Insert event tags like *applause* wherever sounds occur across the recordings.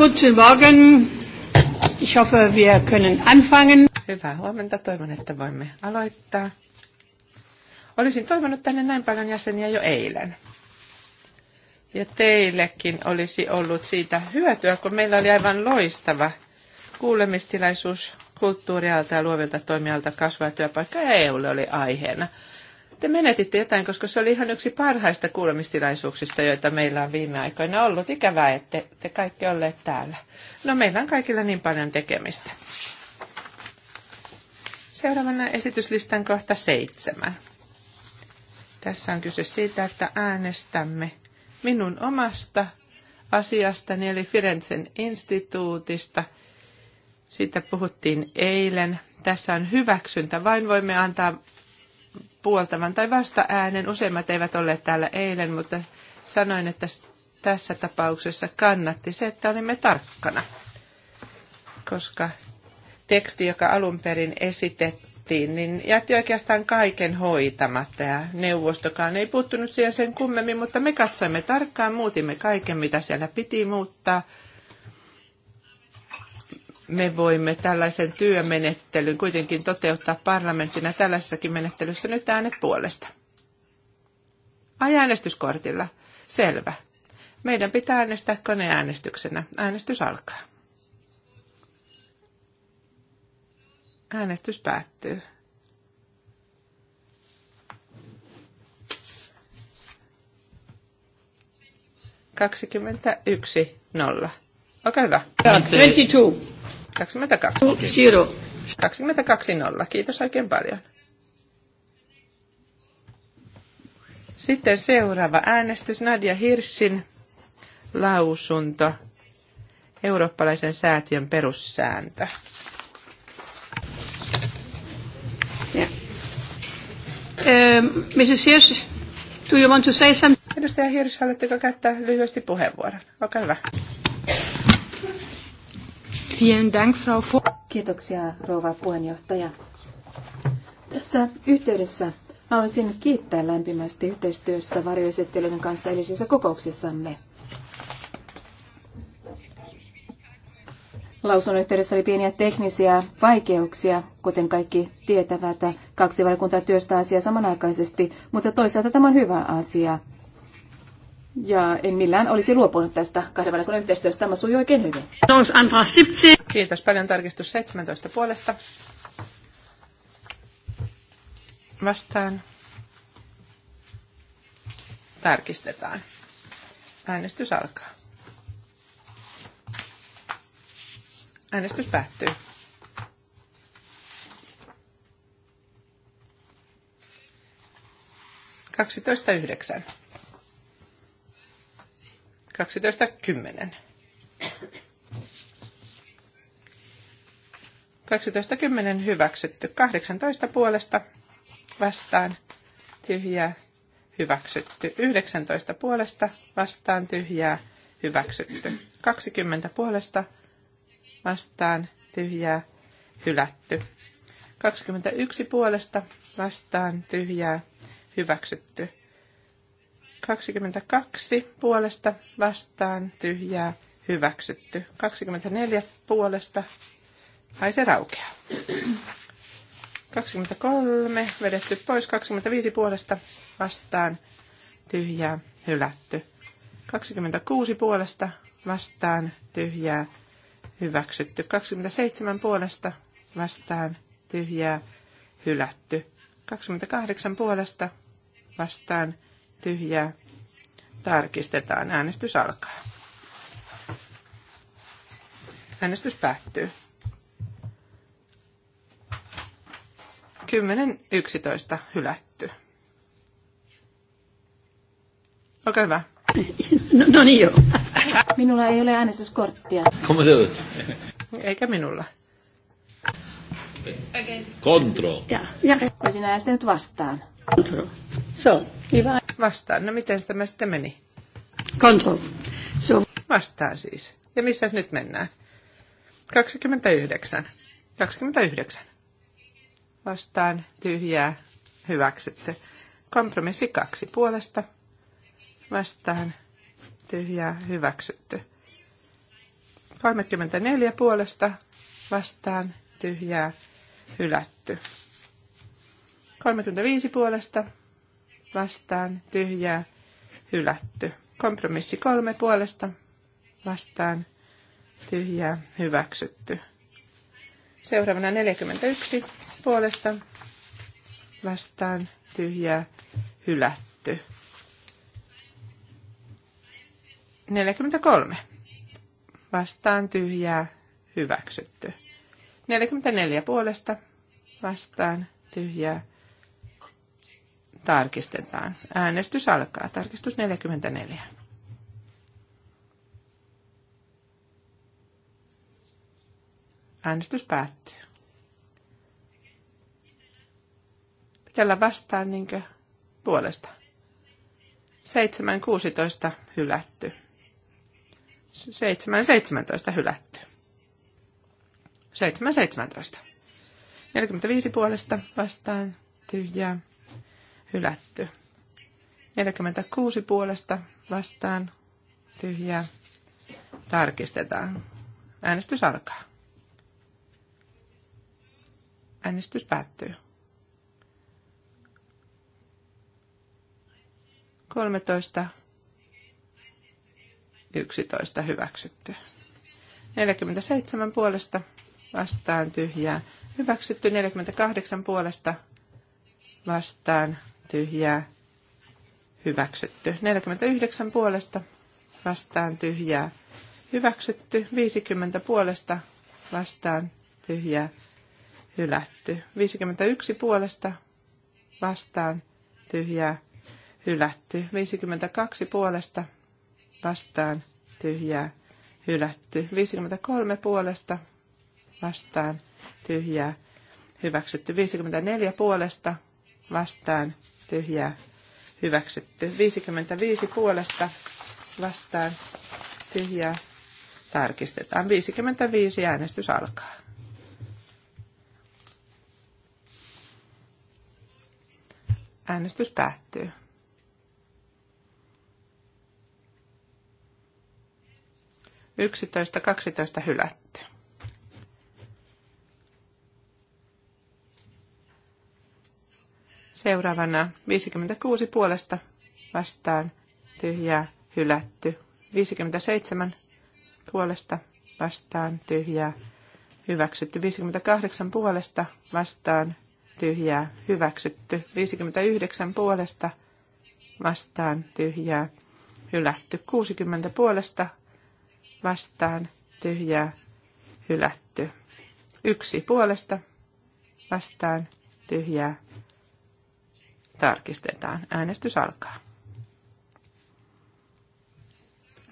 guten Morgen. Ich hoffe, wir können anfangen. Hyvää huomenta. Toivon, että voimme aloittaa. Olisin toivonut tänne näin paljon jäseniä jo eilen. Ja teillekin olisi ollut siitä hyötyä, kun meillä oli aivan loistava kuulemistilaisuus kulttuurialta ja luovilta toimialta kasvaa työpaikka EUlle oli aiheena te menetitte jotain, koska se oli ihan yksi parhaista kuulemistilaisuuksista, joita meillä on viime aikoina ollut. Ikävää, että te kaikki olleet täällä. No meillä on kaikilla niin paljon tekemistä. Seuraavana esityslistan kohta seitsemän. Tässä on kyse siitä, että äänestämme minun omasta asiastani, eli Firenzen instituutista. Siitä puhuttiin eilen. Tässä on hyväksyntä. Vain voimme antaa puoltavan tai vasta äänen. Useimmat eivät olleet täällä eilen, mutta sanoin, että tässä tapauksessa kannatti se, että olimme tarkkana, koska teksti, joka alun perin esitettiin, niin jätti oikeastaan kaiken hoitamatta ja neuvostokaan ei puuttunut siihen sen kummemmin, mutta me katsoimme tarkkaan, muutimme kaiken, mitä siellä piti muuttaa – me voimme tällaisen työmenettelyn kuitenkin toteuttaa parlamenttina tällaisessakin menettelyssä nyt äänet puolesta. Ai äänestyskortilla. Selvä. Meidän pitää äänestää koneäänestyksenä. Äänestys alkaa. Äänestys päättyy. Kaksikymmentä yksi nolla. Olkaa hyvä. 22. 22. 22 nolla. Kiitos oikein paljon. Sitten seuraava äänestys. Nadia Hirsin lausunto. Eurooppalaisen säätiön perussääntö. Mrs. Ehm, Hirsch, do you want to say something? Edustaja Hirsch, haluatteko käyttää lyhyesti puheenvuoron? Olkaa hyvä. Vielen Dank, Frau Kiitoksia, rouva puheenjohtaja. Tässä yhteydessä haluaisin kiittää lämpimästi yhteistyöstä varjoesittelyiden kanssa eilisissä kokouksissamme. Lausunnon yhteydessä oli pieniä teknisiä vaikeuksia, kuten kaikki tietävät. Kaksi valiokuntaa työstää asiaa samanaikaisesti, mutta toisaalta tämä on hyvä asia. Ja en millään olisi luopunut tästä kahden valiokunnan yhteistyöstä. Tämä sujuu oikein hyvin. Kiitos paljon tarkistus 17 puolesta. Vastaan. Tarkistetaan. Äänestys alkaa. Äänestys päättyy. Kaksitoista yhdeksän. 12 10. 12.10 hyväksytty. 18 puolesta vastaan tyhjää hyväksytty. 19 puolesta vastaan tyhjää hyväksytty. 20 puolesta vastaan tyhjää hylätty. 21 puolesta vastaan tyhjää hyväksytty. 22 puolesta vastaan tyhjää hyväksytty. 24 puolesta, ai se raukeaa. 23 vedetty pois, 25 puolesta vastaan tyhjää hylätty. 26 puolesta vastaan tyhjää hyväksytty. 27 puolesta vastaan tyhjää hylätty. 28 puolesta vastaan tyhjää tyhjää. Tarkistetaan. Äänestys alkaa. Äänestys päättyy. 10.11 hylätty. Okei hyvä. No, *laughs* no niin joo. Minulla ei ole äänestyskorttia. Eikä minulla. Okay. Kontro. Ja, ja. Olisin nyt vastaan. Kontro. So. Hyvä. Vastaan. No miten tämä sitten meni? Control. So. Vastaan siis. Ja missä nyt mennään? 29. 29. Vastaan tyhjää. Hyväksytte. Kompromissi kaksi puolesta. Vastaan tyhjää. Hyväksytty. 34 puolesta. Vastaan tyhjää. Hylätty. 35 puolesta vastaan tyhjää hylätty. Kompromissi kolme puolesta vastaan tyhjää hyväksytty. Seuraavana 41 puolesta vastaan tyhjää hylätty. 43 vastaan tyhjää hyväksytty. 44 puolesta vastaan tyhjää tarkistetaan. Äänestys alkaa. Tarkistus 44. Äänestys päättyy. Tällä vastaan niinkö puolesta. 7.16 hylätty. 7.17 hylätty. 7.17. 45 puolesta vastaan tyhjää hylätty. 46 puolesta vastaan tyhjää. Tarkistetaan. Äänestys alkaa. Äänestys päättyy. 13, 11 hyväksytty. 47 puolesta vastaan tyhjää. Hyväksytty 48 puolesta vastaan tyhjää, hyväksytty. 49 puolesta vastaan tyhjää, hyväksytty. 50 puolesta vastaan tyhjää, hylätty. 51 puolesta vastaan tyhjää, hylätty. 52 puolesta vastaan tyhjää, hylätty. 53 puolesta vastaan tyhjää, hyväksytty. 54 puolesta vastaan tyhjää hyväksytty. 55 puolesta vastaan tyhjää tarkistetaan. 55 äänestys alkaa. Äänestys päättyy. Yksitoista, kaksitoista hylätty. Seuraavana 56 puolesta vastaan tyhjää hylätty. 57 puolesta vastaan tyhjää hyväksytty. 58 puolesta vastaan tyhjää hyväksytty. 59 puolesta vastaan tyhjää hylätty. 60 puolesta vastaan tyhjää hylätty. Yksi puolesta vastaan tyhjää tarkistetaan. Äänestys alkaa.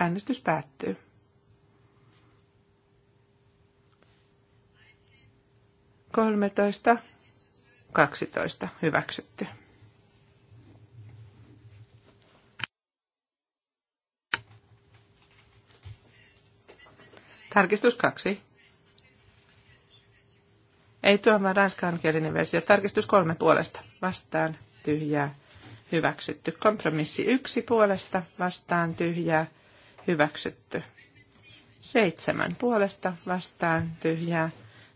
Äänestys päättyy. Kolmetoista, kaksitoista hyväksytty. Tarkistus kaksi. Ei tuomaan ranskankielinen versio. Tarkistus kolme puolesta. Vastaan tyhjää, hyväksytty. Kompromissi yksi puolesta vastaan tyhjää, hyväksytty. Seitsemän puolesta vastaan tyhjää,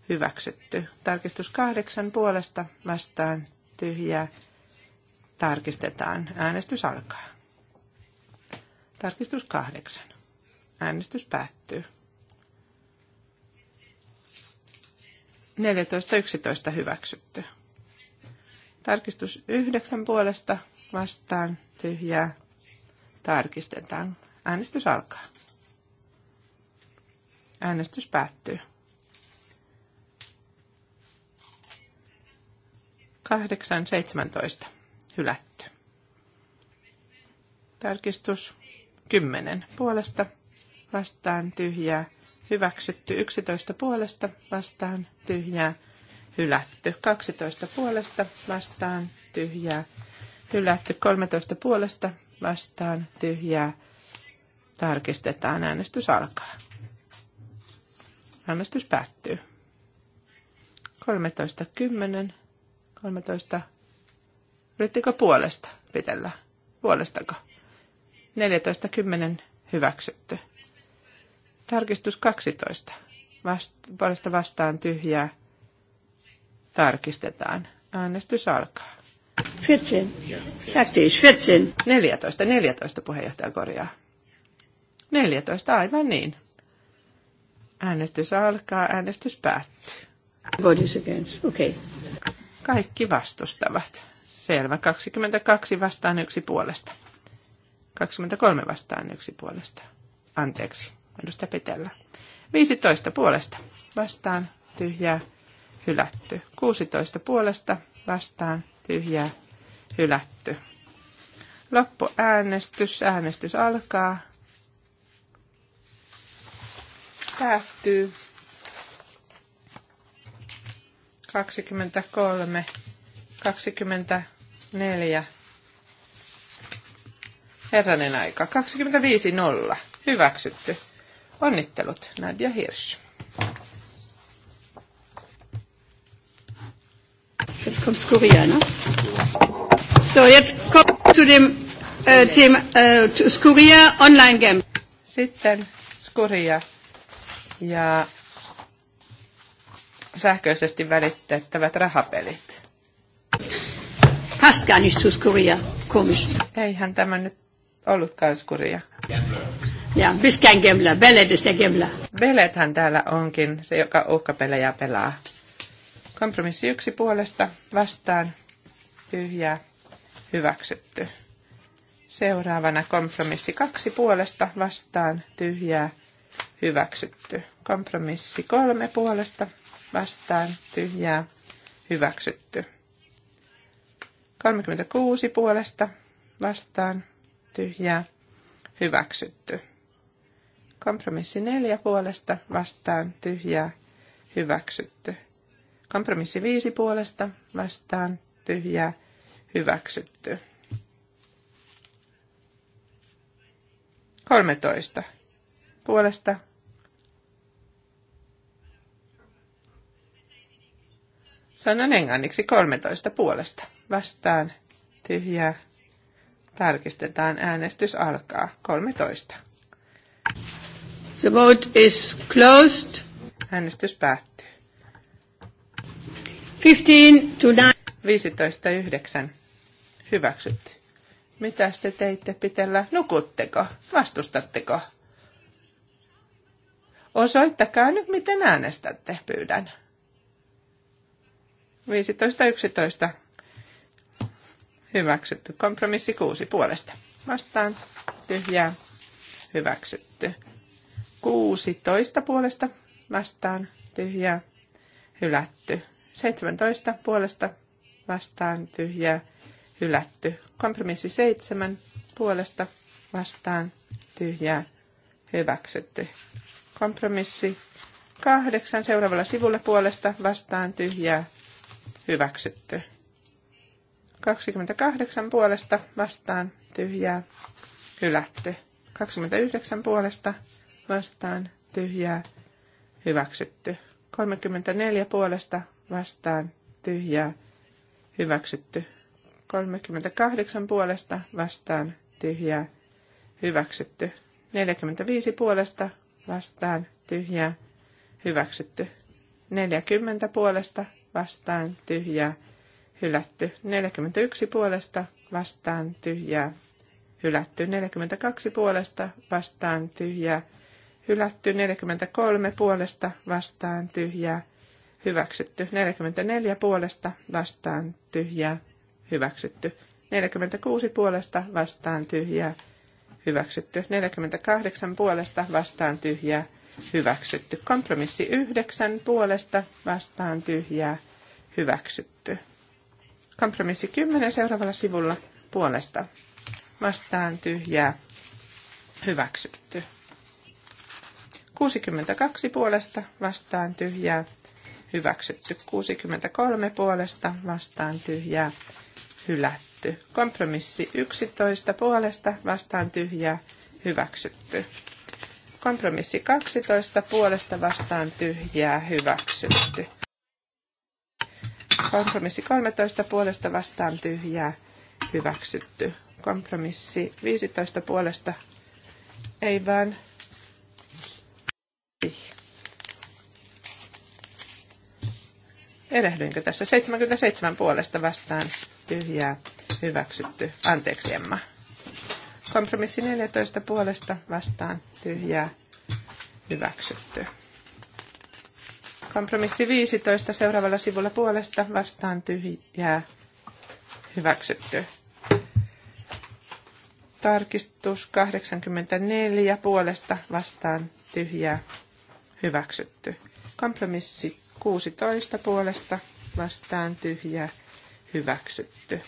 hyväksytty. Tarkistus kahdeksan puolesta vastaan tyhjää, tarkistetaan. Äänestys alkaa. Tarkistus kahdeksan. Äänestys päättyy. 14.11 hyväksytty. Tarkistus yhdeksän puolesta vastaan tyhjää. Tarkistetaan. Äänestys alkaa. Äänestys päättyy. 8.17. Hylätty. Tarkistus 10. Puolesta vastaan tyhjää. Hyväksytty 11 puolesta vastaan tyhjää hylätty. 12 puolesta vastaan tyhjää, hylätty. 13 puolesta vastaan tyhjää. Tarkistetaan, äänestys alkaa. Äänestys päättyy. 13.10. 13. Yrittikö puolesta pitellä? Puolestako? kymmenen Hyväksytty. Tarkistus 12. Vast, puolesta vastaan tyhjää tarkistetaan. Äänestys alkaa. 14. 14. 14 puheenjohtaja korjaa. 14, aivan niin. Äänestys alkaa, äänestys päättyy. against. Okay. Kaikki vastustavat. Selvä. 22 vastaan yksi puolesta. 23 vastaan yksi puolesta. Anteeksi, edustaja Petellä. 15 puolesta vastaan tyhjää hylätty. 16 puolesta vastaan tyhjää hylätty. Loppuäänestys. Äänestys alkaa. Päättyy. 23, 24. Herranen aika. 25 nolla. Hyväksytty. Onnittelut, Nadja Hirsch. kommt's Korea, ne? So, jetzt kommt zu dem äh, Thema äh, Skuria Online Game. Sitten Skuria ja sähköisesti välitettävät rahapelit. Passt gar nicht zu Skuria. Komisch. Eihän tämä nyt ollutkaan Skuria. Ja, bist kein Gambler. Bellet ist der Gambler. täällä onkin, se joka uhkapelejä pelaa. Kompromissi yksi puolesta vastaan tyhjää hyväksytty. Seuraavana kompromissi kaksi puolesta vastaan tyhjää hyväksytty. Kompromissi kolme puolesta vastaan tyhjää hyväksytty. 36 puolesta vastaan tyhjää hyväksytty. Kompromissi neljä puolesta vastaan tyhjää hyväksytty. Kompromissi viisi puolesta vastaan tyhjää hyväksytty. 13 puolesta Sanon englanniksi 13 puolesta. Vastaan tyhjää. Tarkistetaan äänestys alkaa 13. The vote is closed. Äänestys päättyy. 15 9. 15.9. Hyväksytty. Mitä te teitte pitellä? Nukutteko? Vastustatteko? Osoittakaa nyt, miten äänestätte, pyydän. 15.11. Hyväksytty. Kompromissi 6 puolesta. Vastaan. Tyhjää. Hyväksytty. 16 puolesta. Vastaan. Tyhjää. Hylätty. 17 puolesta vastaan tyhjää hylätty. Kompromissi 7 puolesta vastaan tyhjää hyväksytty. Kompromissi 8 seuraavalla sivulla puolesta vastaan tyhjää hyväksytty. 28 puolesta vastaan tyhjää hylätty. 29 puolesta vastaan tyhjää hyväksytty. 34 puolesta vastaan tyhjää hyväksytty. 38 puolesta vastaan tyhjää hyväksytty. 45 puolesta vastaan tyhjää hyväksytty. 40 puolesta vastaan tyhjää hylätty. 41 puolesta vastaan tyhjää hylätty. 42 puolesta vastaan tyhjää hylätty. 43 puolesta vastaan tyhjää hyväksytty. 44 puolesta vastaan tyhjää, hyväksytty. 46 puolesta vastaan tyhjää, hyväksytty. 48 puolesta vastaan tyhjää, hyväksytty. Kompromissi 9 puolesta vastaan tyhjää, hyväksytty. Kompromissi 10 seuraavalla sivulla puolesta vastaan tyhjää, hyväksytty. 62 puolesta vastaan tyhjää, hyväksytty. 63 puolesta vastaan tyhjää hylätty. Kompromissi 11 puolesta vastaan tyhjää hyväksytty. Kompromissi 12 puolesta vastaan tyhjää hyväksytty. Kompromissi 13 puolesta vastaan tyhjää hyväksytty. Kompromissi 15 puolesta ei vaan Erehdyinkö tässä? 77 puolesta vastaan tyhjää hyväksytty. Anteeksi Emma. Kompromissi 14 puolesta vastaan tyhjää hyväksytty. Kompromissi 15 seuraavalla sivulla puolesta vastaan tyhjää hyväksytty. Tarkistus 84 puolesta vastaan tyhjää hyväksytty. Kompromissi 16 puolesta vastaan tyhjä hyväksytty.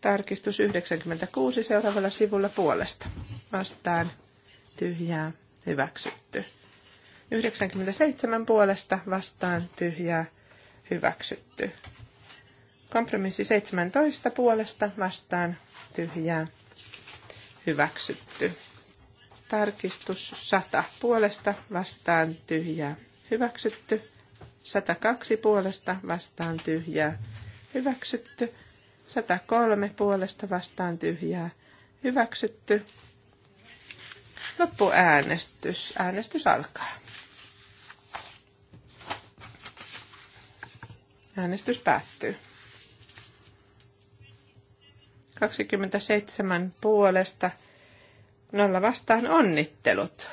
Tarkistus 96 seuraavalla sivulla puolesta vastaan tyhjää hyväksytty. 97 puolesta vastaan tyhjää hyväksytty. Kompromissi 17 puolesta vastaan tyhjää hyväksytty. Tarkistus 100 puolesta vastaan tyhjää hyväksytty. 102 puolesta vastaan tyhjää. Hyväksytty. 103 puolesta vastaan tyhjää. Hyväksytty. Loppuäänestys. Äänestys alkaa. Äänestys päättyy. 27 puolesta, nolla vastaan onnittelut.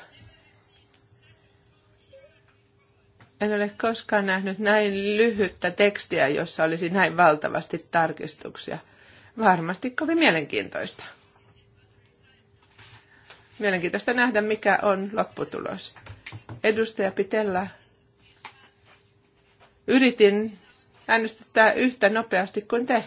En ole koskaan nähnyt näin lyhyttä tekstiä, jossa olisi näin valtavasti tarkistuksia. Varmasti kovin mielenkiintoista. Mielenkiintoista nähdä, mikä on lopputulos. Edustaja Pitellä, yritin äänestyttää yhtä nopeasti kuin te.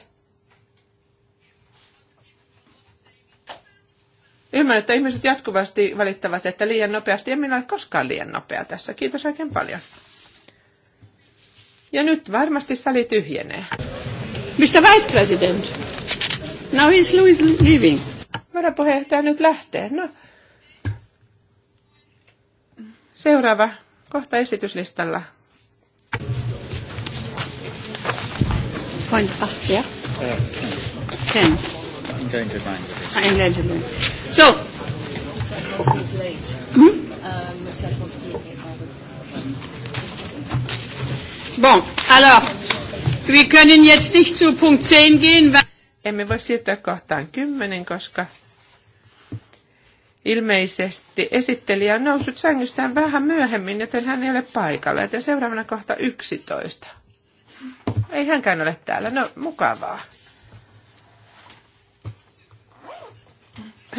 Ymmärrän, että ihmiset jatkuvasti valittavat, että liian nopeasti. En minä ole koskaan liian nopea tässä. Kiitos oikein paljon. Ja nyt varmasti sali tyhjenee. Mr. Vice President, now is Louis leaving. Varapuheenjohtaja nyt lähtee. No. Seuraava kohta esityslistalla. Point ah, ten. I'm going to find it. I'm going to find it. So. Fossi is late. Hmm? Uh, Fossi, Bon, alors, wir können jetzt nicht zu Punkt 10 gehen, weil... Emme voi siirtyä kohtaan kymmenen, koska ilmeisesti esittelijä on noussut sängystään vähän myöhemmin, joten hän ei ole paikalla. Joten seuraavana kohta 11. Ei hänkään ole täällä. No, mukavaa.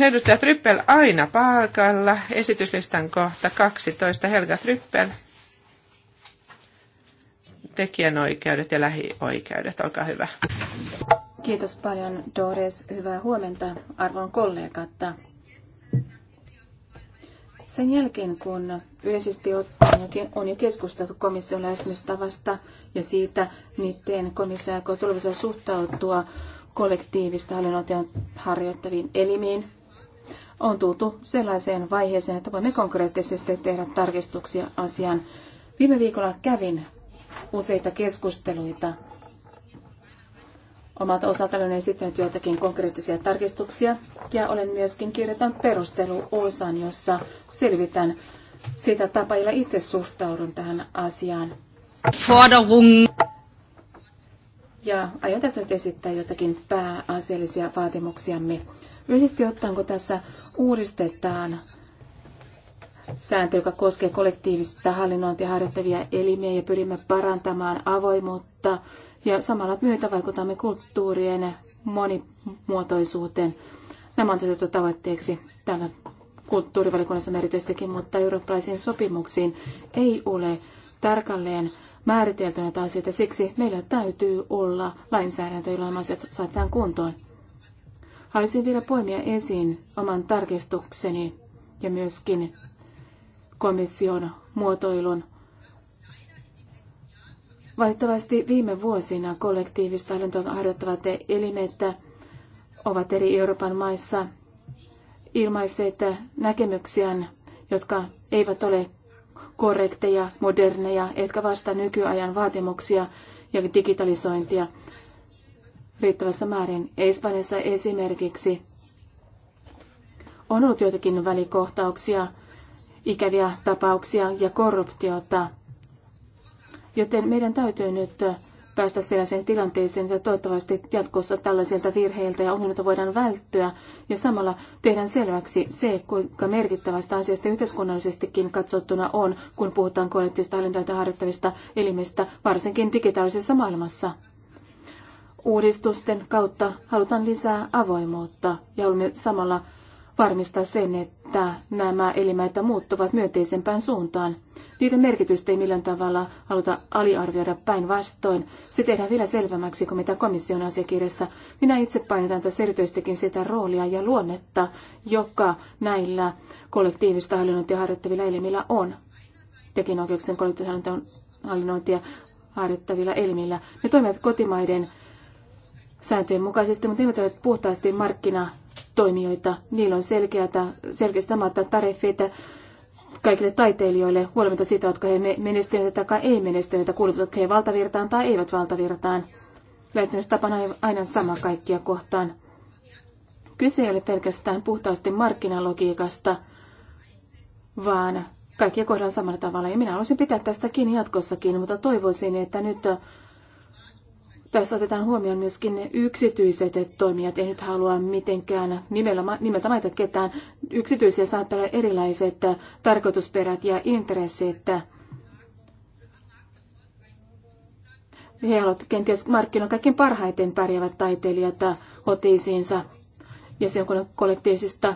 Edustaja Tryppel aina paikalla. Esityslistan kohta 12. Helga Tryppel tekijänoikeudet ja lähioikeudet. Olkaa hyvä. Kiitos paljon Dores. Hyvää huomenta arvon kollegat. Sen jälkeen, kun yleisesti ottaen on jo keskusteltu komission lähestymistavasta ja siitä, miten komissio aikoo tulevaisuudessa suhtautua kollektiivista hallinnointia harjoittaviin elimiin, on tultu sellaiseen vaiheeseen, että voimme konkreettisesti tehdä tarkistuksia asiaan. Viime viikolla kävin useita keskusteluita. Omalta osaltani olen esittänyt joitakin konkreettisia tarkistuksia ja olen myöskin kirjoittanut perusteluosan, jossa selvitän sitä tapaa, jolla itse suhtaudun tähän asiaan. Ja aion tässä nyt esittää jotakin pääasiallisia vaatimuksiamme. Yleisesti ottaen, kun tässä uudistetaan sääntö, joka koskee kollektiivista hallinnointia harjoittavia elimiä ja pyrimme parantamaan avoimuutta ja samalla myötä vaikutamme kulttuurien monimuotoisuuteen. Nämä on tehty tavoitteeksi täällä kulttuurivalikunnassa erityisestikin, mutta eurooppalaisiin sopimuksiin ei ole tarkalleen määritelty näitä asioita. Siksi meillä täytyy olla lainsäädäntö, jolla nämä asiat saatetaan kuntoon. Haluaisin vielä poimia esiin oman tarkistukseni ja myöskin komission muotoilun. Valitettavasti viime vuosina kollektiivista hallintoa harjoittavat elimet ovat eri Euroopan maissa ilmaiseet näkemyksiään, jotka eivät ole korrekteja, moderneja, etkä vasta nykyajan vaatimuksia ja digitalisointia riittävässä määrin. Espanjassa esimerkiksi on ollut joitakin välikohtauksia ikäviä tapauksia ja korruptiota. Joten meidän täytyy nyt päästä sellaiseen tilanteeseen, että toivottavasti jatkossa tällaisilta virheiltä ja ongelmilta voidaan välttyä. Ja samalla tehdään selväksi se, kuinka merkittävästä asiasta yhteiskunnallisestikin katsottuna on, kun puhutaan kollektiivista hallintoa harjoittavista elimistä, varsinkin digitaalisessa maailmassa. Uudistusten kautta halutaan lisää avoimuutta ja olemme samalla varmistaa sen, että nämä elimäitä muuttuvat myönteisempään suuntaan. Niiden merkitystä ei millään tavalla haluta aliarvioida päinvastoin. Se tehdään vielä selvemmäksi kuin mitä komission asiakirjassa. Minä itse painotan tässä erityistäkin sitä roolia ja luonnetta, joka näillä kollektiivista hallinnointia harjoittavilla elimillä on. Tekin kollektiivista hallinnointia harjoittavilla elimillä. Ne toimivat kotimaiden sääntöjen mukaisesti, mutta ne ovat puhtaasti markkina toimijoita. Niillä on selkeätä, selkeästi samat tariffit kaikille taiteilijoille huolimatta siitä, jotka he menestyneet tai ei menestyneet, kuuluvatko he valtavirtaan tai eivät valtavirtaan. Lähestymistapa on aina sama kaikkia kohtaan. Kyse ei ole pelkästään puhtaasti markkinalogiikasta, vaan kaikkia kohdalla samalla tavalla. Ja minä haluaisin pitää tästä kiinni jatkossakin, mutta toivoisin, että nyt tässä otetaan huomioon myöskin ne yksityiset toimijat. En nyt halua mitenkään nimellä, nimeltä mainita ketään. Yksityisiä saattaa olla erilaiset tarkoitusperät ja intressit. He ovat kenties markkinoilla kaikkein parhaiten pärjäävät taiteilijat otisiinsa. Ja se on kollektiivisista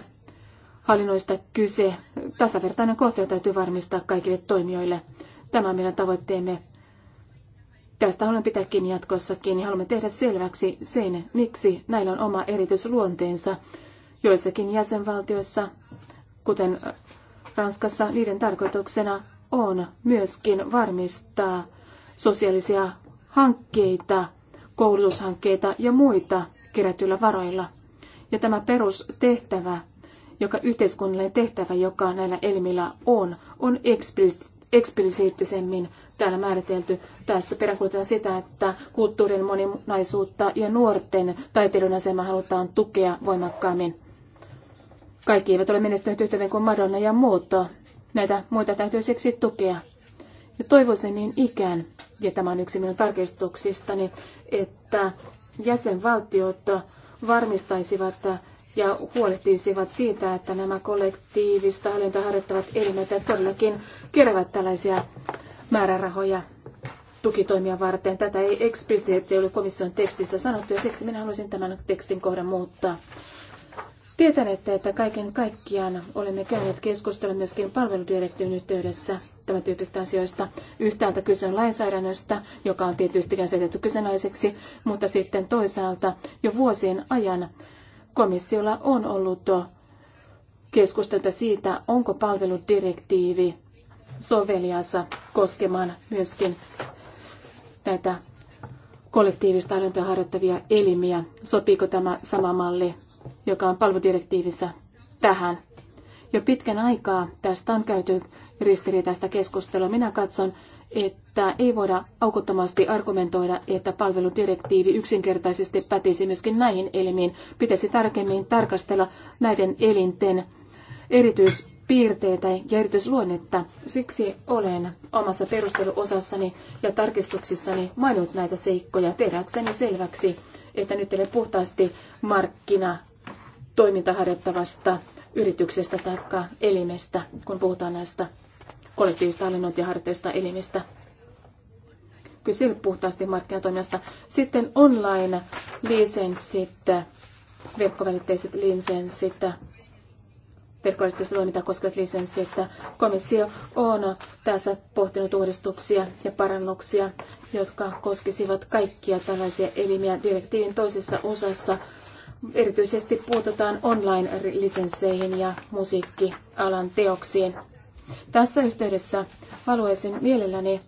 hallinnoista kyse. Tasavertainen kohtelu täytyy varmistaa kaikille toimijoille. Tämä on meidän tavoitteemme Tästä haluamme pitääkin jatkossakin ja haluamme tehdä selväksi sen, miksi näillä on oma erityisluonteensa. Joissakin jäsenvaltioissa, kuten Ranskassa, niiden tarkoituksena on myöskin varmistaa sosiaalisia hankkeita, koulutushankkeita ja muita kerätyillä varoilla. Ja tämä perustehtävä, joka yhteiskunnallinen tehtävä, joka näillä elimillä on, on eksplisiittisesti eksplisiittisemmin täällä määritelty. Tässä peräkuutetaan sitä, että kulttuurin moninaisuutta ja nuorten taiteilun asema halutaan tukea voimakkaammin. Kaikki eivät ole menestyneet yhtä kuin Madonna ja muut. Näitä muita täytyy siksi tukea. Ja toivoisin niin ikään, ja tämä on yksi minun tarkistuksistani, että jäsenvaltiot varmistaisivat, ja huolehtisivat siitä, että nämä kollektiivista hallintoa harjoittavat elimet todellakin keräävät tällaisia määrärahoja tukitoimia varten. Tätä ei eksplisiteetti ole komission tekstissä sanottu ja siksi minä haluaisin tämän tekstin kohdan muuttaa. Tietänette, että kaiken kaikkiaan olemme käyneet keskustelua myöskin palveludirektiivin yhteydessä tämän tyyppistä asioista. Yhtäältä kyse on lainsäädännöstä, joka on tietysti käsitetty kyseenalaiseksi, mutta sitten toisaalta jo vuosien ajan Komissiolla on ollut keskustelta siitä, onko palveludirektiivi soveliassa koskemaan myöskin näitä kollektiivista hallintoa harjoittavia elimiä. Sopiiko tämä sama malli, joka on palveludirektiivissä tähän? Jo pitkän aikaa tästä on käyty ristiriitaista keskustelua. Minä katson, että ei voida aukottomasti argumentoida, että palveludirektiivi yksinkertaisesti pätisi myöskin näihin elimiin. Pitäisi tarkemmin tarkastella näiden elinten erityispiirteitä ja erityisluonnetta. Siksi olen omassa perusteluosassani ja tarkistuksissani maininnut näitä seikkoja tehdäkseni selväksi, että nyt ei ole puhtaasti markkina toimintaharjoittavasta yrityksestä tai elimestä, kun puhutaan näistä kollektiivista hallinnointia harjoitteista elimistä. Kyse ei puhtaasti markkinatoimijasta. Sitten online-lisenssit, verkkovälitteiset lisenssit, verkkovälitteistä toimintaa koskevat lisenssit. Komissio on tässä pohtinut uudistuksia ja parannuksia, jotka koskisivat kaikkia tällaisia elimiä direktiivin toisessa osassa erityisesti puututaan online-lisensseihin ja musiikkialan teoksiin. Tässä yhteydessä haluaisin mielelläni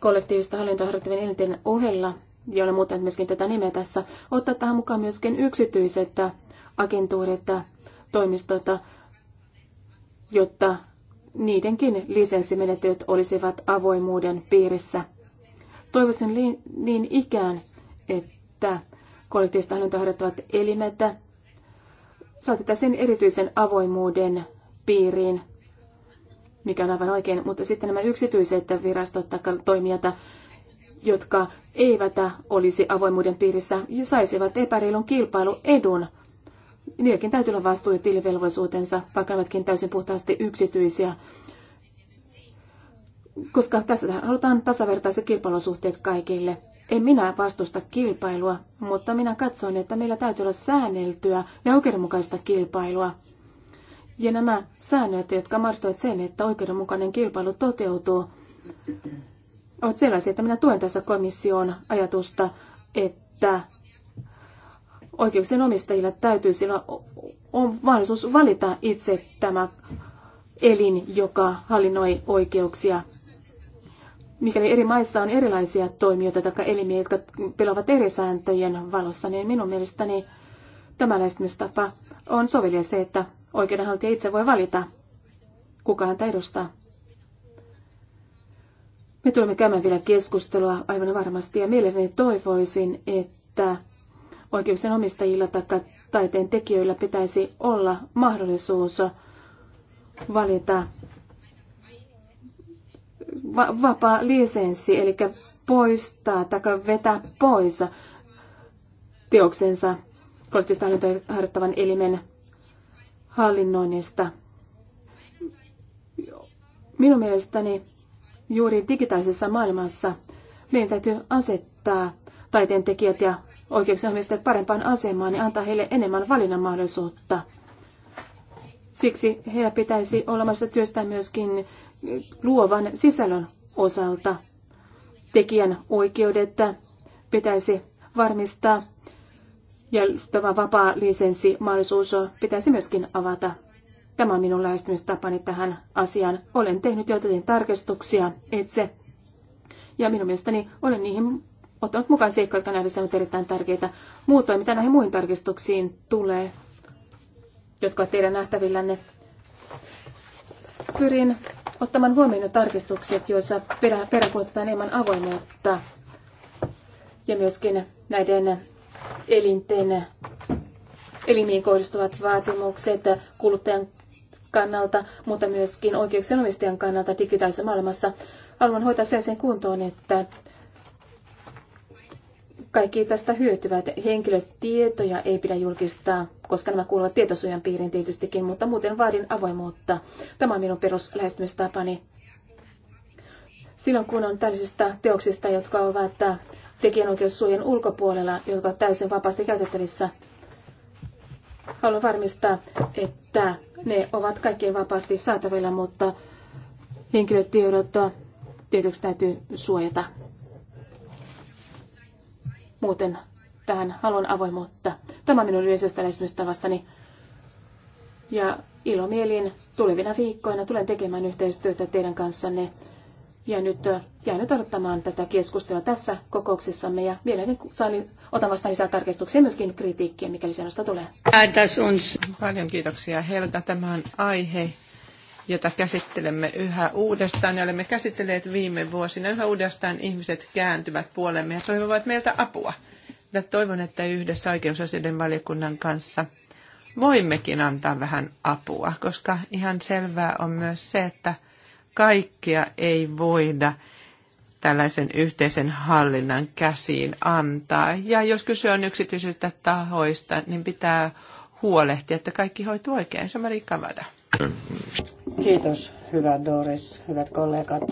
kollektiivista hallintoa harjoittavien elinten ohella, jolle muuten myöskin tätä nimeä tässä, ottaa tähän mukaan myöskin yksityiset agentuurit, toimistot, jotta niidenkin lisenssimenettelyt olisivat avoimuuden piirissä. Toivoisin niin ikään, että kollektiivista hallintoa harjoittavat elimet sen erityisen avoimuuden piiriin, mikä on aivan oikein, mutta sitten nämä yksityiset virastot tai toimijat, jotka eivät olisi avoimuuden piirissä, saisivat epäreilun kilpailuedun. Niilläkin täytyy olla vastuu ja tilivelvoisuutensa, vaikka ovatkin täysin puhtaasti yksityisiä. Koska tässä halutaan tasavertaiset kilpailusuhteet kaikille. En minä vastusta kilpailua, mutta minä katson, että meillä täytyy olla säänneltyä ja oikeudenmukaista kilpailua ja nämä säännöt, jotka mahdollistavat sen, että oikeudenmukainen kilpailu toteutuu, ovat sellaisia, että minä tuen tässä komission ajatusta, että oikeuksien omistajilla täytyy sillä on mahdollisuus valita itse tämä elin, joka hallinnoi oikeuksia. Mikäli eri maissa on erilaisia toimijoita tai elimiä, jotka pelaavat eri sääntöjen valossa, niin minun mielestäni tämä lähestymistapa on sovelias se, että Oikeudenhaltija itse voi valita, kuka häntä edustaa. Me tulemme käymään vielä keskustelua aivan varmasti ja mielelläni toivoisin, että oikeuksien omistajilla tai taiteen tekijöillä pitäisi olla mahdollisuus valita va- vapaa lisenssi, eli poistaa tai vetää pois teoksensa poliittista hallintoa harjoittavan elimen hallinnoinnista. Minun mielestäni juuri digitaalisessa maailmassa meidän täytyy asettaa taiteen tekijät ja oikeuksien omistajat parempaan asemaan ja antaa heille enemmän valinnan mahdollisuutta. Siksi heillä pitäisi olla mahdollista työstää myöskin luovan sisällön osalta. Tekijän oikeudet pitäisi varmistaa ja tämä vapaa lisenssimahdollisuus pitäisi myöskin avata. Tämä on minun lähestymistapani tähän asiaan. Olen tehnyt joitakin tarkistuksia itse. Ja minun mielestäni olen niihin ottanut mukaan seikkoja, jotka nähdessä ovat erittäin tärkeitä. Muutoin, mitä näihin muihin tarkistuksiin tulee, jotka ovat teidän nähtävillänne, pyrin ottamaan huomioon ne tarkistukset, joissa perä, peräkuulutetaan enemmän avoimuutta ja myöskin näiden elinten, elimiin kohdistuvat vaatimukset kuluttajan kannalta, mutta myöskin oikeuksien omistajan kannalta digitaalisessa maailmassa. Haluan hoitaa sellaisen kuntoon, että kaikki tästä hyötyvät. Henkilötietoja ei pidä julkistaa, koska nämä kuuluvat tietosuojan piiriin tietystikin, mutta muuten vaadin avoimuutta. Tämä on minun peruslähestymistapani. Silloin kun on tällaisista teoksista, jotka ovat tekijänoikeussuojan ulkopuolella, jotka ovat täysin vapaasti käytettävissä. Haluan varmistaa, että ne ovat kaikkien vapaasti saatavilla, mutta henkilötiedot tietysti täytyy suojata. Muuten tähän haluan avoimuutta. Tämä on minun yleisestä lähestymistavastani. Ja ilomielin tulevina viikkoina tulen tekemään yhteistyötä teidän kanssanne nyt äh, jäänyt odottamaan tätä keskustelua tässä kokouksessamme ja mielelläni saan, otan vastaan lisää tarkistuksia ja myöskin kritiikkiä, mikäli sellaista tulee. Paljon kiitoksia Helga. Tämä on aihe, jota käsittelemme yhä uudestaan ja olemme käsitelleet viime vuosina. Yhä uudestaan ihmiset kääntyvät puolemme ja toivovat meiltä apua. Ja toivon, että yhdessä oikeusasioiden valiokunnan kanssa voimmekin antaa vähän apua, koska ihan selvää on myös se, että – kaikkia ei voida tällaisen yhteisen hallinnan käsiin antaa. Ja jos kyse on yksityisistä tahoista, niin pitää huolehtia, että kaikki hoituu oikein. Se Mari Kavada. Kiitos, hyvä Doris, hyvät kollegat.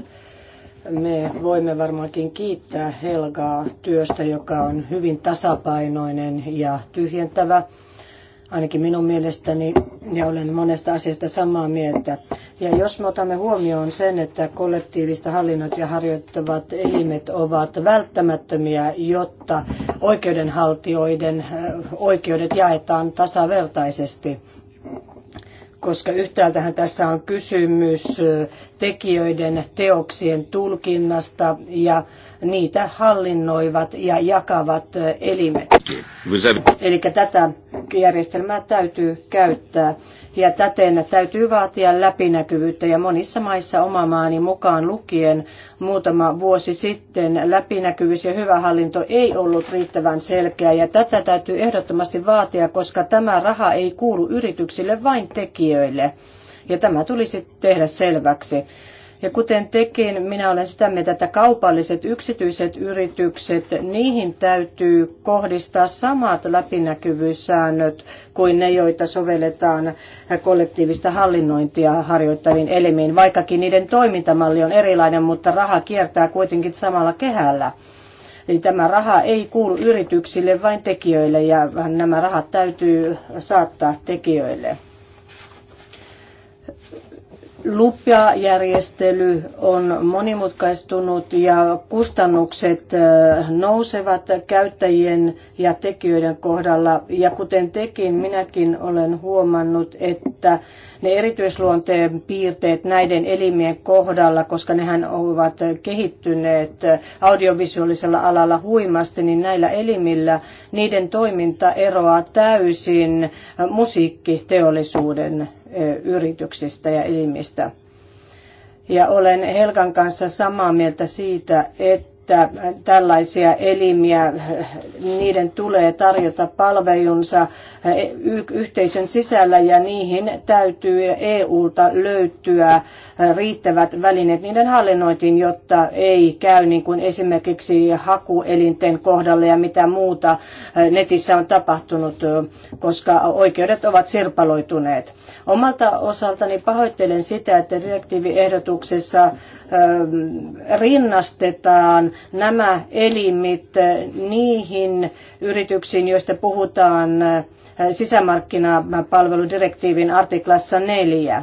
Me voimme varmaankin kiittää Helgaa työstä, joka on hyvin tasapainoinen ja tyhjentävä ainakin minun mielestäni, ja olen monesta asiasta samaa mieltä. Ja jos me otamme huomioon sen, että kollektiivista hallinnot ja harjoittavat elimet ovat välttämättömiä, jotta oikeudenhaltijoiden oikeudet jaetaan tasavertaisesti, koska yhtäältähän tässä on kysymys tekijöiden teoksien tulkinnasta ja niitä hallinnoivat ja jakavat elimet. Eli tätä järjestelmää täytyy käyttää ja täten täytyy vaatia läpinäkyvyyttä ja monissa maissa oma maani mukaan lukien muutama vuosi sitten läpinäkyvyys ja hyvä hallinto ei ollut riittävän selkeä ja tätä täytyy ehdottomasti vaatia, koska tämä raha ei kuulu yrityksille vain tekijöille ja tämä tulisi tehdä selväksi. Ja kuten tekin, minä olen sitä mieltä, että kaupalliset yksityiset yritykset, niihin täytyy kohdistaa samat läpinäkyvyyssäännöt kuin ne, joita sovelletaan kollektiivista hallinnointia harjoittaviin elimiin. Vaikkakin niiden toimintamalli on erilainen, mutta raha kiertää kuitenkin samalla kehällä. Eli tämä raha ei kuulu yrityksille, vain tekijöille ja nämä rahat täytyy saattaa tekijöille lupajärjestely on monimutkaistunut ja kustannukset äh, nousevat käyttäjien ja tekijöiden kohdalla. Ja kuten tekin, minäkin olen huomannut, että ne erityisluonteen piirteet näiden elimien kohdalla, koska nehän ovat kehittyneet audiovisuaalisella alalla huimasti, niin näillä elimillä – niiden toiminta eroaa täysin musiikkiteollisuuden yrityksistä ja elimistä. Ja olen Helkan kanssa samaa mieltä siitä, että että tällaisia elimiä, niiden tulee tarjota palvelunsa eh, yhteisön sisällä ja niihin täytyy EUlta löytyä eh, riittävät välineet niiden hallinnointiin, jotta ei käy niin kuin esimerkiksi hakuelinten kohdalla ja mitä muuta eh, netissä on tapahtunut, koska oikeudet ovat sirpaloituneet. Omalta osaltani pahoittelen sitä, että direktiiviehdotuksessa Ähm, rinnastetaan nämä elimit niihin yrityksiin, joista puhutaan äh, sisämarkkinapalveludirektiivin artiklassa 4.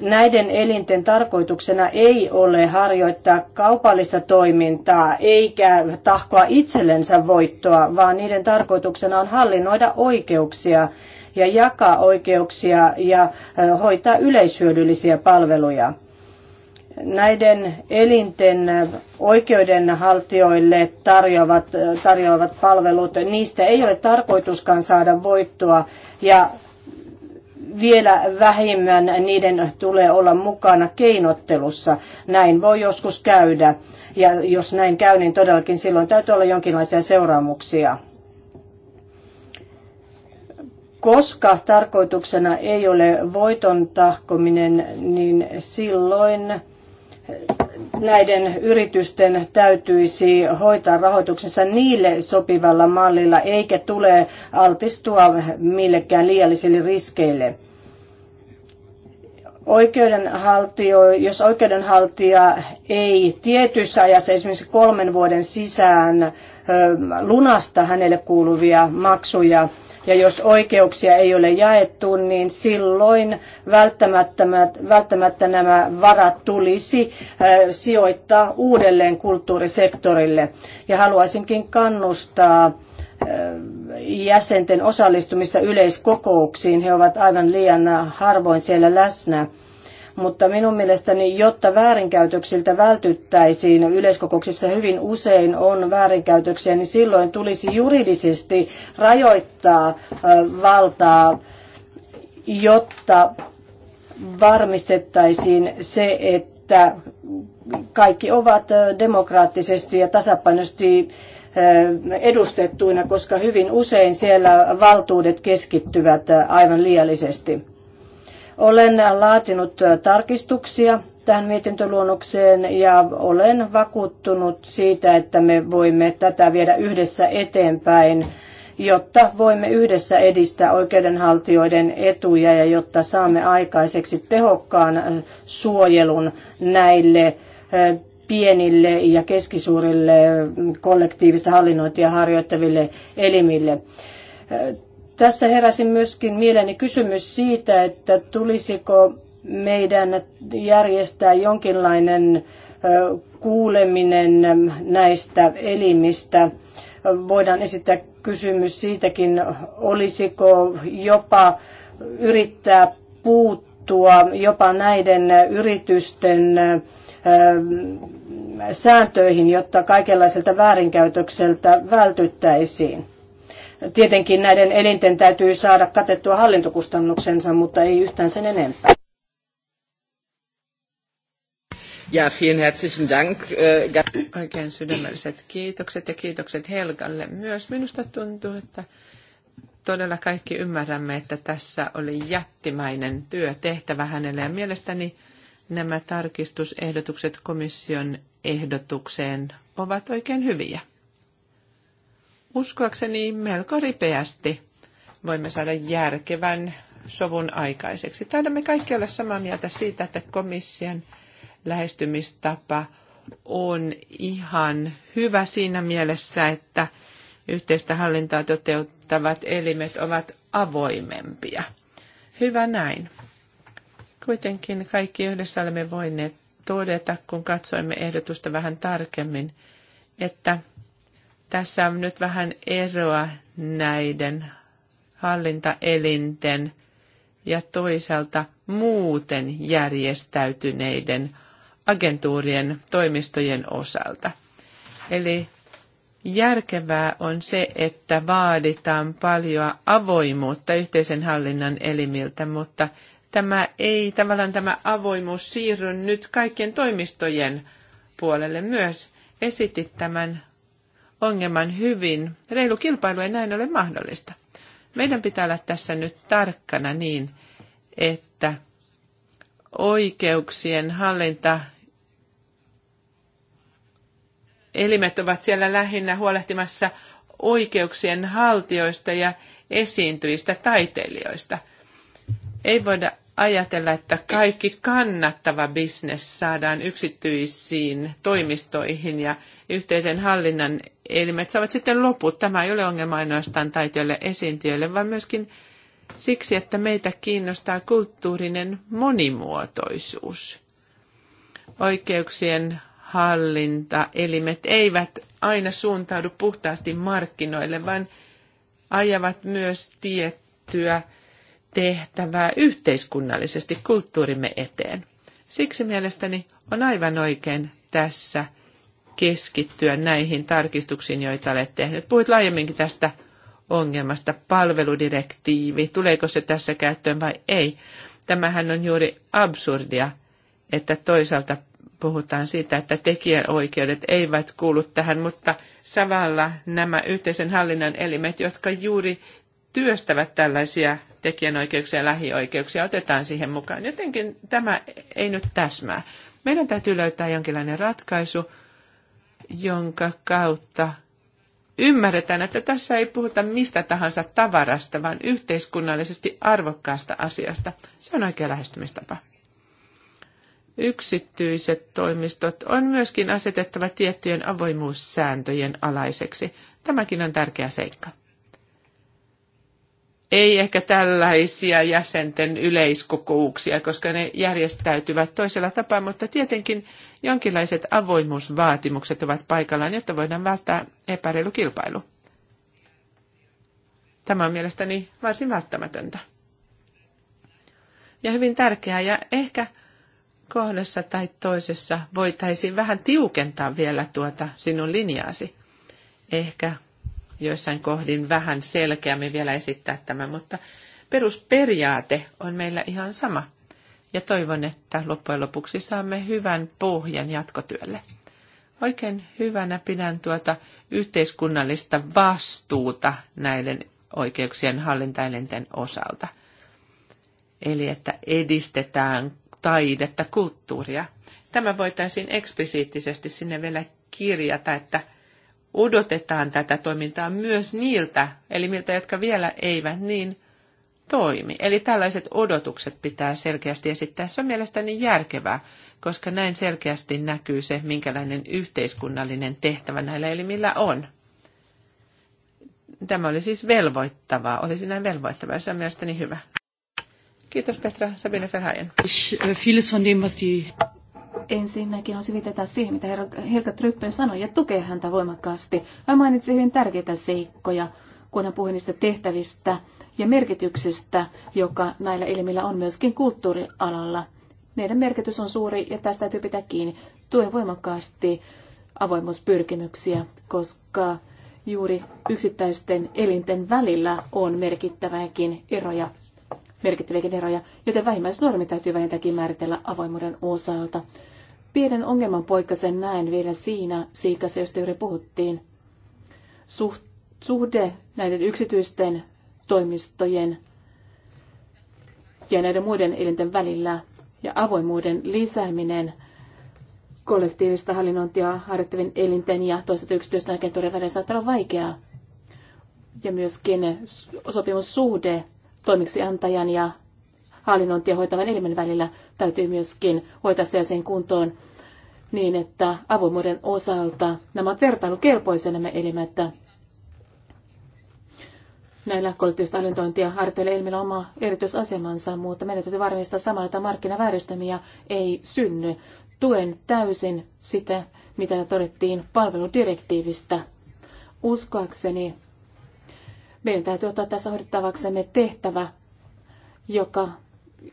Näiden elinten tarkoituksena ei ole harjoittaa kaupallista toimintaa eikä tahkoa itsellensä voittoa, vaan niiden tarkoituksena on hallinnoida oikeuksia ja jakaa oikeuksia ja äh, hoitaa yleishyödyllisiä palveluja näiden elinten oikeudenhaltijoille tarjoavat, tarjoavat palvelut, niistä ei ole tarkoituskaan saada voittoa ja vielä vähemmän niiden tulee olla mukana keinottelussa. Näin voi joskus käydä ja jos näin käy, niin todellakin silloin täytyy olla jonkinlaisia seuraamuksia koska tarkoituksena ei ole voiton tahkominen, niin silloin näiden yritysten täytyisi hoitaa rahoituksensa niille sopivalla mallilla, eikä tule altistua millekään liiallisille riskeille oikeudenhaltio, jos oikeudenhaltija ei tietyssä ajassa, esimerkiksi kolmen vuoden sisään, lunasta hänelle kuuluvia maksuja, ja jos oikeuksia ei ole jaettu, niin silloin välttämättä nämä varat tulisi äh, sijoittaa uudelleen kulttuurisektorille. Ja haluaisinkin kannustaa äh, jäsenten osallistumista yleiskokouksiin. He ovat aivan liian harvoin siellä läsnä mutta minun mielestäni, jotta väärinkäytöksiltä vältyttäisiin, yleiskokouksissa hyvin usein on väärinkäytöksiä, niin silloin tulisi juridisesti rajoittaa valtaa, jotta varmistettaisiin se, että kaikki ovat demokraattisesti ja tasapainoisesti edustettuina, koska hyvin usein siellä valtuudet keskittyvät aivan liiallisesti. Olen laatinut tarkistuksia tähän mietintöluonnokseen ja olen vakuuttunut siitä, että me voimme tätä viedä yhdessä eteenpäin, jotta voimme yhdessä edistää oikeudenhaltijoiden etuja ja jotta saamme aikaiseksi tehokkaan suojelun näille pienille ja keskisuurille kollektiivista hallinnointia harjoittaville elimille tässä heräsi myöskin mieleeni kysymys siitä, että tulisiko meidän järjestää jonkinlainen kuuleminen näistä elimistä. Voidaan esittää kysymys siitäkin, olisiko jopa yrittää puuttua jopa näiden yritysten sääntöihin, jotta kaikenlaiselta väärinkäytökseltä vältyttäisiin. Tietenkin näiden elinten täytyy saada katettua hallintokustannuksensa, mutta ei yhtään sen enempää. Ja, vielen herzlichen Dank. Äh, oikein sydämelliset kiitokset ja kiitokset Helgalle myös. Minusta tuntuu, että todella kaikki ymmärrämme, että tässä oli jättimäinen työ tehtävä hänelle ja mielestäni nämä tarkistusehdotukset komission ehdotukseen ovat oikein hyviä uskoakseni melko ripeästi voimme saada järkevän sovun aikaiseksi. Taidamme kaikki olla samaa mieltä siitä, että komission lähestymistapa on ihan hyvä siinä mielessä, että yhteistä hallintaa toteuttavat elimet ovat avoimempia. Hyvä näin. Kuitenkin kaikki yhdessä olemme voineet todeta, kun katsoimme ehdotusta vähän tarkemmin, että tässä on nyt vähän eroa näiden hallintaelinten ja toisaalta muuten järjestäytyneiden agentuurien toimistojen osalta. Eli järkevää on se, että vaaditaan paljon avoimuutta yhteisen hallinnan elimiltä, mutta tämä ei tavallaan tämä avoimuus siirry nyt kaikkien toimistojen puolelle myös. Esitit tämän ongelman hyvin. Reilu kilpailu ei näin ole mahdollista. Meidän pitää olla tässä nyt tarkkana niin, että oikeuksien hallinta elimet ovat siellä lähinnä huolehtimassa oikeuksien haltijoista ja esiintyvistä taiteilijoista. Ei voida ajatella, että kaikki kannattava bisnes saadaan yksityisiin toimistoihin ja yhteisen hallinnan elimet saavat sitten loput. Tämä ei ole ongelma ainoastaan taiteille esiintyjille, vaan myöskin siksi, että meitä kiinnostaa kulttuurinen monimuotoisuus. Oikeuksien hallintaelimet eivät aina suuntaudu puhtaasti markkinoille, vaan ajavat myös tiettyä tehtävää yhteiskunnallisesti kulttuurimme eteen. Siksi mielestäni on aivan oikein tässä – keskittyä näihin tarkistuksiin, joita olet tehnyt. Puhuit laajemminkin tästä ongelmasta, palveludirektiivi, tuleeko se tässä käyttöön vai ei. Tämähän on juuri absurdia, että toisaalta puhutaan siitä, että tekijänoikeudet eivät kuulu tähän, mutta samalla nämä yhteisen hallinnan elimet, jotka juuri työstävät tällaisia tekijänoikeuksia ja lähioikeuksia, otetaan siihen mukaan. Jotenkin tämä ei nyt täsmää. Meidän täytyy löytää jonkinlainen ratkaisu, jonka kautta ymmärretään, että tässä ei puhuta mistä tahansa tavarasta, vaan yhteiskunnallisesti arvokkaasta asiasta. Se on oikea lähestymistapa. Yksityiset toimistot on myöskin asetettava tiettyjen avoimuussääntöjen alaiseksi. Tämäkin on tärkeä seikka ei ehkä tällaisia jäsenten yleiskokouksia, koska ne järjestäytyvät toisella tapaa, mutta tietenkin jonkinlaiset avoimuusvaatimukset ovat paikallaan, jotta voidaan välttää epäreilu kilpailu. Tämä on mielestäni varsin välttämätöntä. Ja hyvin tärkeää, ja ehkä kohdassa tai toisessa voitaisiin vähän tiukentaa vielä tuota sinun linjaasi. Ehkä joissain kohdin vähän selkeämmin vielä esittää tämä, mutta perusperiaate on meillä ihan sama. Ja toivon, että loppujen lopuksi saamme hyvän pohjan jatkotyölle. Oikein hyvänä pidän tuota yhteiskunnallista vastuuta näiden oikeuksien hallintaelinten osalta. Eli että edistetään taidetta, kulttuuria. Tämä voitaisiin eksplisiittisesti sinne vielä kirjata, että – odotetaan tätä toimintaa myös niiltä, eli miltä, jotka vielä eivät niin toimi. Eli tällaiset odotukset pitää selkeästi esittää. Se on mielestäni järkevää, koska näin selkeästi näkyy se, minkälainen yhteiskunnallinen tehtävä näillä elimillä on. Tämä oli siis velvoittavaa, olisi näin velvoittavaa, ja se on mielestäni hyvä. Kiitos Petra, Sabine Verhaajan. Äh, vieles von dem, was die... Ensinnäkin on viitata siihen, mitä Helga Tryppen sanoi, ja tukea häntä voimakkaasti. Hän mainitsi hyvin tärkeitä seikkoja, kun hän puhui niistä tehtävistä ja merkityksestä, joka näillä ilmillä on myöskin kulttuurialalla. Meidän merkitys on suuri ja tästä täytyy pitää kiinni. Tuen voimakkaasti avoimuuspyrkimyksiä, koska juuri yksittäisten elinten välillä on merkittäväkin eroja, merkittäviäkin eroja, joten vähimmäisnormi täytyy vähintäänkin määritellä avoimuuden osalta. Pienen ongelman poikkasen näen vielä siinä se, josta juuri puhuttiin. Suht, suhde näiden yksityisten toimistojen ja näiden muiden elinten välillä ja avoimuuden lisääminen kollektiivista hallinnointia harjoittavien elinten ja toisaalta yksityisten agentuurien välillä saattaa olla vaikeaa. Ja myöskin sopimussuhde toimiksiantajan ja hallinnointia hoitavan elimen välillä täytyy myöskin hoitaa se sen kuntoon niin, että avoimuuden osalta nämä ovat vertailukelpoisia nämä elimet. Näillä kollektiivista hallintointia harjoittajilla ilmiöllä oma erityisasemansa, mutta meidän täytyy varmistaa samalla, että markkinavääristämiä ei synny. Tuen täysin sitä, mitä todettiin palveludirektiivistä. Uskoakseni meidän täytyy ottaa tässä hoidettavaksemme tehtävä, joka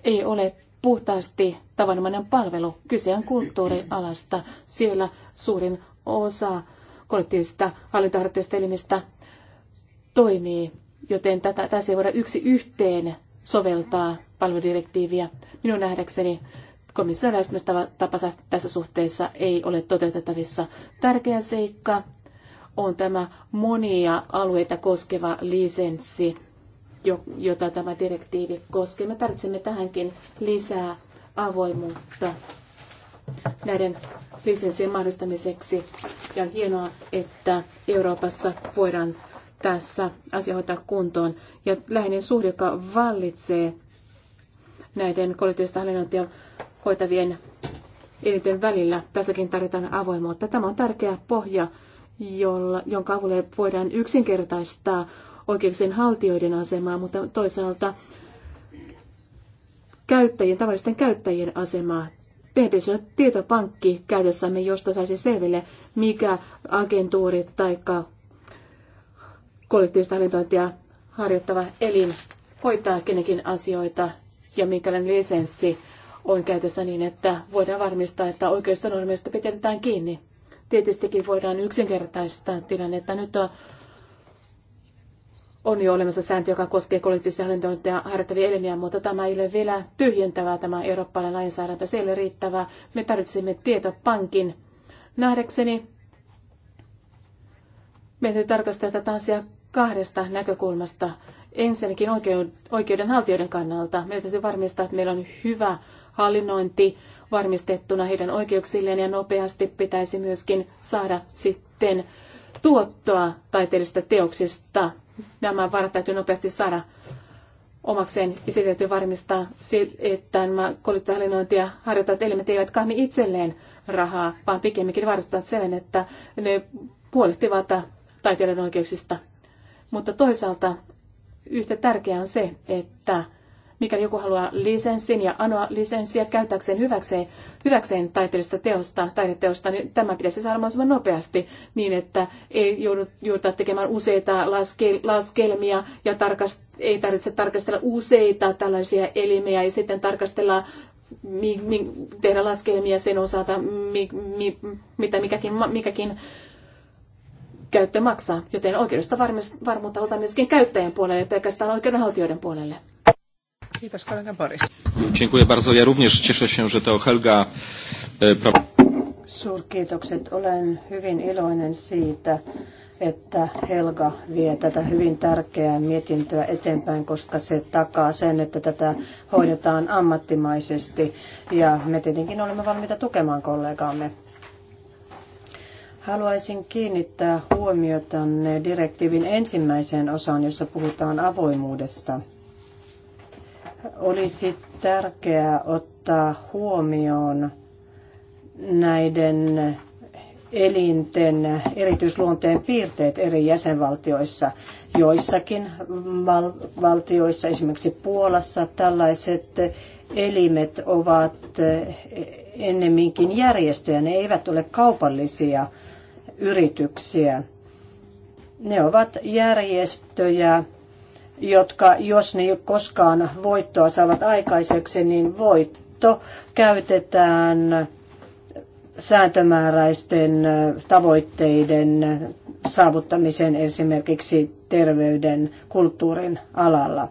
ei ole puhtaasti tavanomainen palvelu. Kyse on kulttuurialasta. Siellä suurin osa kollektiivisista hallintoharjoitteista elimistä toimii, joten tätä, tässä ei voida yksi yhteen soveltaa palveludirektiiviä. Minun nähdäkseni komission lähestymistapa tässä suhteessa ei ole toteutettavissa. Tärkeä seikka on tämä monia alueita koskeva lisenssi jota tämä direktiivi koskee. Me tarvitsemme tähänkin lisää avoimuutta näiden lisenssien mahdollistamiseksi. Ja on hienoa, että Euroopassa voidaan tässä asia hoitaa kuntoon. Ja läheinen suhde, joka vallitsee näiden kollektiivista hallinnointia hoitavien elinten välillä. Tässäkin tarvitaan avoimuutta. Tämä on tärkeä pohja, jolla, jonka avulla voidaan yksinkertaistaa oikeuksien haltijoiden asemaa, mutta toisaalta käyttäjien, tavallisten käyttäjien asemaa. Meidän pitäisi olla tietopankki käytössämme, josta saisi selville, mikä agentuuri tai kollektiivista hallintointia harjoittava elin hoitaa kenenkin asioita ja minkälainen lisenssi on käytössä niin, että voidaan varmistaa, että oikeista normeista pidetään kiinni. Tietystikin voidaan yksinkertaistaa tilannetta. Nyt on on jo olemassa sääntö, joka koskee kollektiivisia hallintointia harjoittavia elimiä, mutta tämä ei ole vielä tyhjentävää tämä eurooppalainen lainsäädäntö. Se ei ole riittävää. Me tarvitsemme tietopankin. Nähdäkseni meidän tarkastella tätä asiaa kahdesta näkökulmasta. Ensinnäkin oikeudenhaltijoiden kannalta. Meidän täytyy varmistaa, että meillä on hyvä hallinnointi varmistettuna heidän oikeuksilleen ja nopeasti pitäisi myöskin saada sitten tuottoa taiteellisista teoksista nämä varat täytyy nopeasti saada omakseen ja se täytyy varmistaa, että nämä kouluttajahallinnointia harjoittavat elimet eivät kahmi itselleen rahaa, vaan pikemminkin varmistavat sen, että ne puolittivat taiteilijan oikeuksista. Mutta toisaalta yhtä tärkeää on se, että mikäli joku haluaa lisenssin ja anoa lisenssiä käyttääkseen hyväkseen, hyväkseen taiteellista teosta, taideteosta, niin tämä pitäisi saada mahdollisimman nopeasti niin, että ei jouduta tekemään useita laske, laskelmia ja tarkast, ei tarvitse tarkastella useita tällaisia elimiä ja sitten tarkastella mi, mi, tehdä laskelmia sen osalta, mi, mi, mitä mikäkin, mikäkin käyttö maksaa, joten oikeudesta varmuutta halutaan myöskin käyttäjän puolelle ja pelkästään oikeudenhaltijoiden puolelle. Kiitos kollega Boris. Dziękuję bardzo. Ja również cieszę się, że to Helga... E, Suurkiitokset. Olen hyvin iloinen siitä, että Helga vie tätä hyvin tärkeää mietintöä eteenpäin, koska se takaa sen, että tätä hoidetaan ammattimaisesti. Ja me tietenkin olemme valmiita tukemaan kollegaamme. Haluaisin kiinnittää huomiota direktiivin ensimmäiseen osaan, jossa puhutaan avoimuudesta – olisi tärkeää ottaa huomioon näiden elinten erityisluonteen piirteet eri jäsenvaltioissa. Joissakin val- valtioissa, esimerkiksi Puolassa, tällaiset elimet ovat ennemminkin järjestöjä, ne eivät ole kaupallisia yrityksiä. Ne ovat järjestöjä, jotka, jos ne ei ole koskaan voittoa saavat aikaiseksi, niin voitto käytetään sääntömääräisten tavoitteiden saavuttamiseen esimerkiksi terveyden, kulttuurin alalla.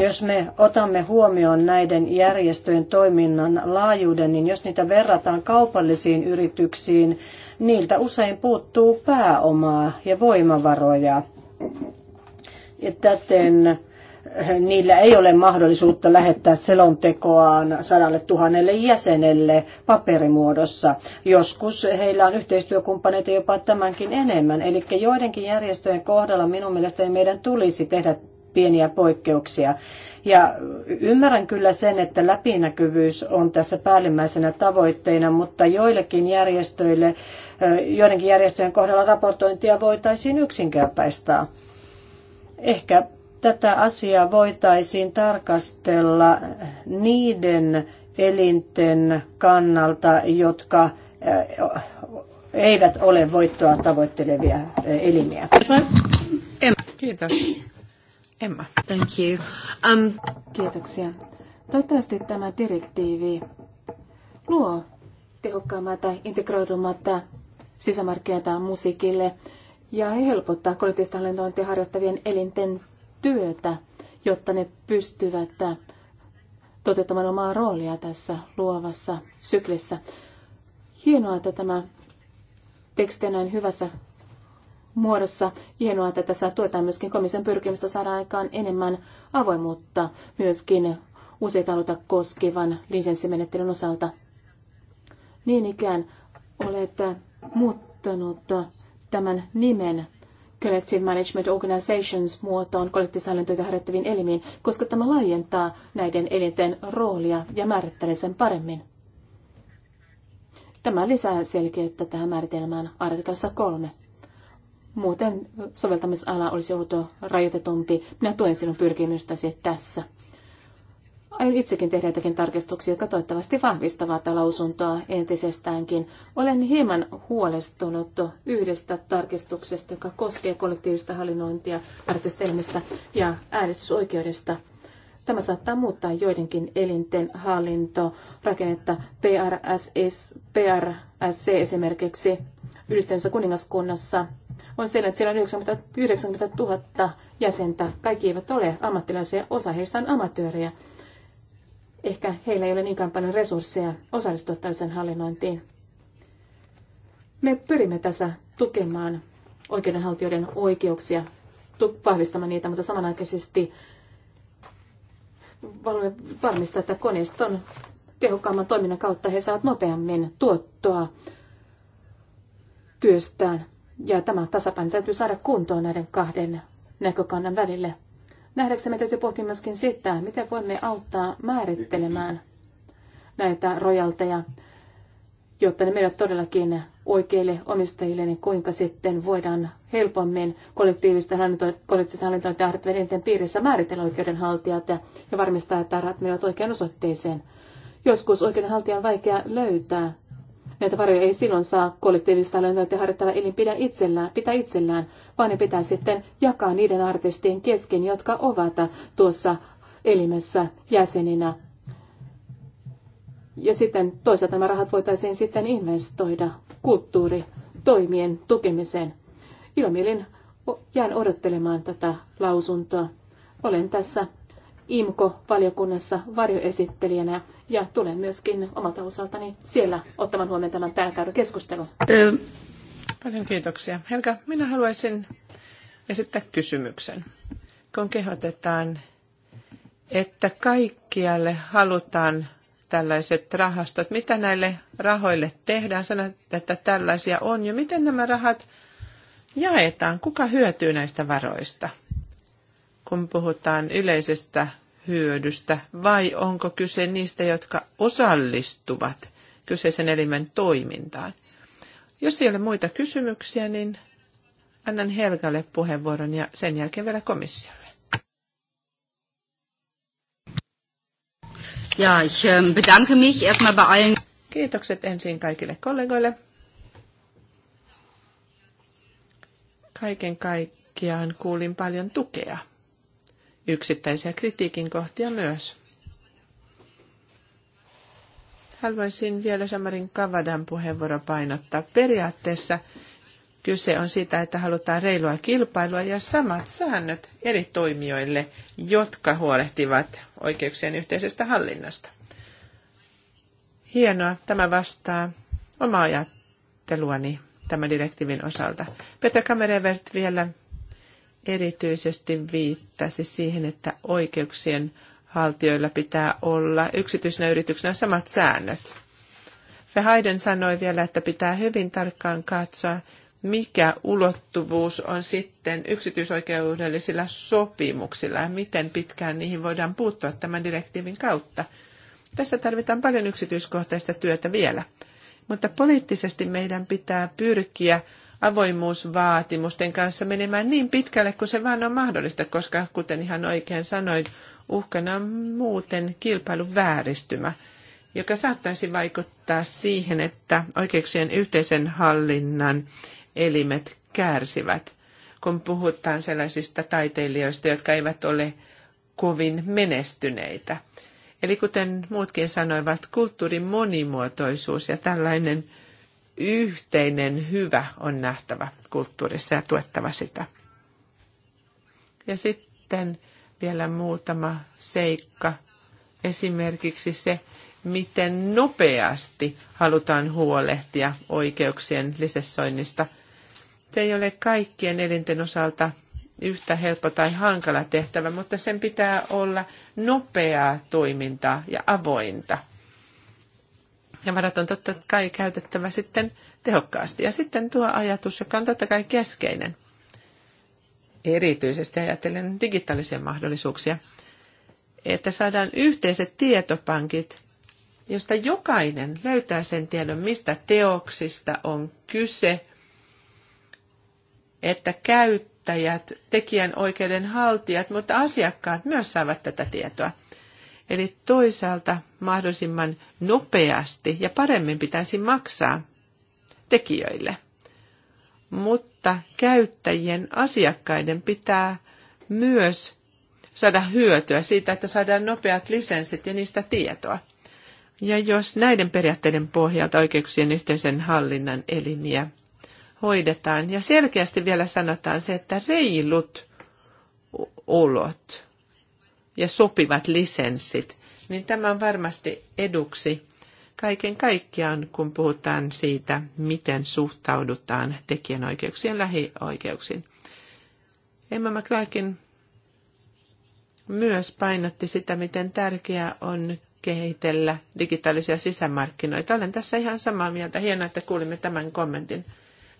Jos me otamme huomioon näiden järjestöjen toiminnan laajuuden, niin jos niitä verrataan kaupallisiin yrityksiin, niiltä usein puuttuu pääomaa ja voimavaroja ja täten eh, niillä ei ole mahdollisuutta lähettää selontekoaan sadalle tuhannelle jäsenelle paperimuodossa. Joskus heillä on yhteistyökumppaneita jopa tämänkin enemmän. Eli joidenkin järjestöjen kohdalla minun mielestäni meidän tulisi tehdä pieniä poikkeuksia. Ja ymmärrän kyllä sen, että läpinäkyvyys on tässä päällimmäisenä tavoitteena, mutta joillekin järjestöille, eh, joidenkin järjestöjen kohdalla raportointia voitaisiin yksinkertaistaa. Ehkä tätä asiaa voitaisiin tarkastella niiden elinten kannalta, jotka eh, eivät ole voittoa tavoittelevia eh, elimiä. Kiitos. Emma. Thank you. Um... Kiitoksia. Toivottavasti tämä direktiivi luo tehokkaammat tai integroidummat sisämarkkinoita musiikille ja helpottaa kollektiivista hallintointia harjoittavien elinten työtä, jotta ne pystyvät toteuttamaan omaa roolia tässä luovassa syklissä. Hienoa, että tämä teksti on näin hyvässä muodossa. Hienoa, että tässä tuetaan myöskin komission pyrkimystä saada aikaan enemmän avoimuutta myöskin useita aluita koskevan lisenssimenettelyn osalta. Niin ikään olet muuttanut tämän nimen Collective Management Organizations muotoon kollektiivishallintoita harjoittaviin elimiin, koska tämä laajentaa näiden elinten roolia ja määrittelee sen paremmin. Tämä lisää selkeyttä tähän määritelmään artiklassa kolme. Muuten soveltamisala olisi ollut rajoitetumpi. Minä tuen sinun pyrkimystäsi tässä. Aion itsekin tehdä jotakin tarkistuksia, jotka toivottavasti vahvistavat lausuntoa entisestäänkin. Olen hieman huolestunut yhdestä tarkistuksesta, joka koskee kollektiivista hallinnointia, järjestelmistä ja äänestysoikeudesta. Tämä saattaa muuttaa joidenkin elinten hallintorakennetta. PRSS, PRSC esimerkiksi yhdistelmässä kuningaskunnassa on siellä, että siellä on 90 000 jäsentä. Kaikki eivät ole ammattilaisia, osa heistä on amatöörejä. Ehkä heillä ei ole niinkään paljon resursseja osallistua tällaisen hallinnointiin. Me pyrimme tässä tukemaan oikeudenhaltijoiden oikeuksia, vahvistamaan niitä, mutta samanaikaisesti varmistaa, että koneiston tehokkaamman toiminnan kautta he saavat nopeammin tuottoa työstään. Ja tämä tasapaino täytyy saada kuntoon näiden kahden näkökannan välille. Nähdäksemme täytyy pohtia myöskin sitä, miten voimme auttaa määrittelemään näitä rojalteja, jotta ne menevät todellakin oikeille omistajille, niin kuinka sitten voidaan helpommin kollektiivista hallinto- kollektiivista hallintointia harjoittavien eniten piirissä määritellä oikeudenhaltijat ja, varmistaa, että rahat menevät oikeaan osoitteeseen. Joskus oikeudenhaltija on vaikea löytää Näitä varoja ei silloin saa kollektiivista lennätä harjoittava elin pidä itsellään, pitää itsellään, vaan ne pitää sitten jakaa niiden artistien kesken, jotka ovat tuossa elimessä jäseninä. Ja sitten toisaalta nämä rahat voitaisiin sitten investoida kulttuuritoimien tukemiseen. Ilomielin jään odottelemaan tätä lausuntoa. Olen tässä IMKO-valiokunnassa varjoesittelijänä ja tulen myöskin omalta osaltani siellä ottamaan huomioon tämän tärkeän keskustelun. Eh. Paljon kiitoksia. Helka, minä haluaisin esittää kysymyksen. Kun kehotetaan, että kaikkialle halutaan tällaiset rahastot, mitä näille rahoille tehdään? Sanoit, että tällaisia on jo. Miten nämä rahat jaetaan? Kuka hyötyy näistä varoista? Kun puhutaan yleisestä hyödystä vai onko kyse niistä, jotka osallistuvat kyseisen elimen toimintaan? Jos ei ole muita kysymyksiä, niin annan Helgalle puheenvuoron ja sen jälkeen vielä komissiolle. Ja, ich ähm, bedanke mich erstmal bei allen. Kiitokset ensin kaikille kollegoille. Kaiken kaikkiaan kuulin paljon tukea yksittäisiä kritiikin kohtia myös. Haluaisin vielä Samarin Kavadan puheenvuoro painottaa. Periaatteessa kyse on siitä, että halutaan reilua kilpailua ja samat säännöt eri toimijoille, jotka huolehtivat oikeuksien yhteisestä hallinnasta. Hienoa, tämä vastaa omaa ajatteluani tämän direktiivin osalta. Peter Kamerevert vielä erityisesti viittasi siihen, että oikeuksien haltijoilla pitää olla yksityisenä yrityksenä samat säännöt. Verheiden sanoi vielä, että pitää hyvin tarkkaan katsoa, mikä ulottuvuus on sitten yksityisoikeudellisilla sopimuksilla ja miten pitkään niihin voidaan puuttua tämän direktiivin kautta. Tässä tarvitaan paljon yksityiskohtaista työtä vielä, mutta poliittisesti meidän pitää pyrkiä avoimuusvaatimusten kanssa menemään niin pitkälle kuin se vaan on mahdollista, koska kuten ihan oikein sanoit, uhkana on muuten kilpailun vääristymä, joka saattaisi vaikuttaa siihen, että oikeuksien yhteisen hallinnan elimet kärsivät, kun puhutaan sellaisista taiteilijoista, jotka eivät ole kovin menestyneitä. Eli kuten muutkin sanoivat, kulttuurin monimuotoisuus ja tällainen yhteinen hyvä on nähtävä kulttuurissa ja tuettava sitä. Ja sitten vielä muutama seikka. Esimerkiksi se, miten nopeasti halutaan huolehtia oikeuksien lisessoinnista. Se ei ole kaikkien elinten osalta yhtä helppo tai hankala tehtävä, mutta sen pitää olla nopeaa toimintaa ja avointa. Ja varat on totta kai käytettävä sitten tehokkaasti. Ja sitten tuo ajatus, joka on totta kai keskeinen, erityisesti ajatellen digitaalisia mahdollisuuksia, että saadaan yhteiset tietopankit, josta jokainen löytää sen tiedon, mistä teoksista on kyse, että käyttäjät, oikeuden haltijat, mutta asiakkaat myös saavat tätä tietoa. Eli toisaalta mahdollisimman nopeasti ja paremmin pitäisi maksaa tekijöille. Mutta käyttäjien asiakkaiden pitää myös saada hyötyä siitä, että saadaan nopeat lisenssit ja niistä tietoa. Ja jos näiden periaatteiden pohjalta oikeuksien yhteisen hallinnan elimiä hoidetaan ja selkeästi vielä sanotaan se, että reilut olot ja sopivat lisenssit, niin tämä on varmasti eduksi kaiken kaikkiaan, kun puhutaan siitä, miten suhtaudutaan tekijänoikeuksien lähioikeuksiin. Emma McClarkin myös painotti sitä, miten tärkeää on kehitellä digitaalisia sisämarkkinoita. Olen tässä ihan samaa mieltä. Hienoa, että kuulimme tämän kommentin.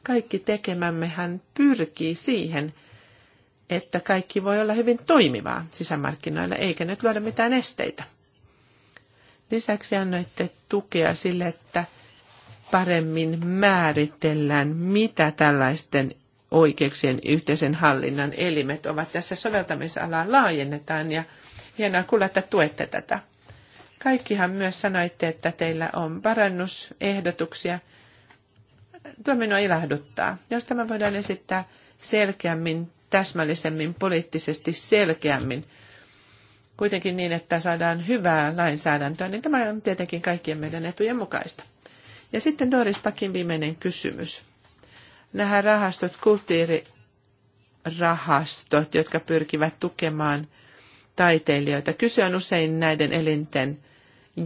Kaikki tekemämmehän pyrkii siihen, että kaikki voi olla hyvin toimivaa sisämarkkinoilla, eikä nyt luoda mitään esteitä. Lisäksi annoitte tukea sille, että paremmin määritellään, mitä tällaisten oikeuksien yhteisen hallinnan elimet ovat tässä soveltamisalaa laajennetaan ja hienoa kuulla, että tuette tätä. Kaikkihan myös sanoitte, että teillä on parannusehdotuksia. Tuo minua ilahduttaa. Jos tämä voidaan esittää selkeämmin täsmällisemmin, poliittisesti selkeämmin, kuitenkin niin, että saadaan hyvää lainsäädäntöä, niin tämä on tietenkin kaikkien meidän etujen mukaista. Ja sitten Doris Pakin viimeinen kysymys. Nämä rahastot, kulttuurirahastot, jotka pyrkivät tukemaan taiteilijoita. Kyse on usein näiden elinten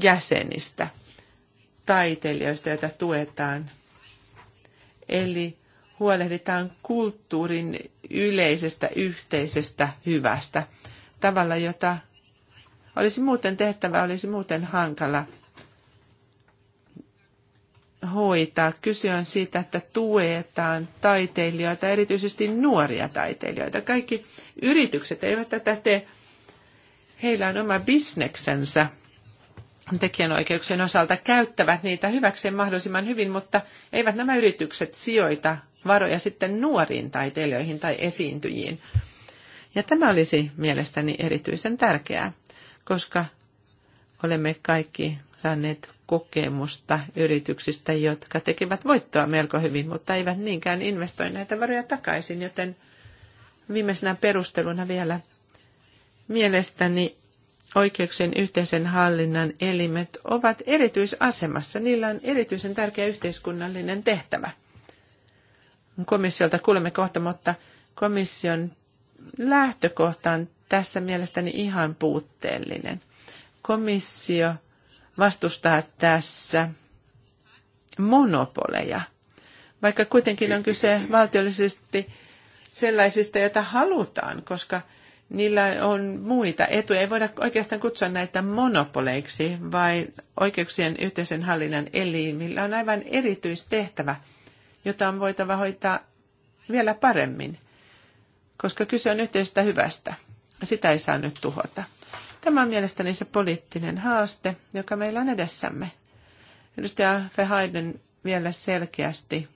jäsenistä, taiteilijoista, joita tuetaan. Eli huolehditaan kulttuurin yleisestä yhteisestä hyvästä tavalla, jota olisi muuten tehtävä, olisi muuten hankala hoitaa. Kyse on siitä, että tuetaan taiteilijoita, erityisesti nuoria taiteilijoita. Kaikki yritykset eivät tätä tee. Heillä on oma bisneksensä tekijänoikeuksien osalta, käyttävät niitä hyväkseen mahdollisimman hyvin, mutta eivät nämä yritykset sijoita varoja sitten nuoriin taiteilijoihin tai esiintyjiin. Ja tämä olisi mielestäni erityisen tärkeää, koska olemme kaikki saaneet kokemusta yrityksistä, jotka tekevät voittoa melko hyvin, mutta eivät niinkään investoi näitä varoja takaisin, joten viimeisenä perusteluna vielä mielestäni oikeuksien yhteisen hallinnan elimet ovat erityisasemassa. Niillä on erityisen tärkeä yhteiskunnallinen tehtävä komissiolta kuulemme kohta, mutta komission lähtökohta on tässä mielestäni ihan puutteellinen. Komissio vastustaa tässä monopoleja, vaikka kuitenkin on kyse valtiollisesti sellaisista, joita halutaan, koska niillä on muita etuja. Ei voida oikeastaan kutsua näitä monopoleiksi, vai oikeuksien yhteisen hallinnan elimillä on aivan erityistehtävä – jota on voitava hoitaa vielä paremmin, koska kyse on yhteisestä hyvästä. Sitä ei saa nyt tuhota. Tämä on mielestäni se poliittinen haaste, joka meillä on edessämme. Edustaja Fehaiden vielä selkeästi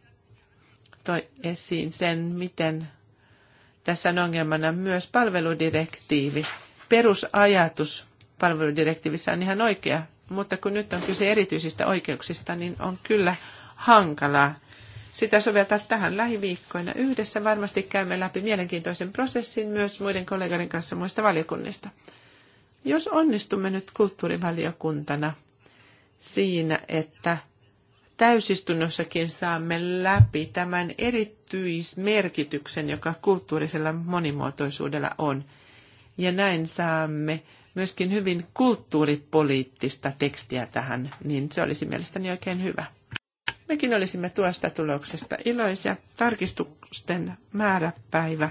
toi esiin sen, miten tässä on ongelmana myös palveludirektiivi. Perusajatus palveludirektiivissä on ihan oikea, mutta kun nyt on kyse erityisistä oikeuksista, niin on kyllä hankalaa sitä soveltaa tähän lähiviikkoina. Yhdessä varmasti käymme läpi mielenkiintoisen prosessin myös muiden kollegoiden kanssa muista valiokunnista. Jos onnistumme nyt kulttuurivaliokuntana siinä, että täysistunnossakin saamme läpi tämän erityismerkityksen, joka kulttuurisella monimuotoisuudella on. Ja näin saamme myöskin hyvin kulttuuripoliittista tekstiä tähän, niin se olisi mielestäni oikein hyvä. Mekin olisimme tuosta tuloksesta iloisia. Tarkistusten määräpäivä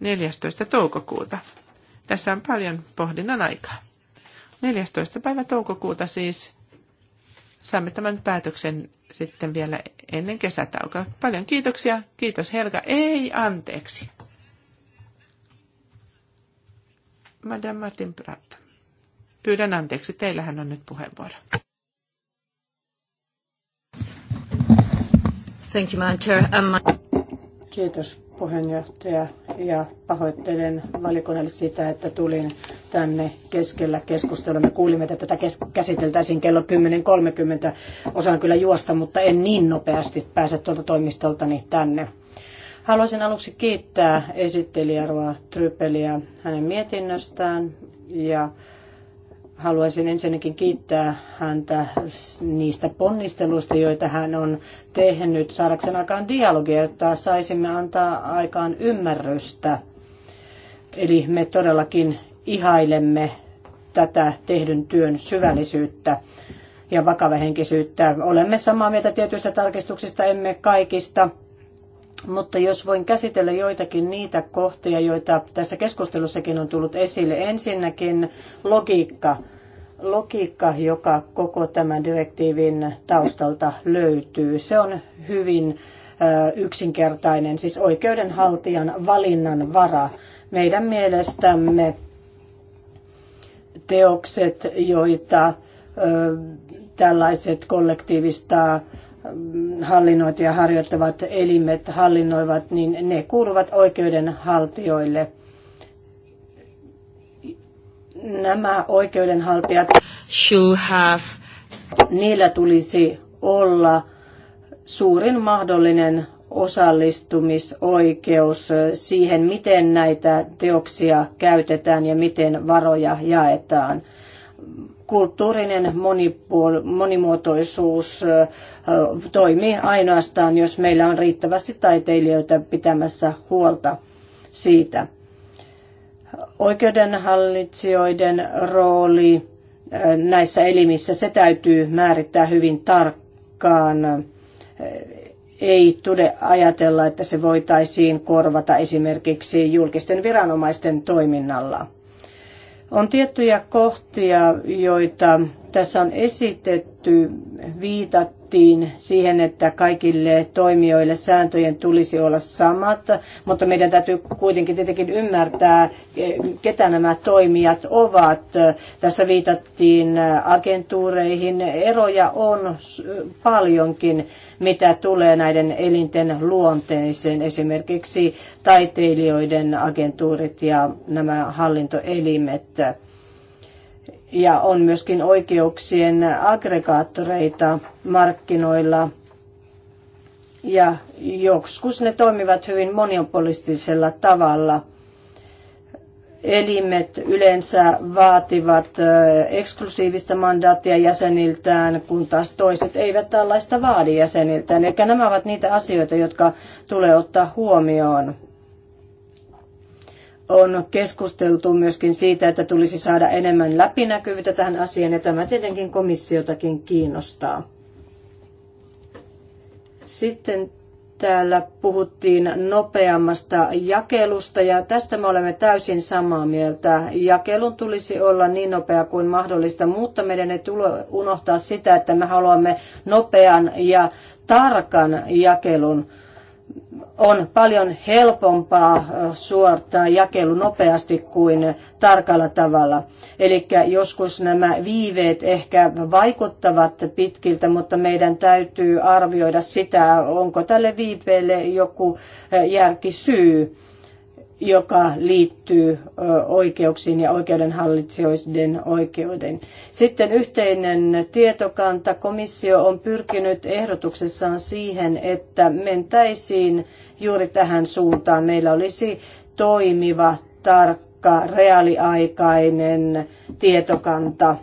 14. toukokuuta. Tässä on paljon pohdinnan aikaa. 14. päivä toukokuuta siis saamme tämän päätöksen sitten vielä ennen kesätaukoa. Paljon kiitoksia. Kiitos Helga. Ei, anteeksi. Madame Martin Pratt. Pyydän anteeksi, teillähän on nyt puheenvuoro. Thank you, Madam Chair. Um, Kiitos puheenjohtaja ja pahoittelen valikonalle sitä, että tulin tänne keskellä keskustelua. Me kuulimme, että tätä käsiteltäisiin kello 10.30. Osaan kyllä juosta, mutta en niin nopeasti pääse tuolta toimistoltani tänne. Haluaisin aluksi kiittää esittelijä Roa Trypeliä hänen mietinnöstään ja haluaisin ensinnäkin kiittää häntä niistä ponnisteluista, joita hän on tehnyt saadakseen aikaan dialogia, jotta saisimme antaa aikaan ymmärrystä. Eli me todellakin ihailemme tätä tehdyn työn syvällisyyttä ja vakavahenkisyyttä. Olemme samaa mieltä tietyistä tarkistuksista, emme kaikista. Mutta jos voin käsitellä joitakin niitä kohtia, joita tässä keskustelussakin on tullut esille. Ensinnäkin logiikka, logiikka joka koko tämän direktiivin taustalta löytyy. Se on hyvin yksinkertainen, siis oikeudenhaltijan valinnan vara. Meidän mielestämme teokset, joita tällaiset kollektiivista hallinnointia ja harjoittavat elimet hallinnoivat, niin ne kuuluvat oikeudenhaltijoille. Nämä oikeudenhaltijat, should have. niillä tulisi olla suurin mahdollinen osallistumisoikeus siihen, miten näitä teoksia käytetään ja miten varoja jaetaan – kulttuurinen monipuol- monimuotoisuus toimii ainoastaan, jos meillä on riittävästi taiteilijoita pitämässä huolta siitä. Oikeudenhallitsijoiden rooli näissä elimissä, se täytyy määrittää hyvin tarkkaan. Ei tule ajatella, että se voitaisiin korvata esimerkiksi julkisten viranomaisten toiminnalla on tiettyjä kohtia, joita tässä on esitetty, viitattiin siihen, että kaikille toimijoille sääntöjen tulisi olla samat, mutta meidän täytyy kuitenkin tietenkin ymmärtää, ketä nämä toimijat ovat. Tässä viitattiin agentuureihin, eroja on paljonkin mitä tulee näiden elinten luonteeseen, esimerkiksi taiteilijoiden agentuurit ja nämä hallintoelimet. Ja on myöskin oikeuksien aggregaattoreita markkinoilla, ja joskus ne toimivat hyvin monopolistisella tavalla – elimet yleensä vaativat eksklusiivista mandaattia jäseniltään, kun taas toiset eivät tällaista vaadi jäseniltään. Eli nämä ovat niitä asioita, jotka tulee ottaa huomioon. On keskusteltu myöskin siitä, että tulisi saada enemmän läpinäkyvyyttä tähän asiaan, ja tämä tietenkin komissiotakin kiinnostaa. Sitten Täällä puhuttiin nopeammasta jakelusta ja tästä me olemme täysin samaa mieltä. Jakelun tulisi olla niin nopea kuin mahdollista, mutta meidän ei tule unohtaa sitä, että me haluamme nopean ja tarkan jakelun on paljon helpompaa suorittaa jakelu nopeasti kuin tarkalla tavalla. Eli joskus nämä viiveet ehkä vaikuttavat pitkiltä, mutta meidän täytyy arvioida sitä, onko tälle viipeelle joku järkisyy. syy joka liittyy oikeuksiin ja oikeudenhallitsijoiden oikeuden. Sitten yhteinen tietokanta. Komissio on pyrkinyt ehdotuksessaan siihen, että mentäisiin juuri tähän suuntaan. Meillä olisi toimiva, tarkka, reaaliaikainen tietokanta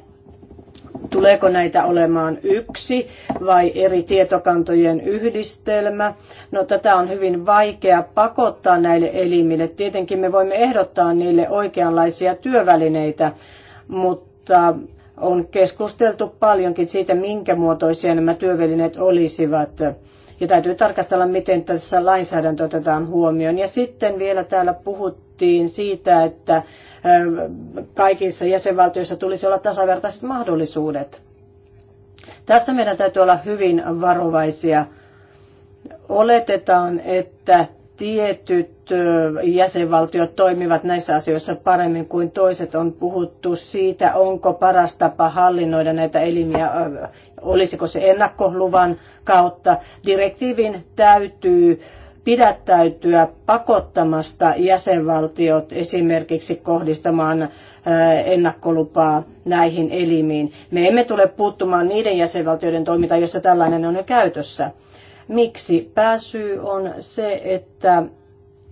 Tuleeko näitä olemaan yksi vai eri tietokantojen yhdistelmä? No tätä on hyvin vaikea pakottaa näille elimille. Tietenkin me voimme ehdottaa niille oikeanlaisia työvälineitä, mutta on keskusteltu paljonkin siitä, minkä muotoisia nämä työvälineet olisivat. Ja täytyy tarkastella, miten tässä lainsäädäntö otetaan huomioon. Ja sitten vielä täällä puhuttiin siitä, että kaikissa jäsenvaltioissa tulisi olla tasavertaiset mahdollisuudet. Tässä meidän täytyy olla hyvin varovaisia. Oletetaan, että tietyt jäsenvaltiot toimivat näissä asioissa paremmin kuin toiset. On puhuttu siitä, onko paras tapa hallinnoida näitä elimiä, olisiko se ennakkoluvan kautta. Direktiivin täytyy pidättäytyä pakottamasta jäsenvaltiot esimerkiksi kohdistamaan ennakkolupaa näihin elimiin. Me emme tule puuttumaan niiden jäsenvaltioiden toimintaan, jossa tällainen on jo käytössä. Miksi? Pääsyy on se, että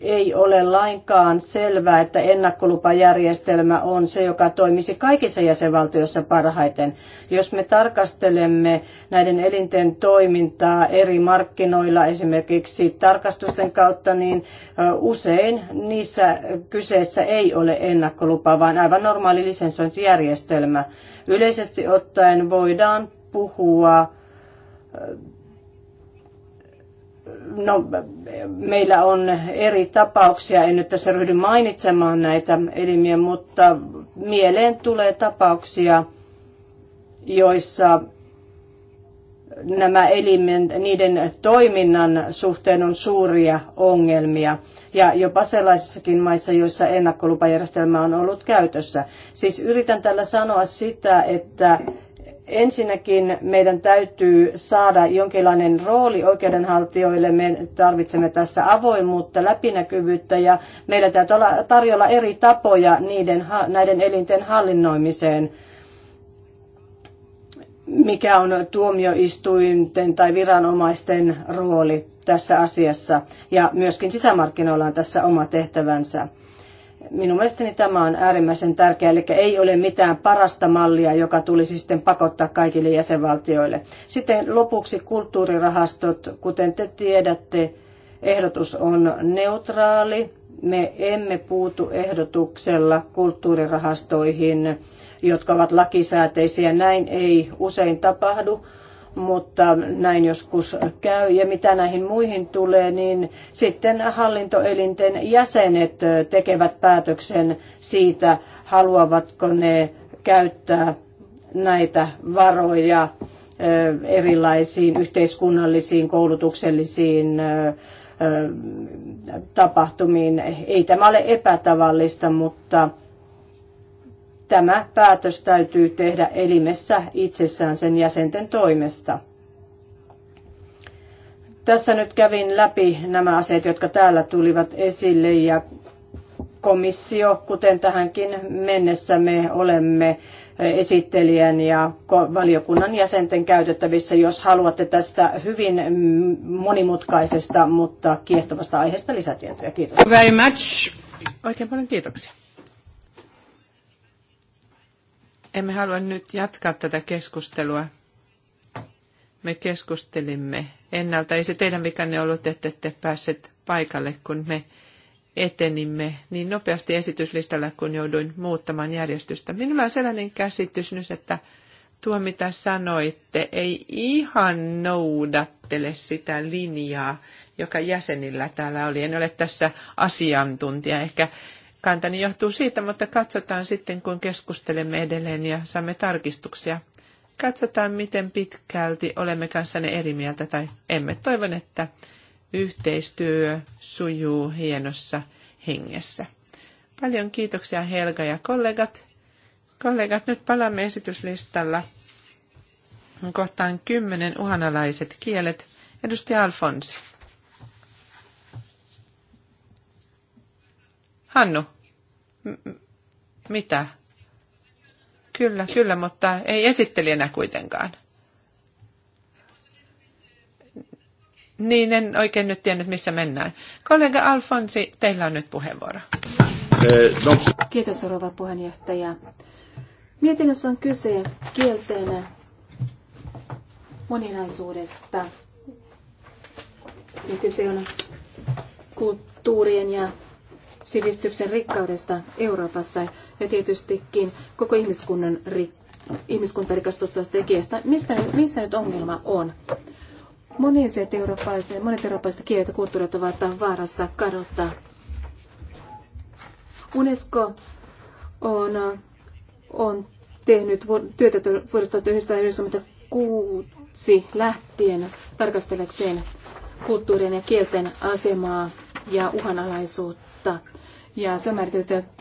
ei ole lainkaan selvää, että ennakkolupajärjestelmä on se, joka toimisi kaikissa jäsenvaltioissa parhaiten. Jos me tarkastelemme näiden elinten toimintaa eri markkinoilla esimerkiksi tarkastusten kautta, niin usein niissä kyseessä ei ole ennakkolupa, vaan aivan normaali lisensointijärjestelmä. Yleisesti ottaen voidaan puhua no, meillä on eri tapauksia, en nyt tässä ryhdy mainitsemaan näitä elimiä, mutta mieleen tulee tapauksia, joissa nämä elimen, niiden toiminnan suhteen on suuria ongelmia. Ja jopa sellaisissakin maissa, joissa ennakkolupajärjestelmä on ollut käytössä. Siis yritän tällä sanoa sitä, että Ensinnäkin meidän täytyy saada jonkinlainen rooli oikeudenhaltijoille. Me tarvitsemme tässä avoimuutta, läpinäkyvyyttä ja meillä täytyy olla tarjolla eri tapoja niiden, näiden elinten hallinnoimiseen mikä on tuomioistuinten tai viranomaisten rooli tässä asiassa. Ja myöskin sisämarkkinoilla on tässä oma tehtävänsä. Minun mielestäni tämä on äärimmäisen tärkeää, eli ei ole mitään parasta mallia, joka tulisi sitten pakottaa kaikille jäsenvaltioille. Sitten lopuksi kulttuurirahastot, kuten te tiedätte, ehdotus on neutraali. Me emme puutu ehdotuksella kulttuurirahastoihin, jotka ovat lakisääteisiä. Näin ei usein tapahdu mutta näin joskus käy. Ja mitä näihin muihin tulee, niin sitten hallintoelinten jäsenet tekevät päätöksen siitä, haluavatko ne käyttää näitä varoja erilaisiin yhteiskunnallisiin, koulutuksellisiin tapahtumiin. Ei tämä ole epätavallista, mutta Tämä päätös täytyy tehdä elimessä itsessään sen jäsenten toimesta. Tässä nyt kävin läpi nämä asiat, jotka täällä tulivat esille ja komissio, kuten tähänkin mennessä me olemme esittelijän ja valiokunnan jäsenten käytettävissä, jos haluatte tästä hyvin monimutkaisesta, mutta kiehtovasta aiheesta lisätietoja. Kiitos. Very much. Oikein paljon kiitoksia. Emme halua nyt jatkaa tätä keskustelua. Me keskustelimme ennalta. Ei se teidän vikanne ollut, että ette päässeet paikalle, kun me etenimme niin nopeasti esityslistalla, kun jouduin muuttamaan järjestystä. Minulla on sellainen käsitys nyt, että tuo mitä sanoitte ei ihan noudattele sitä linjaa, joka jäsenillä täällä oli. En ole tässä asiantuntija. Ehkä kantani johtuu siitä, mutta katsotaan sitten, kun keskustelemme edelleen ja saamme tarkistuksia. Katsotaan, miten pitkälti olemme kanssanne eri mieltä tai emme. Toivon, että yhteistyö sujuu hienossa hengessä. Paljon kiitoksia Helga ja kollegat. Kollegat, nyt palaamme esityslistalla kohtaan kymmenen uhanalaiset kielet. Edustaja Alfonsi. Hannu, mitä? Kyllä, kyllä, mutta ei esittelijänä kuitenkaan. Niin, en oikein nyt tiennyt, missä mennään. Kollega Alfonsi, teillä on nyt puheenvuoro. Kiitos, rouva puheenjohtaja. Mietinnössä on kyse kielteenä moninaisuudesta. Ja kyse on kulttuurien ja sivistyksen rikkaudesta Euroopassa ja tietystikin koko ihmiskunnan ri, rikastuttaa tekijästä. Mistä, missä nyt ongelma on? Moniset eurooppalaiset, monet eurooppalaiset kielet ja kulttuurit ovat vaarassa kadottaa. UNESCO on, on tehnyt työtä vuodesta 1996 lähtien tarkastelekseen kulttuurien ja kielten asemaa ja uhanalaisuutta ja se on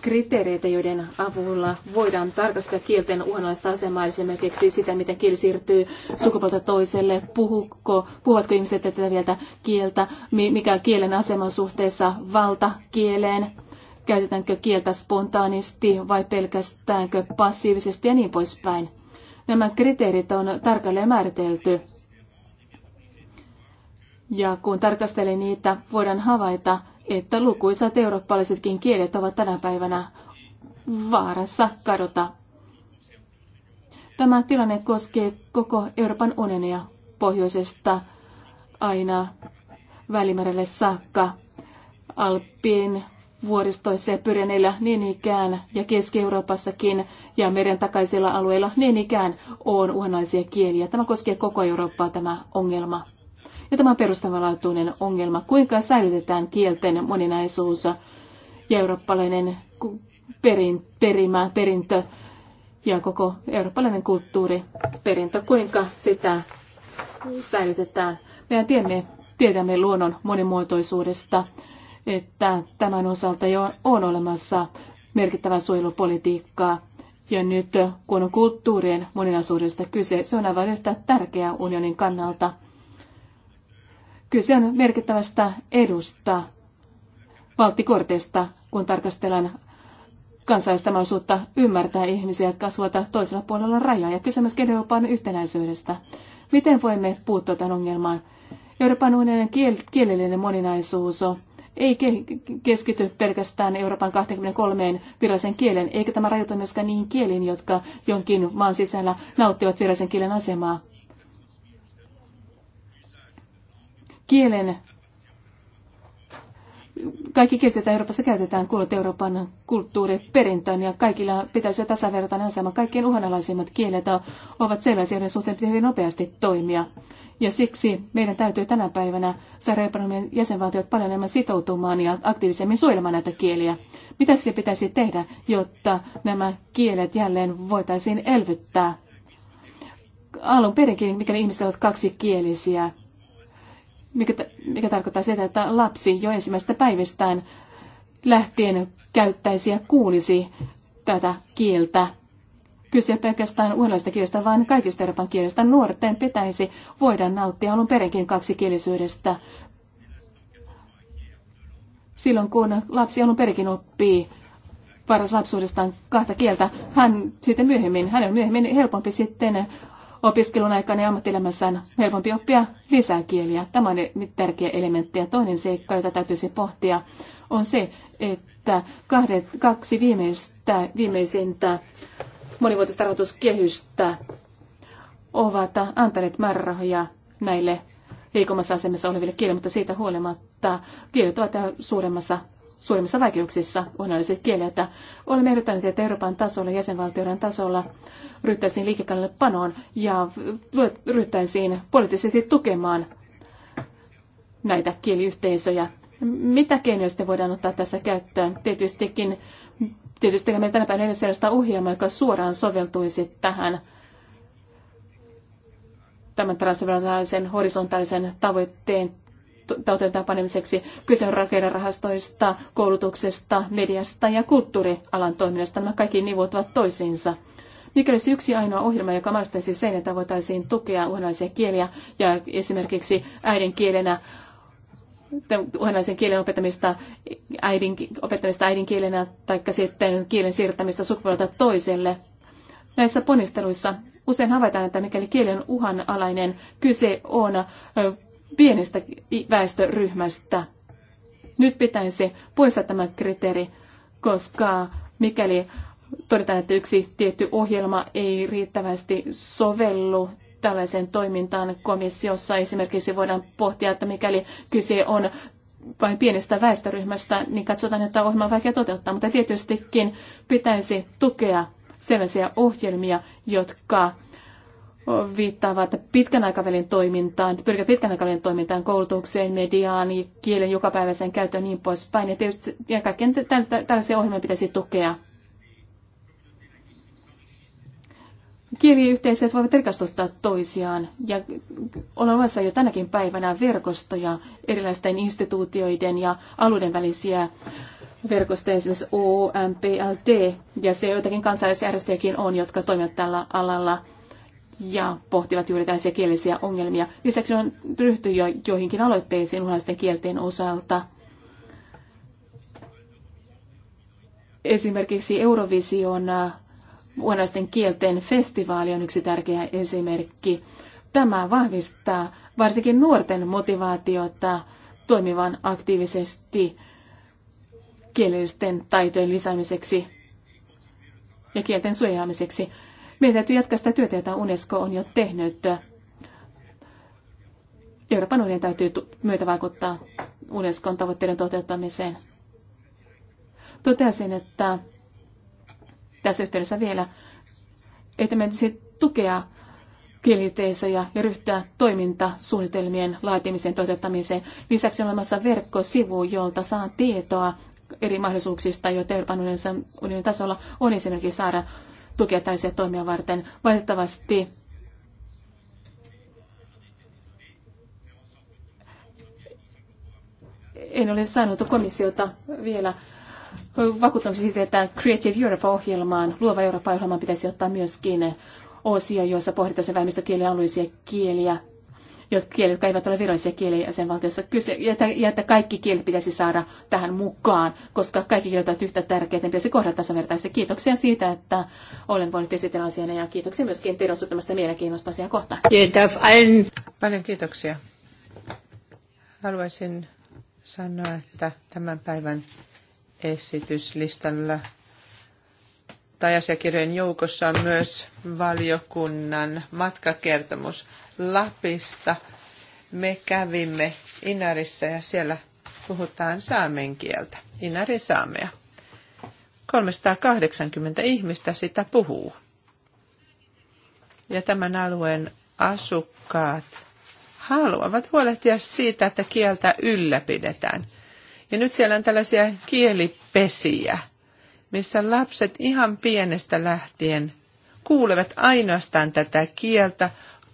kriteereitä, joiden avulla voidaan tarkastaa kielten uhanalaista asemaa, esimerkiksi sitä, miten kieli siirtyy sukupuolta toiselle, puhuko, puhuvatko ihmiset tätä vielä kieltä, mikä on kielen aseman suhteessa valtakieleen, käytetäänkö kieltä spontaanisti vai pelkästäänkö passiivisesti ja niin poispäin. Nämä kriteerit on tarkalleen määritelty. Ja kun tarkastelee niitä, voidaan havaita, että lukuisat eurooppalaisetkin kielet ovat tänä päivänä vaarassa kadota. Tämä tilanne koskee koko Euroopan unionia pohjoisesta aina Välimerelle saakka, Alppien vuoristoissa ja Pyreneillä niin ikään ja Keski-Euroopassakin ja meren takaisilla alueilla niin ikään on uhanaisia kieliä. Tämä koskee koko Eurooppaa tämä ongelma. Ja tämä on perustavanlaatuinen ongelma. Kuinka säilytetään kielten moninaisuus ja eurooppalainen perin, perimä, perintö ja koko eurooppalainen kulttuuriperintö, kuinka sitä säilytetään. Meidän tiemme, tiedämme luonnon monimuotoisuudesta, että tämän osalta jo on olemassa merkittävää suojelupolitiikkaa. Ja nyt kun on kulttuurien moninaisuudesta kyse, se on aivan yhtä tärkeää unionin kannalta – Kyse on merkittävästä edusta valttikortista, kun tarkastellaan kansallista mahdollisuutta ymmärtää ihmisiä, jotka asuvat toisella puolella rajaa, ja kyse Euroopan yhtenäisyydestä. Miten voimme puuttua tämän ongelmaan? Euroopan unionin kiel- kielellinen moninaisuus on ei keskity pelkästään Euroopan 23 virallisen kielen, eikä tämä rajoita myöskään niihin kieliin, jotka jonkin maan sisällä nauttivat virallisen kielen asemaa. kielen kaikki kielet, joita Euroopassa käytetään, kuuluvat Euroopan kulttuuriperintöön ja kaikilla pitäisi olla tasavertainen asema. Kaikkien uhanalaisimmat kielet ovat sellaisia, joiden suhteen pitää hyvin nopeasti toimia. Ja siksi meidän täytyy tänä päivänä saada Euroopan jäsenvaltiot paljon enemmän sitoutumaan ja aktiivisemmin suojelemaan näitä kieliä. Mitä sille pitäisi tehdä, jotta nämä kielet jälleen voitaisiin elvyttää? Alun perinkin, mikäli ihmiset ovat kaksikielisiä, mikä, mikä tarkoittaa sitä, että lapsi jo ensimmäisestä päivästään lähtien käyttäisi ja kuulisi tätä kieltä. Kyse pelkästään uudellaista kielestä, vaan kaikista Euroopan kielestä. Nuorten pitäisi voida nauttia alun perinkin kaksikielisyydestä. Silloin kun lapsi alun perinkin oppii paras lapsuudestaan kahta kieltä, hän sitten myöhemmin, hän on myöhemmin helpompi sitten opiskelun aikana ja on helpompi oppia lisää kieliä. Tämä on tärkeä elementti. Ja toinen seikka, jota täytyisi pohtia, on se, että kahdet, kaksi viimeistä, viimeisintä monivuotista rahoituskehystä ovat antaneet määrärahoja näille heikommassa asemassa oleville kielille, mutta siitä huolimatta kielet ovat suuremmassa suurimmissa vaikeuksissa uhanalaiset kielet. Olemme ehdottaneet, että Euroopan tasolla, jäsenvaltioiden tasolla ryhtäisiin liikekannalle panoon ja ryhtäisiin poliittisesti tukemaan näitä kieliyhteisöjä. Mitä keinoja sitten voidaan ottaa tässä käyttöön? Tietystikin, tietysti meillä tänä päivänä edessä sellaista ohjelmaa, joka suoraan soveltuisi tähän tämän transversaalisen horisontaalisen tavoitteen täytäntöön panemiseksi. Kyse on rakennerahastoista, koulutuksesta, mediasta ja kulttuurialan toiminnasta. Nämä kaikki nivoutuvat toisiinsa. Mikäli olisi yksi ainoa ohjelma, joka mahdollistaisi sen, että voitaisiin tukea uhanalaisia kieliä ja esimerkiksi äidinkielenä uhanalaisen kielen opettamista, äidin, opettamista äidinkielenä tai sitten kielen siirtämistä sukupuolelta toiselle. Näissä ponnisteluissa usein havaitaan, että mikäli kieli on uhanalainen, kyse on pienestä väestöryhmästä. Nyt pitäisi poistaa tämä kriteeri, koska mikäli todetaan, että yksi tietty ohjelma ei riittävästi sovellu tällaiseen toimintaan komissiossa, esimerkiksi voidaan pohtia, että mikäli kyse on vain pienestä väestöryhmästä, niin katsotaan, että ohjelma on vaikea toteuttaa, mutta tietystikin pitäisi tukea sellaisia ohjelmia, jotka viittaavat pitkän aikavälin toimintaan, pyrkivät pitkän aikavälin toimintaan, koulutukseen, mediaan, kielen jokapäiväiseen käyttöön ja niin poispäin. Ja tietysti ja kaikkien tällaisia ohjelmia pitäisi tukea. Kieliyhteisöt voivat rikastuttaa toisiaan ja on olemassa jo tänäkin päivänä verkostoja erilaisten instituutioiden ja alueiden välisiä verkostoja, esimerkiksi OMPLD, ja se joitakin kansallisjärjestöjäkin on, jotka toimivat tällä alalla ja pohtivat juuri tällaisia kielisiä ongelmia. Lisäksi on ryhty jo joihinkin aloitteisiin uhalaisten kielten osalta. Esimerkiksi Eurovision äh, uhalaisten kielten festivaali on yksi tärkeä esimerkki. Tämä vahvistaa varsinkin nuorten motivaatiota toimivan aktiivisesti kielellisten taitojen lisäämiseksi ja kielten suojaamiseksi. Meidän täytyy jatkaa sitä työtä, jota UNESCO on jo tehnyt. Euroopan unionin täytyy myötä vaikuttaa UNESCOn tavoitteiden toteuttamiseen. Toteasin, että tässä yhteydessä vielä, että meidän tukea kieliyhteisöjä ja ryhtyä toimintasuunnitelmien laatimiseen toteuttamiseen. Lisäksi on olemassa verkkosivu, jolta saa tietoa eri mahdollisuuksista, joita Euroopan unionin tasolla on esimerkiksi saada tukea tällaisia toimia varten. Valitettavasti en ole saanut komissiota vielä vakuuttamisen siitä, että Creative Europe-ohjelmaan, Luova Eurooppa-ohjelmaan pitäisi ottaa myöskin osio, jossa pohditaan se ja alueellisia kieliä kielet, jotka eivät ole virallisia kieliä jäsenvaltiossa. Kyse, ja, että kaikki kielet pitäisi saada tähän mukaan, koska kaikki kielet ovat yhtä tärkeitä, ne pitäisi kohdata tasavertaisesti. Kiitoksia siitä, että olen voinut esitellä asian ja kiitoksia myöskin teidän mielenkiinnosta asiaa kohtaan. Paljon kiitoksia. Haluaisin sanoa, että tämän päivän esityslistalla tai asiakirjojen joukossa on myös valiokunnan matkakertomus. Lapista me kävimme Inarissa ja siellä puhutaan saamen kieltä, inari saamea. 380 ihmistä sitä puhuu. Ja tämän alueen asukkaat haluavat huolehtia siitä, että kieltä ylläpidetään. Ja nyt siellä on tällaisia kielipesiä, missä lapset ihan pienestä lähtien kuulevat ainoastaan tätä kieltä,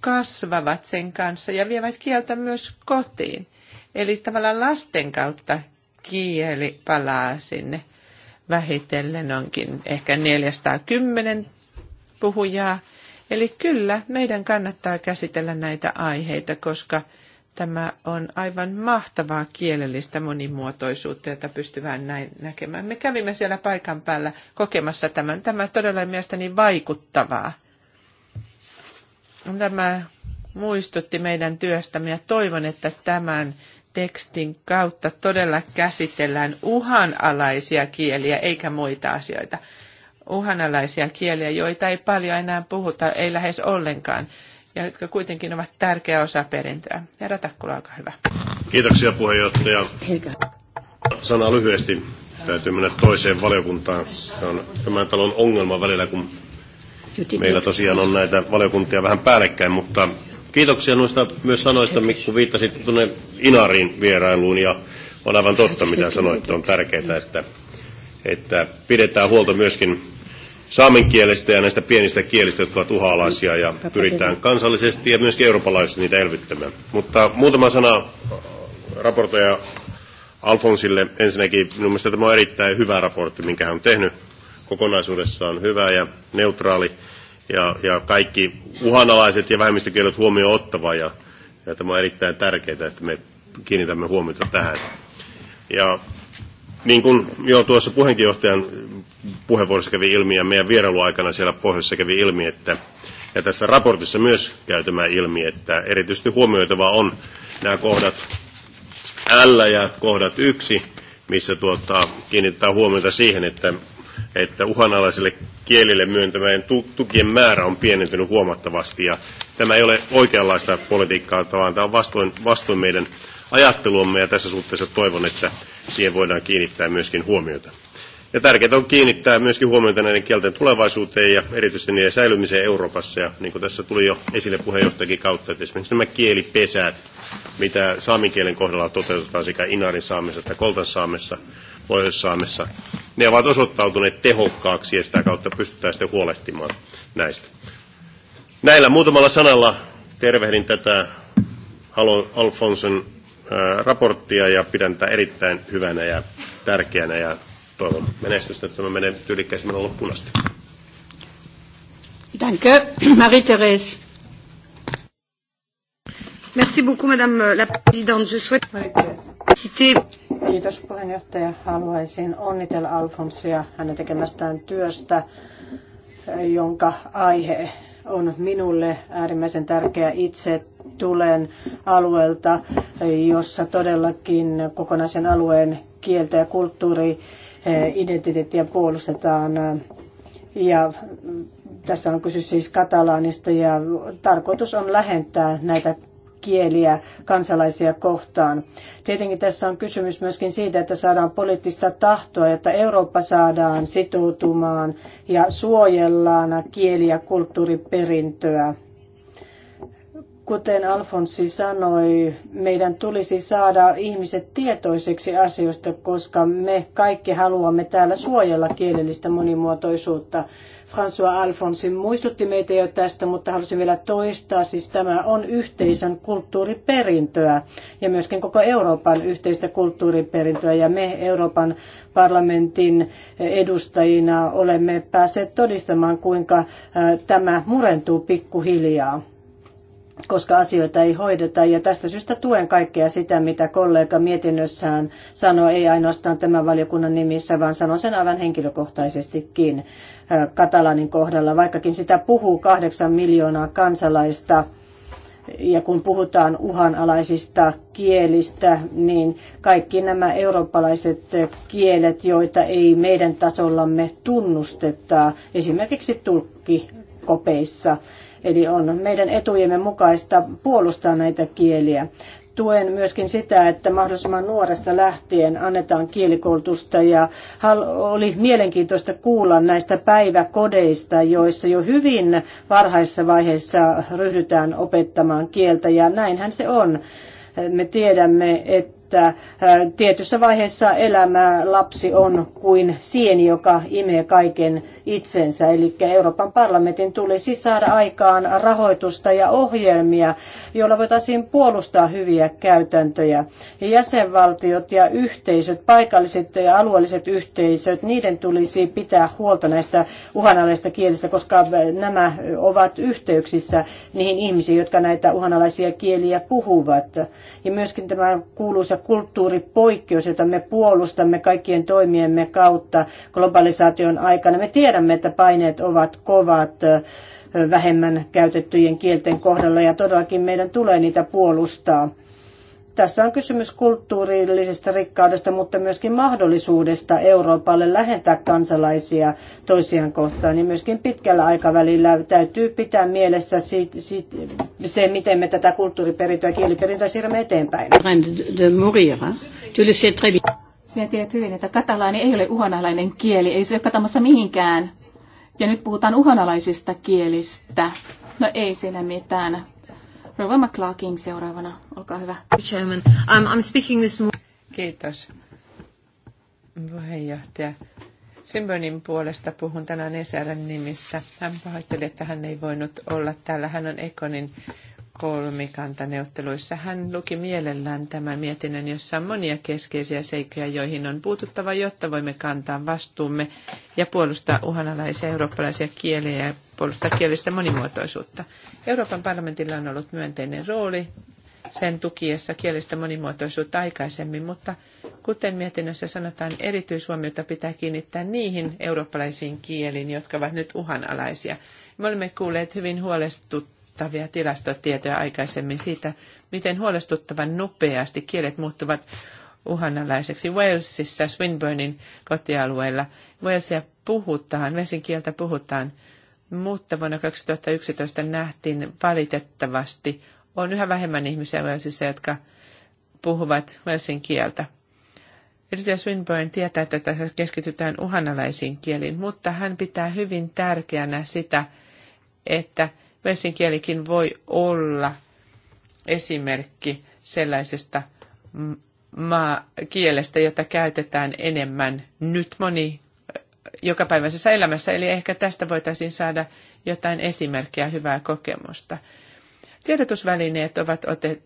kasvavat sen kanssa ja vievät kieltä myös kotiin. Eli tavallaan lasten kautta kieli palaa sinne. Vähitellen onkin ehkä 410 puhujaa. Eli kyllä, meidän kannattaa käsitellä näitä aiheita, koska tämä on aivan mahtavaa kielellistä monimuotoisuutta, jota pystyvään näin näkemään. Me kävimme siellä paikan päällä kokemassa tämän. Tämä todella mielestäni vaikuttavaa Tämä muistutti meidän työstämme ja toivon, että tämän tekstin kautta todella käsitellään uhanalaisia kieliä eikä muita asioita. Uhanalaisia kieliä, joita ei paljon enää puhuta, ei lähes ollenkaan, ja jotka kuitenkin ovat tärkeä osa perintöä. Herra Takkula, olkaa hyvä. Kiitoksia puheenjohtaja. Sana lyhyesti. Täytyy mennä toiseen valiokuntaan. Se on tämän talon ongelma välillä, kun Meillä tosiaan on näitä valiokuntia vähän päällekkäin, mutta kiitoksia noista myös sanoista, Mikko viittasit tuonne Inarin vierailuun ja on aivan totta, mitä sanoitte, on tärkeää, että, että pidetään huolta myöskin saamen kielestä ja näistä pienistä kielistä, jotka ovat uhalaisia ja pyritään kansallisesti ja myöskin eurooppalaisesti niitä elvyttämään. Mutta muutama sana raportoja Alfonsille. Ensinnäkin minun mielestä tämä on erittäin hyvä raportti, minkä hän on tehnyt. Kokonaisuudessaan hyvä ja neutraali ja, ja kaikki uhanalaiset ja vähemmistökielet huomioon ottava ja, ja tämä on erittäin tärkeää, että me kiinnitämme huomiota tähän. Ja niin kuin jo tuossa puheenjohtajan puheenvuorossa kävi ilmi ja meidän vierailuaikana siellä pohjoisessa kävi ilmi, että ja tässä raportissa myös käytämään ilmi, että erityisesti huomioitava on nämä kohdat L ja kohdat 1, missä tuota, kiinnitetään huomiota siihen, että että uhanalaisille kielille myöntämään tukien määrä on pienentynyt huomattavasti. Ja tämä ei ole oikeanlaista politiikkaa, vaan tämä on vastoin, vastoin meidän ajatteluamme ja tässä suhteessa toivon, että siihen voidaan kiinnittää myöskin huomiota. Ja tärkeää on kiinnittää myöskin huomiota näiden kielten tulevaisuuteen ja erityisesti niiden säilymiseen Euroopassa. Ja niin kuin tässä tuli jo esille puheenjohtajakin kautta, että esimerkiksi nämä kielipesät, mitä saamen kohdalla toteutetaan sekä Inarin saamessa että Koltan saamessa, Pohjois-Saamessa, ne ovat osoittautuneet tehokkaaksi ja sitä kautta pystytään sitten huolehtimaan näistä. Näillä muutamalla sanalla tervehdin tätä Alfonson raporttia ja pidän tätä erittäin hyvänä ja tärkeänä ja toivon menestystä, että tämä menee tyylikkäisemmän loppuun asti. Danke, Marie-Therese. Merci beaucoup, Madame la Présidente. Je souhaite citer... Kiitos puheenjohtaja. Haluaisin onnitella Alfonsia hänen tekemästään työstä, jonka aihe on minulle äärimmäisen tärkeä itse tulen alueelta, jossa todellakin kokonaisen alueen kieltä ja kulttuuri eh, identiteettiä puolustetaan. Ja tässä on kyse siis katalaanista ja tarkoitus on lähentää näitä kieliä kansalaisia kohtaan. Tietenkin tässä on kysymys myöskin siitä, että saadaan poliittista tahtoa, jotta Eurooppa saadaan sitoutumaan ja suojellaan kieli- ja kulttuuriperintöä kuten Alfonsi sanoi, meidän tulisi saada ihmiset tietoiseksi asioista, koska me kaikki haluamme täällä suojella kielellistä monimuotoisuutta. François Alfonsin muistutti meitä jo tästä, mutta halusin vielä toistaa, siis tämä on yhteisön kulttuuriperintöä ja myöskin koko Euroopan yhteistä kulttuuriperintöä ja me Euroopan parlamentin edustajina olemme päässeet todistamaan, kuinka tämä murentuu pikkuhiljaa koska asioita ei hoideta. Ja tästä syystä tuen kaikkea sitä, mitä kollega mietinnössään sanoi, ei ainoastaan tämän valiokunnan nimissä, vaan sanon sen aivan henkilökohtaisestikin Katalanin kohdalla, vaikkakin sitä puhuu kahdeksan miljoonaa kansalaista. Ja kun puhutaan uhanalaisista kielistä, niin kaikki nämä eurooppalaiset kielet, joita ei meidän tasollamme tunnusteta, esimerkiksi tulkkikopeissa, Eli on meidän etujemme mukaista puolustaa näitä kieliä. Tuen myöskin sitä, että mahdollisimman nuoresta lähtien annetaan kielikoulutusta ja oli mielenkiintoista kuulla näistä päiväkodeista, joissa jo hyvin varhaisessa vaiheessa ryhdytään opettamaan kieltä ja näinhän se on me tiedämme, että että äh, tietyssä vaiheessa elämää lapsi on kuin sieni, joka imee kaiken itsensä. Eli Euroopan parlamentin tulisi saada aikaan rahoitusta ja ohjelmia, joilla voitaisiin puolustaa hyviä käytäntöjä. Jäsenvaltiot ja yhteisöt, paikalliset ja alueelliset yhteisöt, niiden tulisi pitää huolta näistä uhanalaisista kielistä, koska nämä ovat yhteyksissä niihin ihmisiin, jotka näitä uhanalaisia kieliä puhuvat. Ja myöskin tämä kuuluisa olemassa kulttuuripoikkeus, jota me puolustamme kaikkien toimiemme kautta globalisaation aikana. Me tiedämme, että paineet ovat kovat vähemmän käytettyjen kielten kohdalla ja todellakin meidän tulee niitä puolustaa. Tässä on kysymys kulttuurillisesta rikkaudesta, mutta myöskin mahdollisuudesta Euroopalle lähentää kansalaisia toisiaan kohtaan. Niin myöskin pitkällä aikavälillä täytyy pitää mielessä sit, sit, se, miten me tätä kulttuuriperintöä ja kieliperintöä siirrämme eteenpäin. Sinä tiedät hyvin, että katalaani ei ole uhanalainen kieli, ei se ole katamassa mihinkään. Ja nyt puhutaan uhanalaisista kielistä. No ei siinä mitään. Rova McClarkin seuraavana, olkaa hyvä. Chairman, I'm, I'm speaking this morning. Kiitos. Puheenjohtaja. Symbonin puolesta puhun tänään Esärän nimissä. Hän pahoitteli, että hän ei voinut olla täällä. Hän on Ekonin kolmikantaneuvotteluissa. Hän luki mielellään tämän mietinnön, jossa on monia keskeisiä seikkoja, joihin on puututtava, jotta voimme kantaa vastuumme ja puolustaa uhanalaisia eurooppalaisia kieliä ja puolustaa kielistä monimuotoisuutta. Euroopan parlamentilla on ollut myönteinen rooli sen tukiessa kielistä monimuotoisuutta aikaisemmin, mutta kuten mietinnössä sanotaan, erityishuomiota pitää kiinnittää niihin eurooppalaisiin kieliin, jotka ovat nyt uhanalaisia. Me olemme kuulleet hyvin huolestut huolestuttavia tilastotietoja aikaisemmin siitä, miten huolestuttavan nopeasti kielet muuttuvat uhanalaiseksi. Walesissa, Swinburnin kotialueella, Walesia puhutaan, vesinkieltä puhutaan, mutta vuonna 2011 nähtiin valitettavasti, on yhä vähemmän ihmisiä Walesissa, jotka puhuvat Walesin kieltä. Edustaja Swinburne tietää, että tässä keskitytään uhanalaisiin kieliin, mutta hän pitää hyvin tärkeänä sitä, että Vensin kielikin voi olla esimerkki sellaisesta maa, kielestä, jota käytetään enemmän nyt moni jokapäiväisessä elämässä, eli ehkä tästä voitaisiin saada jotain esimerkkiä, hyvää kokemusta. Tiedotusvälineet ovat otet,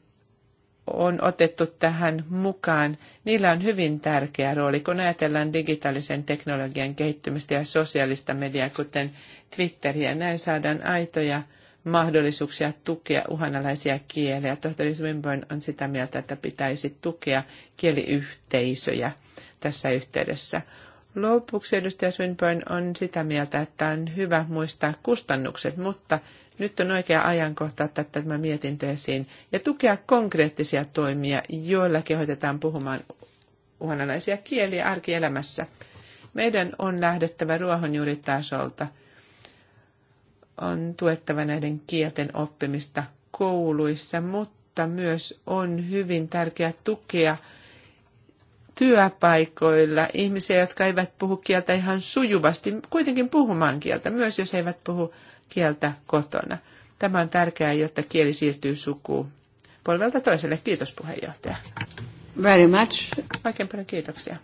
on otettu tähän mukaan. Niillä on hyvin tärkeä rooli, kun ajatellaan digitaalisen teknologian kehittymistä ja sosiaalista mediaa, kuten Twitteriä. Näin saadaan aitoja mahdollisuuksia tukea uhanalaisia kieliä. Tohtori Swinburne on sitä mieltä, että pitäisi tukea kieliyhteisöjä tässä yhteydessä. Lopuksi edustaja Swinburne on sitä mieltä, että on hyvä muistaa kustannukset, mutta nyt on oikea ajankohta ottaa tämä mietintö esiin ja tukea konkreettisia toimia, joilla kehotetaan puhumaan uhanalaisia kieliä arkielämässä. Meidän on lähdettävä ruohonjuuritasolta – on tuettava näiden kielten oppimista kouluissa, mutta myös on hyvin tärkeää tukea työpaikoilla ihmisiä, jotka eivät puhu kieltä ihan sujuvasti, kuitenkin puhumaan kieltä, myös jos eivät puhu kieltä kotona. Tämä on tärkeää, jotta kieli siirtyy sukuun polvelta toiselle. Kiitos puheenjohtaja. Very much. Oikein paljon kiitoksia.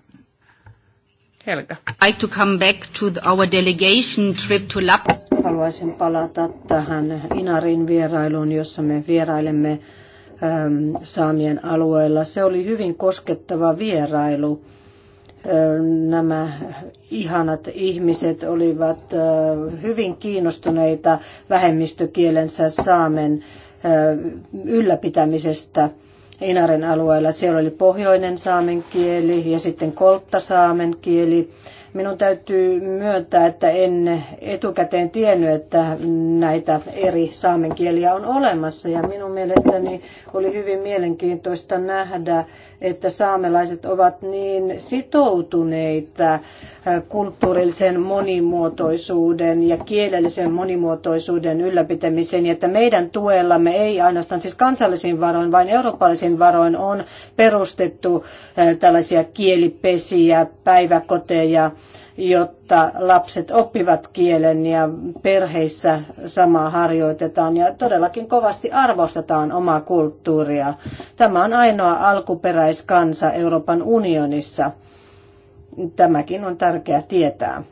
Helga. I to come back to our delegation trip to Lapland haluaisin palata tähän Inarin vierailuun, jossa me vierailemme ähm, Saamien alueella. Se oli hyvin koskettava vierailu. Ähm, nämä ihanat ihmiset olivat äh, hyvin kiinnostuneita vähemmistökielensä saamen äh, ylläpitämisestä. Inaren alueella. Siellä oli pohjoinen saamen kieli ja sitten kolttasaamen kieli Minun täytyy myöntää, että en etukäteen tiennyt, että näitä eri saamen kieliä on olemassa. Ja minun mielestäni oli hyvin mielenkiintoista nähdä, että saamelaiset ovat niin sitoutuneita äh, kulttuurillisen monimuotoisuuden ja kielellisen monimuotoisuuden ylläpitämiseen, että meidän tuellamme ei ainoastaan siis kansallisin varoin, vaan eurooppalaisin varoin on perustettu äh, tällaisia kielipesiä, päiväkoteja, jotta lapset oppivat kielen ja perheissä samaa harjoitetaan ja todellakin kovasti arvostetaan omaa kulttuuria. Tämä on ainoa alkuperäiskansa Euroopan unionissa. Tämäkin on tärkeää tietää.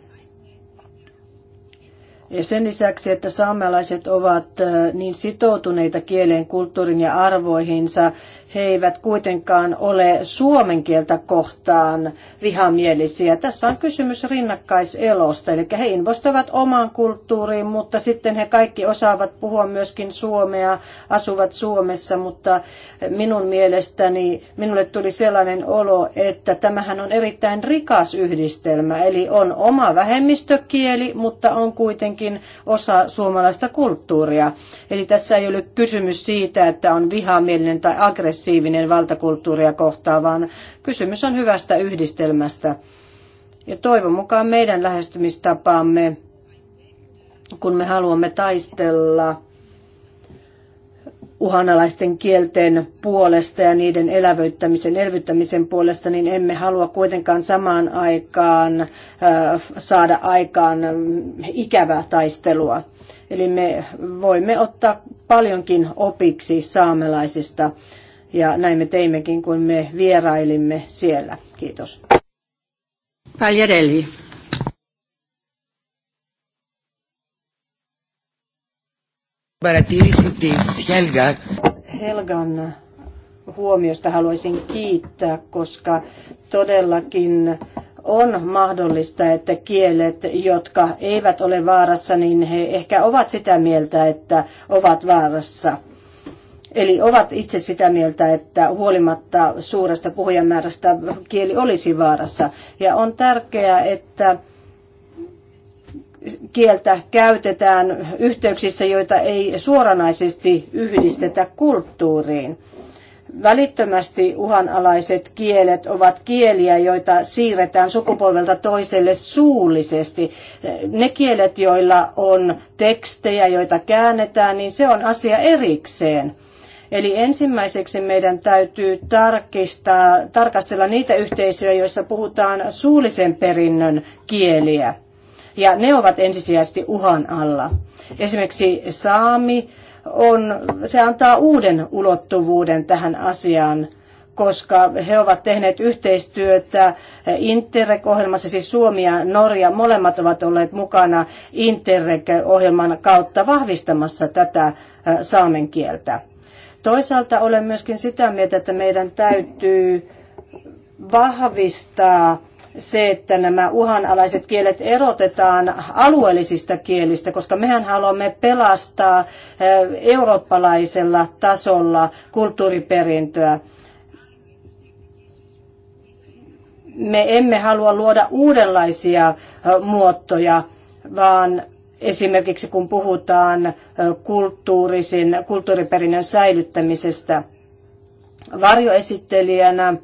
Ja sen lisäksi, että saamelaiset ovat niin sitoutuneita kieleen, kulttuurin ja arvoihinsa, he eivät kuitenkaan ole suomen kieltä kohtaan vihamielisiä. Tässä on kysymys rinnakkaiselosta, eli he investoivat omaan kulttuuriin, mutta sitten he kaikki osaavat puhua myöskin suomea, asuvat Suomessa, mutta minun mielestäni minulle tuli sellainen olo, että tämähän on erittäin rikas yhdistelmä, eli on oma vähemmistökieli, mutta on kuitenkin osa suomalaista kulttuuria. Eli tässä ei ole kysymys siitä, että on vihamielinen tai aggressiivinen aggressiivinen valtakulttuuria kohtaan, vaan kysymys on hyvästä yhdistelmästä. Ja toivon mukaan meidän lähestymistapaamme, kun me haluamme taistella uhanalaisten kielten puolesta ja niiden elävöittämisen, elvyttämisen puolesta, niin emme halua kuitenkaan samaan aikaan saada aikaan ikävää taistelua. Eli me voimme ottaa paljonkin opiksi saamelaisista ja näin me teimmekin, kun me vierailimme siellä. Kiitos. Pagliarelli. Helgan huomiosta haluaisin kiittää, koska todellakin on mahdollista, että kielet, jotka eivät ole vaarassa, niin he ehkä ovat sitä mieltä, että ovat vaarassa. Eli ovat itse sitä mieltä, että huolimatta suuresta puhujamäärästä kieli olisi vaarassa. Ja on tärkeää, että kieltä käytetään yhteyksissä, joita ei suoranaisesti yhdistetä kulttuuriin. Välittömästi uhanalaiset kielet ovat kieliä, joita siirretään sukupolvelta toiselle suullisesti. Ne kielet, joilla on tekstejä, joita käännetään, niin se on asia erikseen. Eli ensimmäiseksi meidän täytyy tarkistaa, tarkastella niitä yhteisöjä, joissa puhutaan suullisen perinnön kieliä. Ja ne ovat ensisijaisesti uhan alla. Esimerkiksi saami on, se antaa uuden ulottuvuuden tähän asiaan koska he ovat tehneet yhteistyötä Interreg-ohjelmassa, siis Suomi ja Norja, molemmat ovat olleet mukana Interreg-ohjelman kautta vahvistamassa tätä saamen kieltä. Toisaalta olen myöskin sitä mieltä, että meidän täytyy vahvistaa se, että nämä uhanalaiset kielet erotetaan alueellisista kielistä, koska mehän haluamme pelastaa eh, eurooppalaisella tasolla kulttuuriperintöä. Me emme halua luoda uudenlaisia eh, muotoja, vaan Esimerkiksi kun puhutaan kulttuurisin, kulttuuriperinnön säilyttämisestä varjoesittelijänä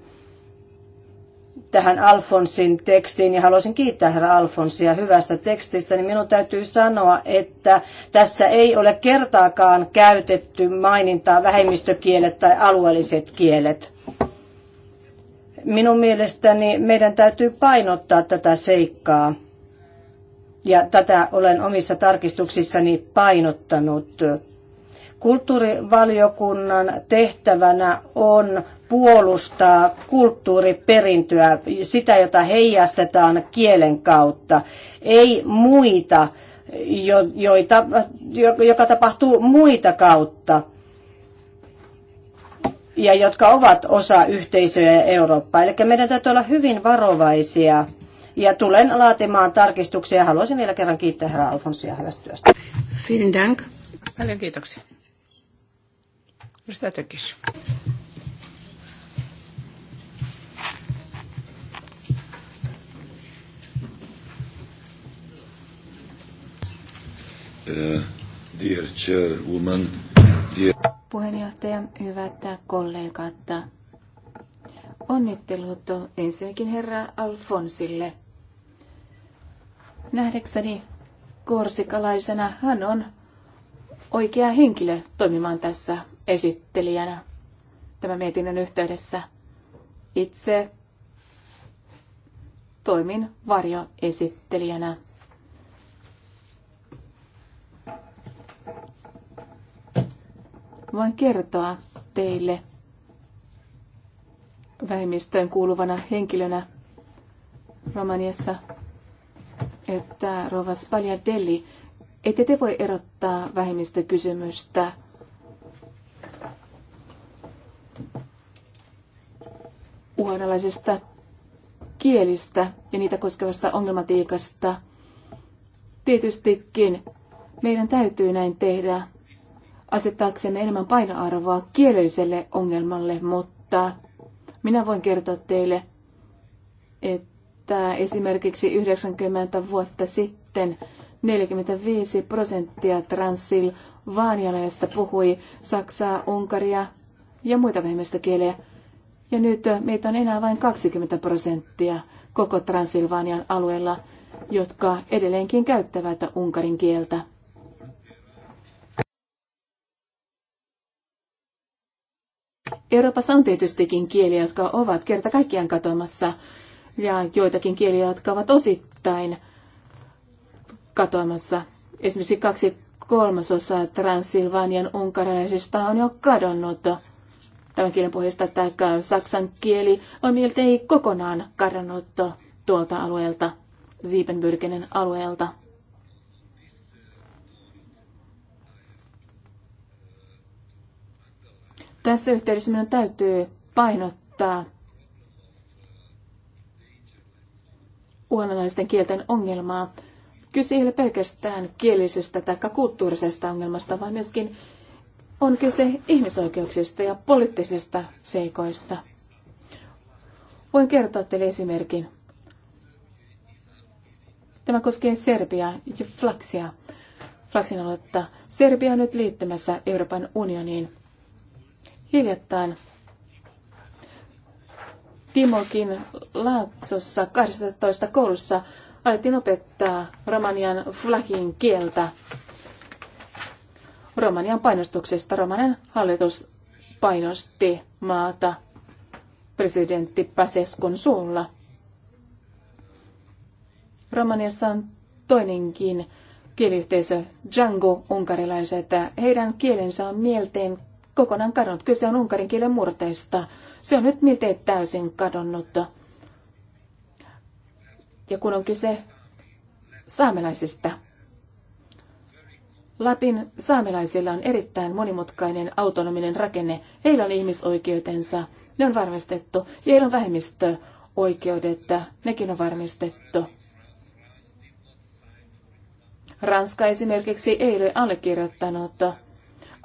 tähän Alfonsin tekstiin, ja haluaisin kiittää herra Alfonsia hyvästä tekstistä, niin minun täytyy sanoa, että tässä ei ole kertaakaan käytetty mainintaa vähemmistökielet tai alueelliset kielet. Minun mielestäni meidän täytyy painottaa tätä seikkaa ja tätä olen omissa tarkistuksissani painottanut. Kulttuurivaliokunnan tehtävänä on puolustaa kulttuuriperintöä, sitä jota heijastetaan kielen kautta, ei muita, joita, joka tapahtuu muita kautta ja jotka ovat osa yhteisöjä ja Eurooppaa. Eli meidän täytyy olla hyvin varovaisia ja tulen laatimaan tarkistuksia. Haluaisin vielä kerran kiittää herra Alfonsia hyvästä työstä. Vielen dank. Paljon kiitoksia. Mistä tökis? Eh, dear chairwoman, dear... Puheenjohtaja, hyvät kollegat. Onnittelut ensinnäkin herra Alfonsille. Nähdäkseni korsikalaisena hän on oikea henkilö toimimaan tässä esittelijänä tämän mietinnön yhteydessä. Itse toimin varjoesittelijänä. Voin kertoa teille vähemmistöön kuuluvana henkilönä Romaniassa että Rova Spagliardelli, ette te voi erottaa vähemmistökysymystä uhanalaisesta kielistä ja niitä koskevasta ongelmatiikasta. Tietystikin meidän täytyy näin tehdä asettaaksemme enemmän painoarvoa kielelliselle ongelmalle, mutta minä voin kertoa teille, että että esimerkiksi 90 vuotta sitten 45 prosenttia transsilvaanialaista puhui saksaa, unkaria ja muita vähemmistökieliä. Ja nyt meitä on enää vain 20 prosenttia koko Transilvaanian alueella, jotka edelleenkin käyttävät unkarin kieltä. Euroopassa on tietystikin kieliä, jotka ovat kerta kaikkiaan katoamassa ja joitakin kieliä, jotka ovat osittain katoamassa. Esimerkiksi kaksi kolmasosaa Transilvanian unkaralaisista on jo kadonnut tämän kielen pohjasta, tai saksan kieli on miltei kokonaan kadonnut tuolta alueelta, Siebenbürgenen alueelta. Tässä yhteydessä minun täytyy painottaa uhanalaisten kielten ongelmaa. Kyse ei ole pelkästään kielisestä tai kulttuurisesta ongelmasta, vaan myöskin on kyse ihmisoikeuksista ja poliittisista seikoista. Voin kertoa teille esimerkin. Tämä koskee Serbiaa ja Flaksia. Flaksin aloittaa. Serbia on nyt liittymässä Euroopan unioniin. Hiljattain Timokin Laaksossa 12 koulussa alettiin opettaa romanian flagin kieltä. Romanian painostuksesta Romanen hallitus painosti maata presidentti Paseskun suulla. Romaniassa on toinenkin kieliyhteisö, Django, unkarilaiset. Heidän kielensä on mielteen kokonaan kadonnut. Kyse on unkarin kielen murteista. Se on nyt miltei täysin kadonnut. Ja kun on kyse saamelaisista, Lapin saamelaisilla on erittäin monimutkainen autonominen rakenne. Heillä on ihmisoikeutensa, ne on varmistettu, ja heillä on vähemmistöoikeudet, nekin on varmistettu. Ranska esimerkiksi ei ole allekirjoittanut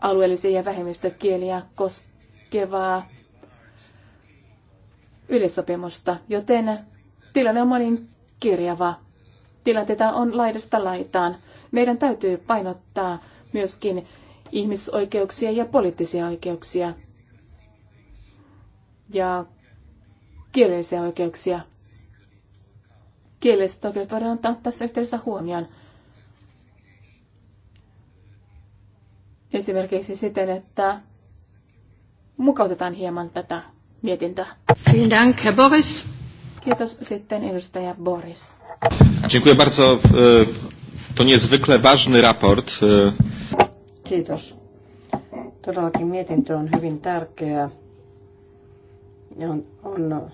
alueellisia ja vähemmistökieliä koskevaa yleissopimusta, joten tilanne on monin kirjava. Tilanteita on laidasta laitaan. Meidän täytyy painottaa myöskin ihmisoikeuksia ja poliittisia oikeuksia ja kielellisiä oikeuksia. Kielelliset oikeudet voidaan ottaa tässä yhteydessä huomioon. Esimerkiksi siten, että mukautetaan hieman tätä mietintää. Vielen Dank, Herr Boris. Kiitos sitten edustaja Boris. Dziękuję bardzo. E, to niezwykle ważny raport. E, Kiitos. Todellakin mietintö on hyvin tärkeä. On, on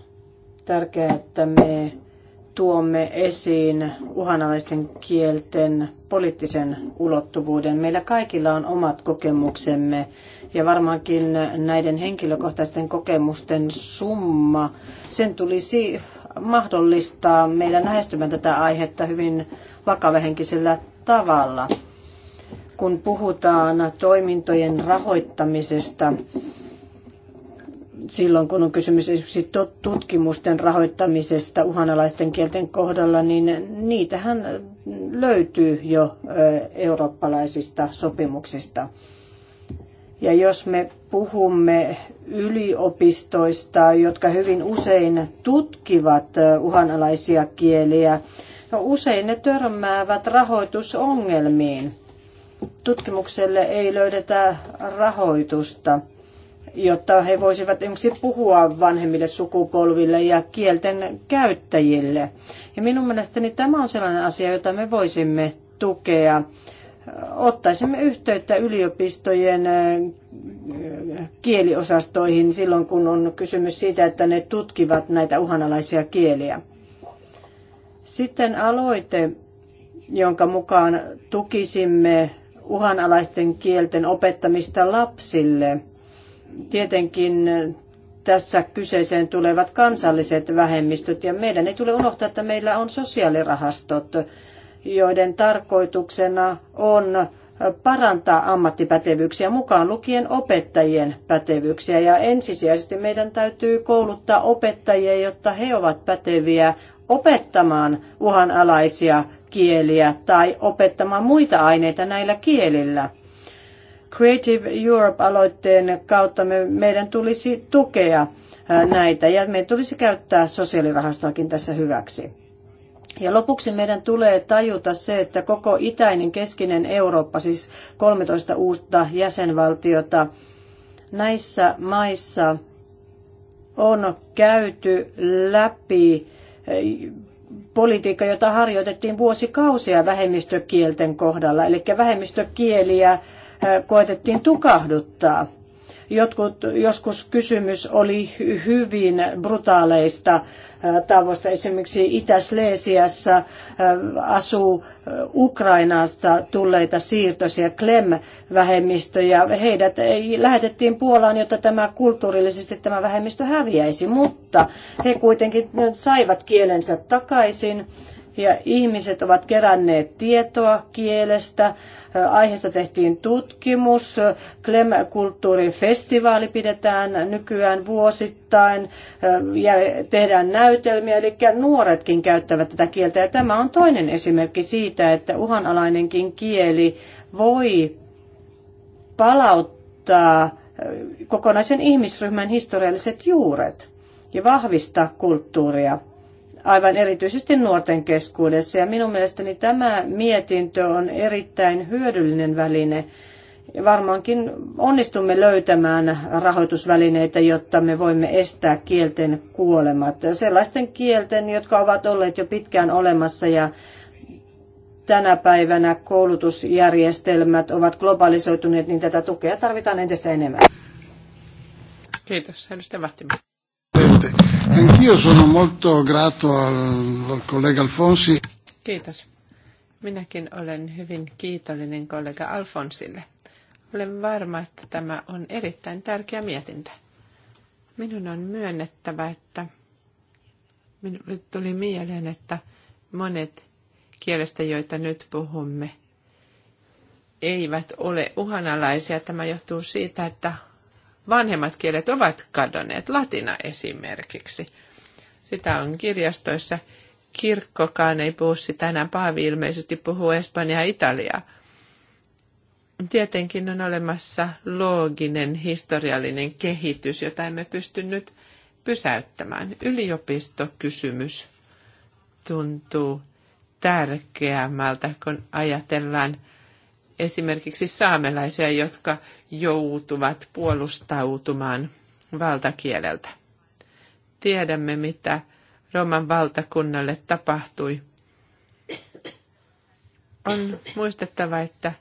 tärkeää, että me tuomme esiin uhanalaisten kielten poliittisen ulottuvuuden. Meillä kaikilla on omat kokemuksemme ja varmaankin näiden henkilökohtaisten kokemusten summa, sen tulisi mahdollistaa meidän lähestymään tätä aihetta hyvin vakavahenkisellä tavalla. Kun puhutaan toimintojen rahoittamisesta, silloin, kun on kysymys esimerkiksi tutkimusten rahoittamisesta uhanalaisten kielten kohdalla, niin niitähän löytyy jo eurooppalaisista sopimuksista. Ja jos me puhumme yliopistoista, jotka hyvin usein tutkivat uhanalaisia kieliä, no usein ne törmäävät rahoitusongelmiin. Tutkimukselle ei löydetä rahoitusta jotta he voisivat esimerkiksi puhua vanhemmille sukupolville ja kielten käyttäjille. Ja minun mielestäni tämä on sellainen asia, jota me voisimme tukea. Ottaisimme yhteyttä yliopistojen kieliosastoihin silloin, kun on kysymys siitä, että ne tutkivat näitä uhanalaisia kieliä. Sitten aloite, jonka mukaan tukisimme uhanalaisten kielten opettamista lapsille – Tietenkin tässä kyseeseen tulevat kansalliset vähemmistöt ja meidän ei tule unohtaa, että meillä on sosiaalirahastot, joiden tarkoituksena on parantaa ammattipätevyyksiä, mukaan lukien opettajien pätevyyksiä. Ja ensisijaisesti meidän täytyy kouluttaa opettajia, jotta he ovat päteviä opettamaan uhanalaisia kieliä tai opettamaan muita aineita näillä kielillä – Creative Europe-aloitteen kautta me, meidän tulisi tukea äh, näitä ja meidän tulisi käyttää sosiaalirahastoakin tässä hyväksi. Ja lopuksi meidän tulee tajuta se, että koko itäinen keskinen Eurooppa, siis 13 uutta jäsenvaltiota, näissä maissa on käyty läpi äh, politiikka, jota harjoitettiin vuosikausia vähemmistökielten kohdalla, eli vähemmistökieliä koetettiin tukahduttaa. Jotkut, joskus kysymys oli hyvin brutaaleista tavoista. Esimerkiksi Itä-Sleesiassa asuu Ukrainasta tulleita siirtoisia Klem-vähemmistöjä. Heidät lähetettiin Puolaan, jotta tämä kulttuurillisesti tämä vähemmistö häviäisi, mutta he kuitenkin saivat kielensä takaisin ja ihmiset ovat keränneet tietoa kielestä, Aiheesta tehtiin tutkimus. Klem-kulttuurin festivaali pidetään nykyään vuosittain ja tehdään näytelmiä, eli nuoretkin käyttävät tätä kieltä. Ja tämä on toinen esimerkki siitä, että uhanalainenkin kieli voi palauttaa kokonaisen ihmisryhmän historialliset juuret ja vahvistaa kulttuuria aivan erityisesti nuorten keskuudessa. Ja minun mielestäni tämä mietintö on erittäin hyödyllinen väline. Varmaankin onnistumme löytämään rahoitusvälineitä, jotta me voimme estää kielten kuolemat. Sellaisten kielten, jotka ovat olleet jo pitkään olemassa ja tänä päivänä koulutusjärjestelmät ovat globalisoituneet, niin tätä tukea tarvitaan entistä enemmän. Kiitos. Edustaja Vahtimo. Anch'io sono molto grato al, al collega Alfonsi. Kiitos. Minäkin olen hyvin kiitollinen kollega Alfonsille. Olen varma, että tämä on erittäin tärkeä mietintö. Minun on myönnettävä, että minulle tuli mieleen, että monet kielestä, joita nyt puhumme, eivät ole uhanalaisia. Tämä johtuu siitä, että vanhemmat kielet ovat kadonneet, latina esimerkiksi. Sitä on kirjastoissa. Kirkkokaan ei puhu sitä enää, Paavi ilmeisesti puhuu Espanjaa ja Italiaa. Tietenkin on olemassa looginen historiallinen kehitys, jota emme pysty nyt pysäyttämään. Yliopistokysymys tuntuu tärkeämmältä, kun ajatellaan esimerkiksi saamelaisia, jotka joutuvat puolustautumaan valtakieleltä. Tiedämme, mitä Roman valtakunnalle tapahtui. On muistettava, että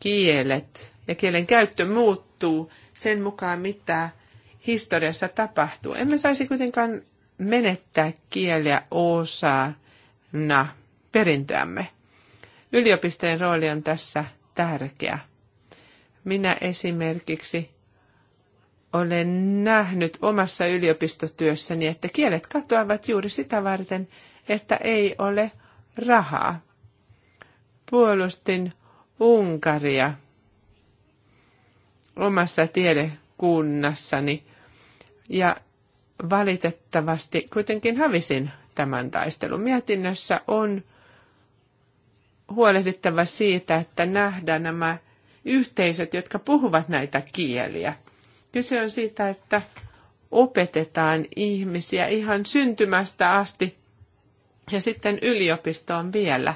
kielet ja kielen käyttö muuttuu sen mukaan, mitä historiassa tapahtuu. Emme saisi kuitenkaan menettää kieliä osana perintöämme. Yliopistojen rooli on tässä tärkeä. Minä esimerkiksi olen nähnyt omassa yliopistotyössäni, että kielet katoavat juuri sitä varten, että ei ole rahaa. Puolustin Unkaria omassa tiedekunnassani ja valitettavasti kuitenkin hävisin tämän taistelun. Mietinnössä on huolehdittava siitä, että nähdään nämä yhteisöt, jotka puhuvat näitä kieliä. Kyse on siitä, että opetetaan ihmisiä ihan syntymästä asti ja sitten yliopistoon vielä,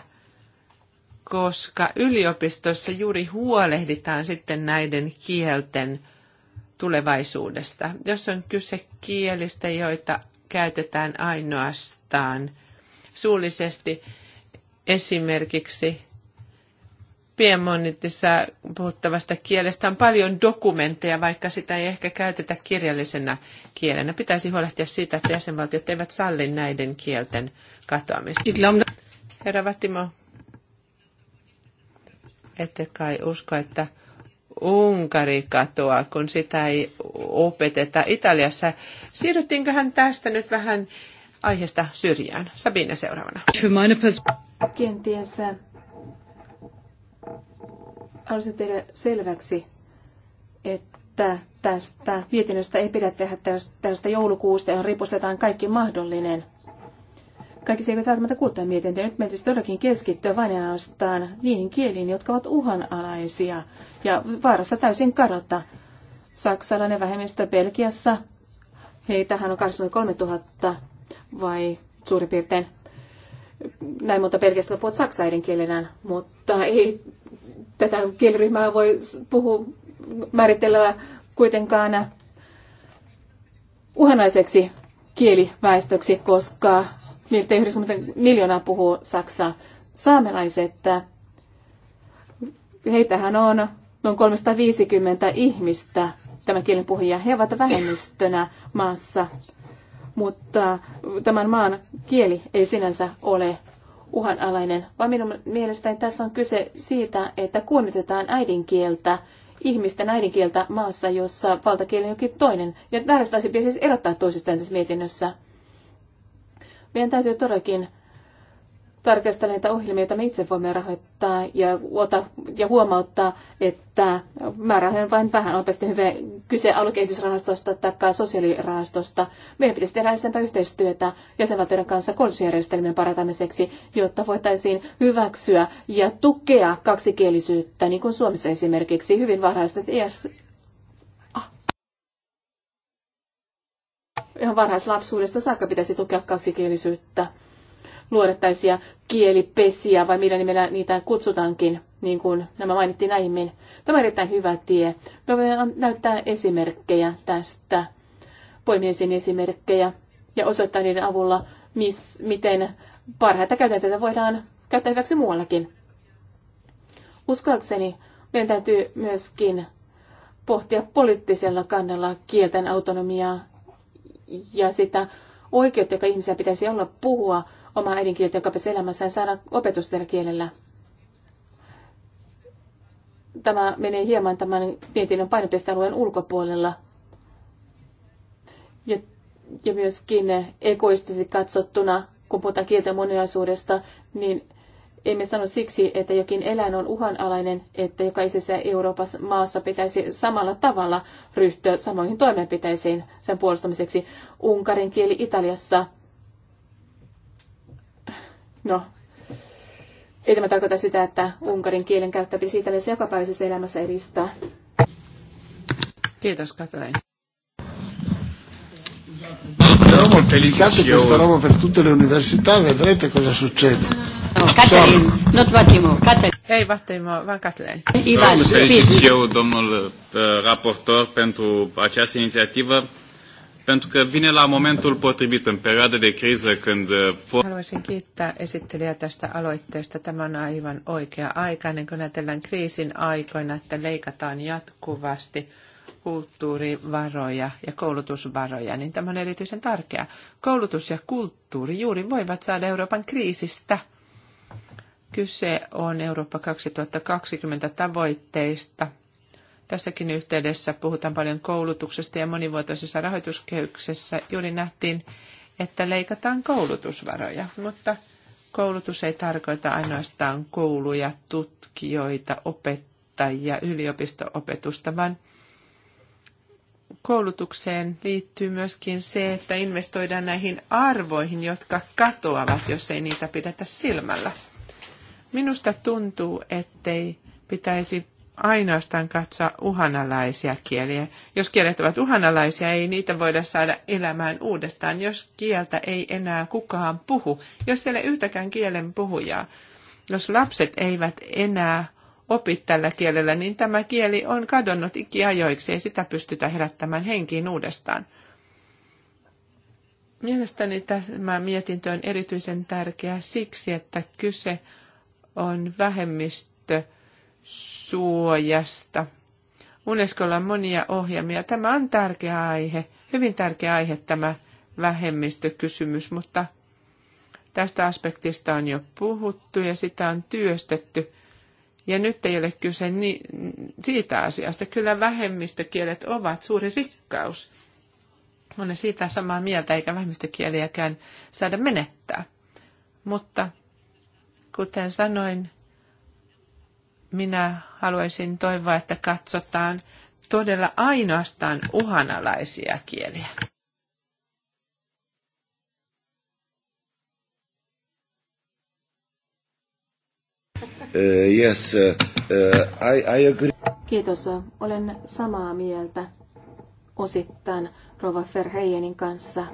koska yliopistossa juuri huolehditaan sitten näiden kielten tulevaisuudesta. Jos on kyse kielistä, joita käytetään ainoastaan suullisesti, Esimerkiksi Piemonitissa puhuttavasta kielestä on paljon dokumentteja, vaikka sitä ei ehkä käytetä kirjallisena kielenä. Pitäisi huolehtia siitä, että jäsenvaltiot eivät salli näiden kielten katoamista. Herra Vattimo, ette kai usko, että Unkari katoaa, kun sitä ei opeteta Italiassa. Siirryttiinköhän tästä nyt vähän aiheesta syrjään? Sabine seuraavana. Kenties äh, haluaisin tehdä selväksi, että tästä mietinnöstä ei pidä tehdä tällaista joulukuusta, johon ripustetaan kaikki mahdollinen. Kaikki se ei välttämättä kuluttaa mietintöä. Nyt meidän todellakin keskittyä vain ainoastaan niihin kieliin, jotka ovat uhanalaisia ja vaarassa täysin kadota. Saksalainen vähemmistö Belgiassa, heitähän on 23 000 vai suurin piirtein näin monta pelkästään puhut saksa äidinkielenään, mutta ei tätä kieliryhmää voi puhua määritellä kuitenkaan uhanaiseksi kieliväestöksi, koska miltei yhdessä miljoonaa puhuu saksaa. Saamelaiset, heitähän on noin 350 ihmistä, tämän kielen puhujia. He ovat vähemmistönä maassa mutta tämän maan kieli ei sinänsä ole uhanalainen, vaan minun mielestäni tässä on kyse siitä, että kunnitetaan äidinkieltä, ihmisten äidinkieltä maassa, jossa valtakieli on jokin toinen. Ja tällaista asiaa siis erottaa toisistaan tässä mietinnössä. Meidän täytyy todellakin tarkastella näitä ohjelmia, joita me itse voimme rahoittaa ja, uota, ja huomauttaa, että määrärahoja on vain vähän, onpa hyvä kyse alukehitysrahastosta tai sosiaalirahastosta. Meidän pitäisi tehdä enemmän yhteistyötä jäsenvaltioiden kanssa koulutusjärjestelmien parantamiseksi, jotta voitaisiin hyväksyä ja tukea kaksikielisyyttä, niin kuin Suomessa esimerkiksi hyvin varhaista ah. ihan varhaislapsuudesta saakka pitäisi tukea kaksikielisyyttä luoda tällaisia kielipesiä, vai millä nimellä niitä kutsutaankin, niin kuin nämä mainittiin aiemmin. Tämä on erittäin hyvä tie. Me voimme näyttää esimerkkejä tästä, poimiensin esimerkkejä, ja osoittaa niiden avulla, miss, miten parhaita käytäntöjä voidaan käyttää hyväksi muuallakin. Uskoakseni meidän täytyy myöskin pohtia poliittisella kannalla kielten autonomiaa ja sitä oikeutta, joka ihmisiä pitäisi olla puhua omaa äidinkieltä joka pääsi elämässään saada opetusta kielellä. Tämä menee hieman tämän mietinnön painopistealueen ulkopuolella. Ja, ja myöskin egoistisesti katsottuna, kun puhutaan kielten moninaisuudesta, niin emme sano siksi, että jokin eläin on uhanalainen, että jokaisessa Euroopassa maassa pitäisi samalla tavalla ryhtyä samoihin toimenpiteisiin sen puolustamiseksi. Unkarin kieli Italiassa No, ei tämä tarkoita sitä, että unkarin kielen käyttö pitäisi italiassa jokapäiväisessä elämässä edistää. Kiitos, Katlein. Però moltiplicato questa roba per tutte le università, vedrete cosa succede. No, not Vattimo, Kathleen. Ei Vattimo, vaan Kathleen. Ivan, Vreau să felicit eu, domnul eh, raportor, pentru această inițiativă pentru că vine la momentul potrivit în perioada de criză când... Uh, Haluaisin kiittää esittelijä tästä aloitteesta. Tämä on aivan oikea aikainen, kun ajatellaan kriisin aikoina, että leikataan jatkuvasti kulttuurivaroja ja koulutusvaroja, niin tämä on erityisen tärkeää. Koulutus ja kulttuuri juuri voivat saada Euroopan kriisistä. Kyse on Eurooppa 2020 tavoitteista, Tässäkin yhteydessä puhutaan paljon koulutuksesta ja monivuotoisessa rahoituskehyksessä juuri nähtiin, että leikataan koulutusvaroja, mutta koulutus ei tarkoita ainoastaan kouluja, tutkijoita, opettajia, yliopistoopetusta, vaan koulutukseen liittyy myöskin se, että investoidaan näihin arvoihin, jotka katoavat, jos ei niitä pidetä silmällä. Minusta tuntuu, ettei pitäisi ainoastaan katsoa uhanalaisia kieliä. Jos kielet ovat uhanalaisia, ei niitä voida saada elämään uudestaan, jos kieltä ei enää kukaan puhu, jos siellä yhtäkään kielen puhujaa. Jos lapset eivät enää opi tällä kielellä, niin tämä kieli on kadonnut ikiajoiksi, ei sitä pystytä herättämään henkiin uudestaan. Mielestäni tämä mietintö on erityisen tärkeä siksi, että kyse on vähemmistö suojasta. Unescolla on monia ohjelmia. Tämä on tärkeä aihe, hyvin tärkeä aihe tämä vähemmistökysymys, mutta tästä aspektista on jo puhuttu ja sitä on työstetty. Ja nyt ei ole kyse ni- siitä asiasta. Kyllä vähemmistökielet ovat suuri rikkaus. On siitä samaa mieltä, eikä vähemmistökieliäkään saada menettää. Mutta kuten sanoin, minä haluaisin toivoa, että katsotaan todella ainoastaan uhanalaisia kieliä. Uh, yes, uh, uh I, I agree. Kiitos, olen samaa mieltä osittain Rova Ferheijenin kanssa.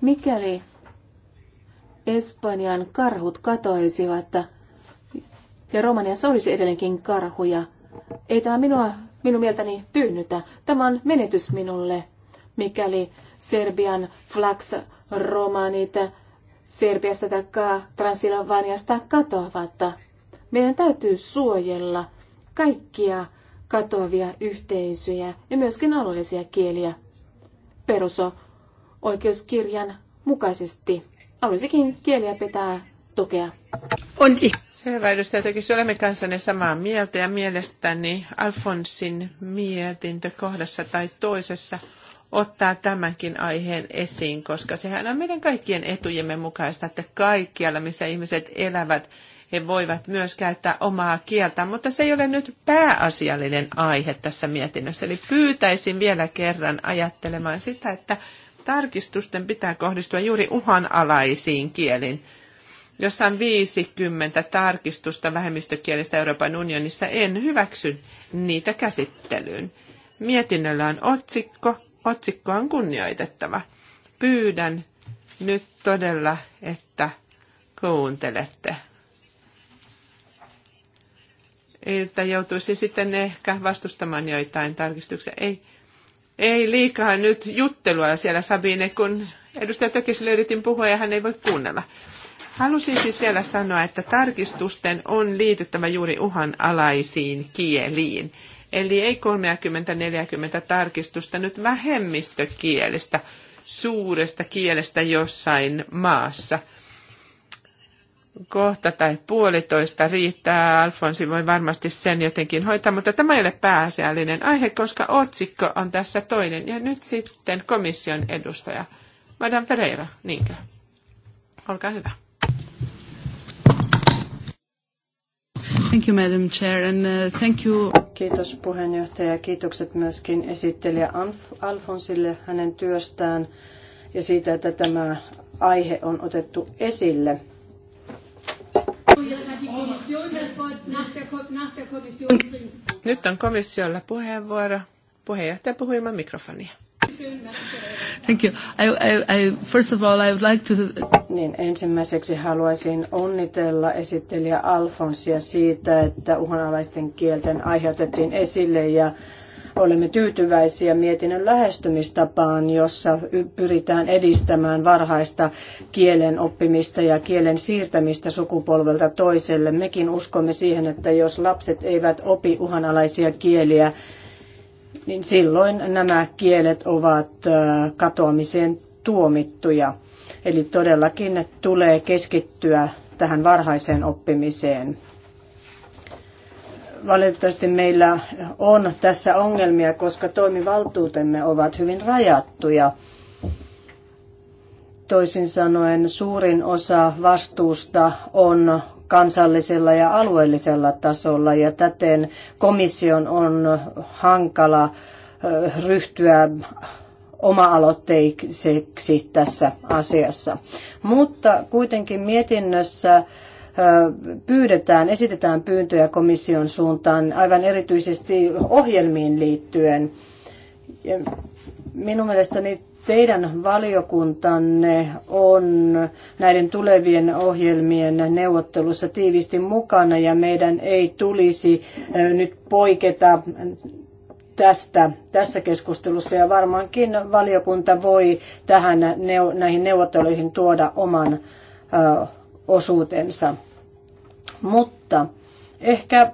Mikäli Espanjan karhut katoisivat, ja Romaniassa olisi edelleenkin karhuja. Ei tämä minua, minun mieltäni tyynnytä. Tämä on menetys minulle, mikäli Serbian flax-romanit Serbiasta tai Transilvaniasta katoavat. Meidän täytyy suojella kaikkia katoavia yhteisöjä ja myöskin alueellisia kieliä peruso oikeuskirjan mukaisesti. Alueellisikin kieliä pitää tukea. Und ich... Selvä edustaja, toki olemme kanssanne samaa mieltä ja mielestäni Alfonsin mietintö kohdassa tai toisessa ottaa tämänkin aiheen esiin, koska sehän on meidän kaikkien etujemme mukaista, että kaikkialla, missä ihmiset elävät, he voivat myös käyttää omaa kieltä, mutta se ei ole nyt pääasiallinen aihe tässä mietinnössä. Eli pyytäisin vielä kerran ajattelemaan sitä, että tarkistusten pitää kohdistua juuri uhanalaisiin kielin jossa on 50 tarkistusta vähemmistökielistä Euroopan unionissa, en hyväksy niitä käsittelyyn. Mietinnöllä on otsikko, otsikko on kunnioitettava. Pyydän nyt todella, että kuuntelette. Että joutuisi sitten ehkä vastustamaan joitain tarkistuksia. Ei, ei liikaa nyt juttelua siellä Sabine, kun edustaja Tökis yritin puhua ja hän ei voi kuunnella. Halusin siis vielä sanoa, että tarkistusten on liityttävä juuri uhanalaisiin kieliin. Eli ei 30-40 tarkistusta nyt vähemmistökielestä, suuresta kielestä jossain maassa. Kohta tai puolitoista riittää, Alfonsi voi varmasti sen jotenkin hoitaa, mutta tämä ei ole pääasiallinen aihe, koska otsikko on tässä toinen. Ja nyt sitten komission edustaja, Madame Ferreira, niinkö? Olkaa hyvä. Thank you, Madam Chair, and uh, thank you. Kiitos puheenjohtaja ja kiitokset myöskin esittelijä Alfonsille hänen työstään ja siitä, että tämä aihe on otettu esille. Nyt on komissiolla puheenvuoro. Puheenjohtaja puhuu ilman mikrofonia. Thank you. I, I, I, first of all, I would like to niin ensimmäiseksi haluaisin onnitella esittelijä Alfonsia siitä, että uhanalaisten kielten aiheutettiin esille ja olemme tyytyväisiä mietinnön lähestymistapaan, jossa pyritään edistämään varhaista kielen oppimista ja kielen siirtämistä sukupolvelta toiselle. Mekin uskomme siihen, että jos lapset eivät opi uhanalaisia kieliä, niin silloin nämä kielet ovat katoamiseen tuomittuja. Eli todellakin tulee keskittyä tähän varhaiseen oppimiseen. Valitettavasti meillä on tässä ongelmia, koska toimivaltuutemme ovat hyvin rajattuja. Toisin sanoen suurin osa vastuusta on kansallisella ja alueellisella tasolla ja täten komission on hankala ryhtyä oma-aloitteiseksi tässä asiassa. Mutta kuitenkin mietinnössä pyydetään, esitetään pyyntöjä komission suuntaan aivan erityisesti ohjelmiin liittyen. Minun mielestäni teidän valiokuntanne on näiden tulevien ohjelmien neuvottelussa tiivisti mukana ja meidän ei tulisi nyt poiketa tästä tässä keskustelussa ja varmaankin valiokunta voi tähän näihin neuvotteluihin tuoda oman ö, osuutensa. Mutta ehkä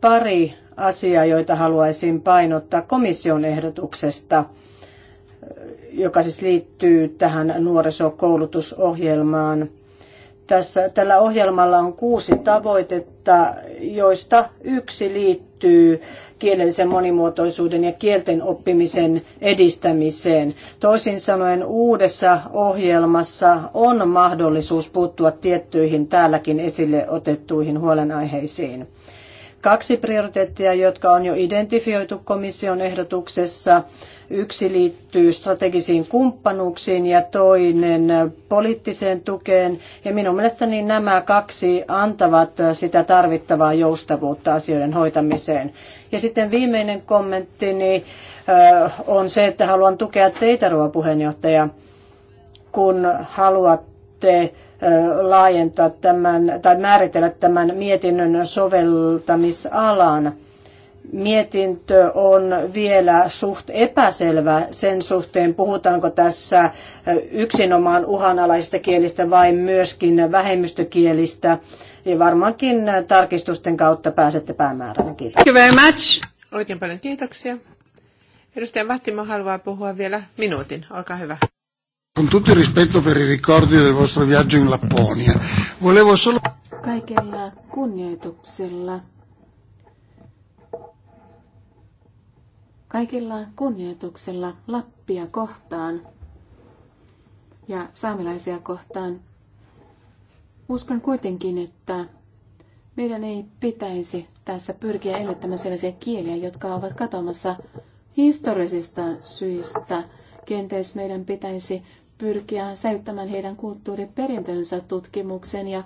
pari asiaa, joita haluaisin painottaa komission ehdotuksesta, joka siis liittyy tähän nuorisokoulutusohjelmaan. Tässä, tällä ohjelmalla on kuusi tavoitetta, joista yksi liittyy kielellisen monimuotoisuuden ja kielten oppimisen edistämiseen. Toisin sanoen uudessa ohjelmassa on mahdollisuus puuttua tiettyihin täälläkin esille otettuihin huolenaiheisiin. Kaksi prioriteettia, jotka on jo identifioitu komission ehdotuksessa, Yksi liittyy strategisiin kumppanuuksiin ja toinen poliittiseen tukeen. Ja minun mielestäni nämä kaksi antavat sitä tarvittavaa joustavuutta asioiden hoitamiseen. Ja sitten viimeinen kommenttini on se, että haluan tukea teitä, rouva kun haluatte laajentaa tämän tai määritellä tämän mietinnön soveltamisalan – mietintö on vielä suht epäselvä sen suhteen, puhutaanko tässä yksinomaan uhanalaisista kielistä vai myöskin vähemmistökielistä. Ja varmaankin tarkistusten kautta pääsette päämäärään. Kiitos. Thank you very much. Oikein paljon kiitoksia. Edustaja Vattimo haluaa puhua vielä minuutin. Olkaa hyvä. Con tutto il rispetto per i ricordi del vostro viaggio in Lapponia, volevo solo... Kaikella kunnioituksella Kaikilla kunnioituksella Lappia kohtaan ja saamelaisia kohtaan uskon kuitenkin, että meidän ei pitäisi tässä pyrkiä elvyttämään sellaisia kieliä, jotka ovat katoamassa historisista syistä. Kenties meidän pitäisi pyrkiä säilyttämään heidän kulttuuriperintönsä tutkimuksen ja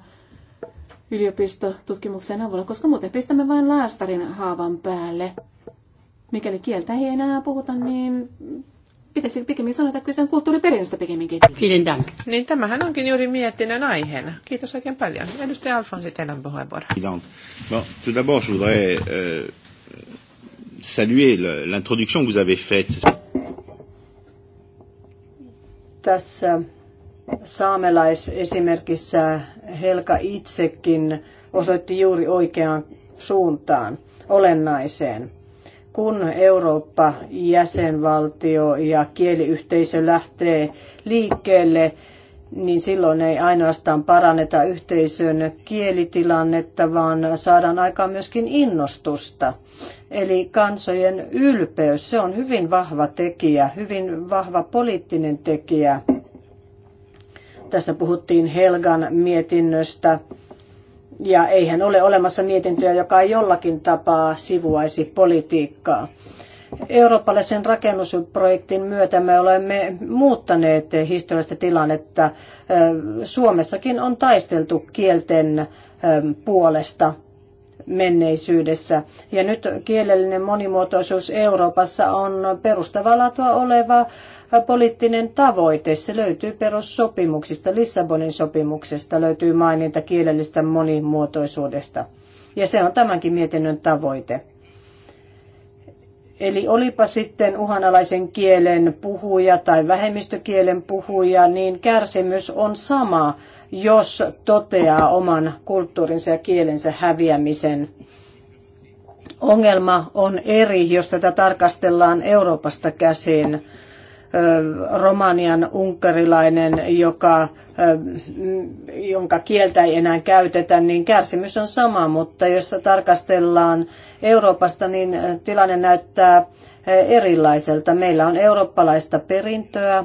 yliopistotutkimuksen avulla, koska muuten pistämme vain laastarin haavan päälle. Mikäli kieltä ei enää puhuta, niin pitäisi pikemmin sanoa, että kyllä se on kulttuuriperinnöstä pikemminkin. Vielen dank. Niin tämähän onkin juuri miettinen aiheena. Kiitos oikein paljon. Edustaja Alfonsi, teidän puheenvuoro. Kiitos. No, tout d'abord, je voudrais euh, saluer l'introduction que vous avez faite. Tässä saamelaisesimerkissä Helka itsekin osoitti juuri oikeaan suuntaan, olennaiseen kun Eurooppa, jäsenvaltio ja kieliyhteisö lähtee liikkeelle, niin silloin ei ainoastaan paranneta yhteisön kielitilannetta, vaan saadaan aikaan myöskin innostusta. Eli kansojen ylpeys, se on hyvin vahva tekijä, hyvin vahva poliittinen tekijä. Tässä puhuttiin Helgan mietinnöstä ja eihän ole olemassa mietintöä, joka ei jollakin tapaa sivuaisi politiikkaa. Eurooppalaisen rakennusprojektin myötä me olemme muuttaneet historiallista tilannetta. Suomessakin on taisteltu kielten puolesta menneisyydessä. Ja nyt kielellinen monimuotoisuus Euroopassa on perustavaa laatua oleva poliittinen tavoite. Se löytyy perussopimuksista, Lissabonin sopimuksesta löytyy maininta kielellistä monimuotoisuudesta. Ja se on tämänkin mietinnön tavoite. Eli olipa sitten uhanalaisen kielen puhuja tai vähemmistökielen puhuja, niin kärsimys on sama, jos toteaa oman kulttuurinsa ja kielensä häviämisen. Ongelma on eri, jos tätä tarkastellaan Euroopasta käsin romanian unkarilainen, joka, jonka kieltä ei enää käytetä, niin kärsimys on sama, mutta jos tarkastellaan Euroopasta, niin tilanne näyttää erilaiselta. Meillä on eurooppalaista perintöä,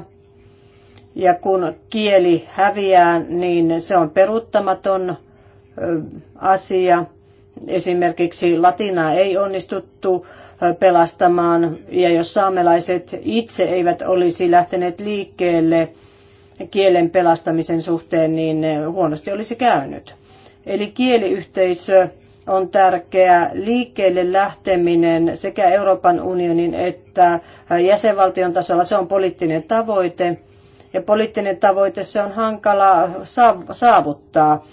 ja kun kieli häviää, niin se on peruuttamaton asia. Esimerkiksi latinaa ei onnistuttu pelastamaan. Ja jos saamelaiset itse eivät olisi lähteneet liikkeelle kielen pelastamisen suhteen, niin huonosti olisi käynyt. Eli kieliyhteisö on tärkeää liikkeelle lähteminen sekä Euroopan unionin että jäsenvaltion tasolla. Se on poliittinen tavoite ja poliittinen tavoite se on hankala saavuttaa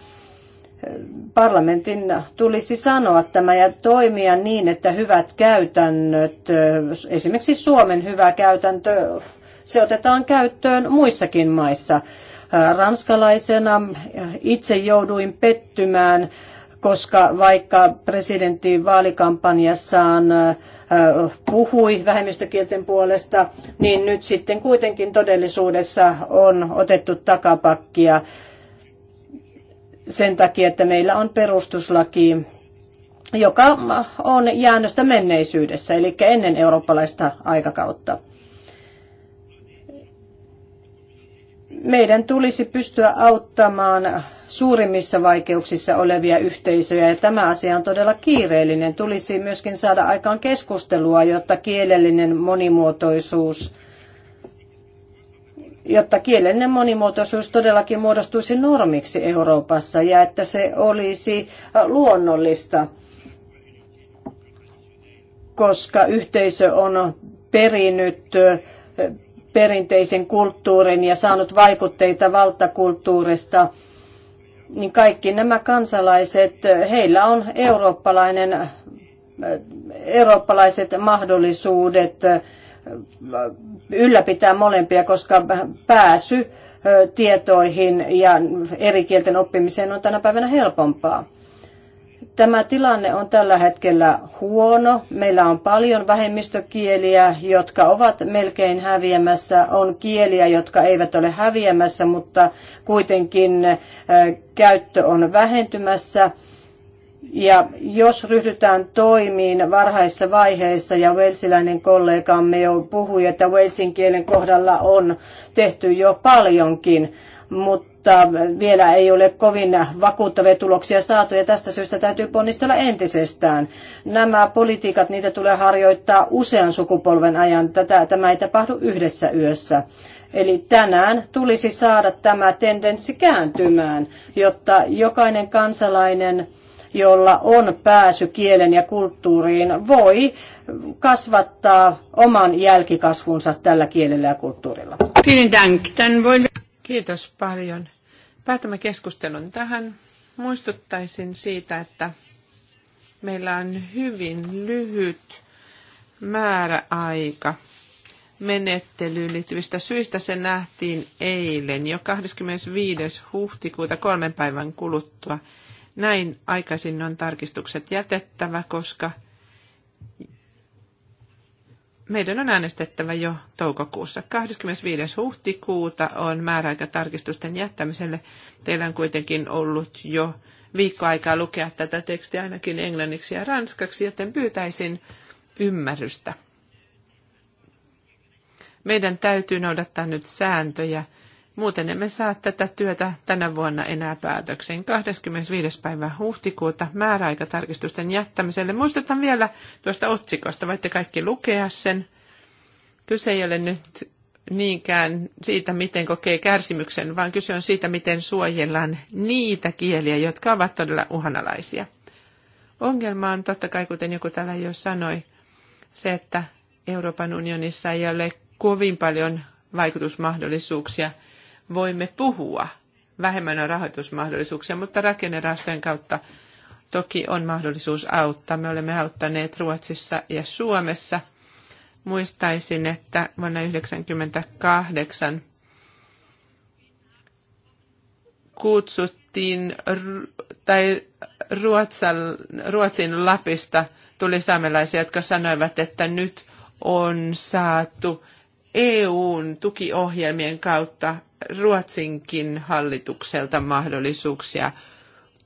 parlamentin tulisi sanoa tämä ja toimia niin, että hyvät käytännöt, esimerkiksi Suomen hyvä käytäntö, se otetaan käyttöön muissakin maissa. Ranskalaisena itse jouduin pettymään, koska vaikka presidentti vaalikampanjassaan puhui vähemmistökielten puolesta, niin nyt sitten kuitenkin todellisuudessa on otettu takapakkia sen takia, että meillä on perustuslaki, joka on jäännöstä menneisyydessä, eli ennen eurooppalaista aikakautta. meidän tulisi pystyä auttamaan suurimmissa vaikeuksissa olevia yhteisöjä ja tämä asia on todella kiireellinen. Tulisi myöskin saada aikaan keskustelua, jotta kielellinen monimuotoisuus jotta kielellinen monimuotoisuus todellakin muodostuisi normiksi Euroopassa ja että se olisi äh, luonnollista, koska yhteisö on perinnyt äh, perinteisen kulttuurin ja saanut vaikutteita valtakulttuurista, niin kaikki nämä kansalaiset, heillä on eurooppalainen, äh, eurooppalaiset mahdollisuudet ylläpitää molempia, koska pääsy tietoihin ja eri kielten oppimiseen on tänä päivänä helpompaa. Tämä tilanne on tällä hetkellä huono. Meillä on paljon vähemmistökieliä, jotka ovat melkein häviämässä. On kieliä, jotka eivät ole häviämässä, mutta kuitenkin käyttö on vähentymässä ja jos ryhdytään toimiin varhaisessa vaiheessa, ja Walesilainen kollegamme jo puhui, että Walesin kielen kohdalla on tehty jo paljonkin, mutta vielä ei ole kovin vakuuttavia tuloksia saatu, ja tästä syystä täytyy ponnistella entisestään. Nämä politiikat, niitä tulee harjoittaa usean sukupolven ajan. Tätä, tämä ei tapahdu yhdessä yössä. Eli tänään tulisi saada tämä tendenssi kääntymään, jotta jokainen kansalainen – jolla on pääsy kielen ja kulttuuriin, voi kasvattaa oman jälkikasvunsa tällä kielellä ja kulttuurilla. Kiitos paljon. Päätämme keskustelun tähän. Muistuttaisin siitä, että meillä on hyvin lyhyt määräaika menettelyyn liittyvistä syistä. Se nähtiin eilen jo 25. huhtikuuta kolmen päivän kuluttua. Näin aikaisin on tarkistukset jätettävä, koska meidän on äänestettävä jo toukokuussa. 25. huhtikuuta on määräaika tarkistusten jättämiselle. Teillä on kuitenkin ollut jo viikko aikaa lukea tätä tekstiä ainakin englanniksi ja ranskaksi, joten pyytäisin ymmärrystä. Meidän täytyy noudattaa nyt sääntöjä – Muuten emme saa tätä työtä tänä vuonna enää päätökseen. 25. päivä huhtikuuta määräaikatarkistusten jättämiselle. Muistutan vielä tuosta otsikosta, voitte kaikki lukea sen. Kyse ei ole nyt niinkään siitä, miten kokee kärsimyksen, vaan kyse on siitä, miten suojellaan niitä kieliä, jotka ovat todella uhanalaisia. Ongelma on totta kai, kuten joku täällä jo sanoi, se, että Euroopan unionissa ei ole kovin paljon vaikutusmahdollisuuksia – voimme puhua. Vähemmän on rahoitusmahdollisuuksia, mutta rakennerahastojen kautta toki on mahdollisuus auttaa. Me olemme auttaneet Ruotsissa ja Suomessa. Muistaisin, että vuonna 1998 kutsuttiin tai Ruotsin Lapista tuli saamelaisia, jotka sanoivat, että nyt on saatu EUn tukiohjelmien kautta Ruotsinkin hallitukselta mahdollisuuksia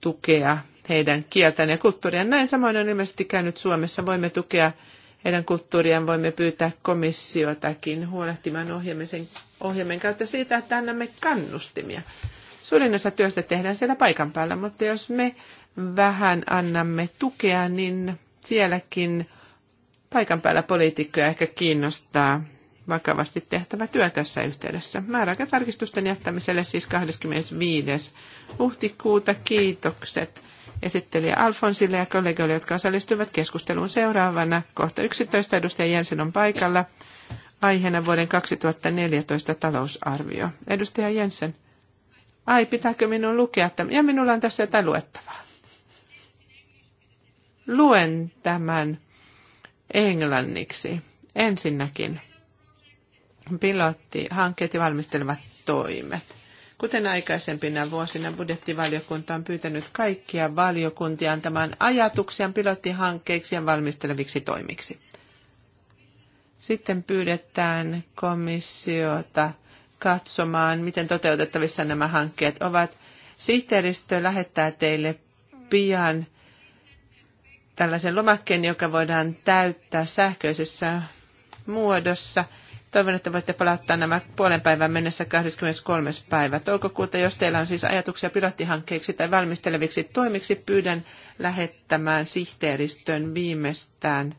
tukea heidän kieltään ja kulttuuriaan. Näin samoin on ilmeisesti käynyt Suomessa. Voimme tukea heidän kulttuuriaan, voimme pyytää komissiotakin huolehtimaan ohjelmien, ohjelmien kautta siitä, että annamme kannustimia. Suurin osa työstä tehdään siellä paikan päällä, mutta jos me vähän annamme tukea, niin sielläkin paikan päällä poliitikkoja ehkä kiinnostaa vakavasti tehtävä työ tässä yhteydessä. Määräaikatarkistusten jättämiselle siis 25. huhtikuuta kiitokset esittelijä Alfonsille ja kollegoille, jotka osallistuivat keskusteluun seuraavana. Kohta 11 edustaja Jensen on paikalla. Aiheena vuoden 2014 talousarvio. Edustaja Jensen. Ai, pitääkö minun lukea tämä? Ja minulla on tässä jotain luettavaa. Luen tämän englanniksi. Ensinnäkin pilottihankkeet ja valmistelevat toimet. Kuten aikaisempina vuosina budjettivaliokunta on pyytänyt kaikkia valiokuntia antamaan ajatuksia pilottihankkeiksi ja valmisteleviksi toimiksi. Sitten pyydetään komissiota katsomaan, miten toteutettavissa nämä hankkeet ovat. Sihteeristö lähettää teille pian tällaisen lomakkeen, joka voidaan täyttää sähköisessä muodossa – Toivon, että voitte palauttaa nämä puolen päivän mennessä 23. päivä toukokuuta. Jos teillä on siis ajatuksia pilottihankkeiksi tai valmisteleviksi toimiksi, pyydän lähettämään sihteeristön viimeistään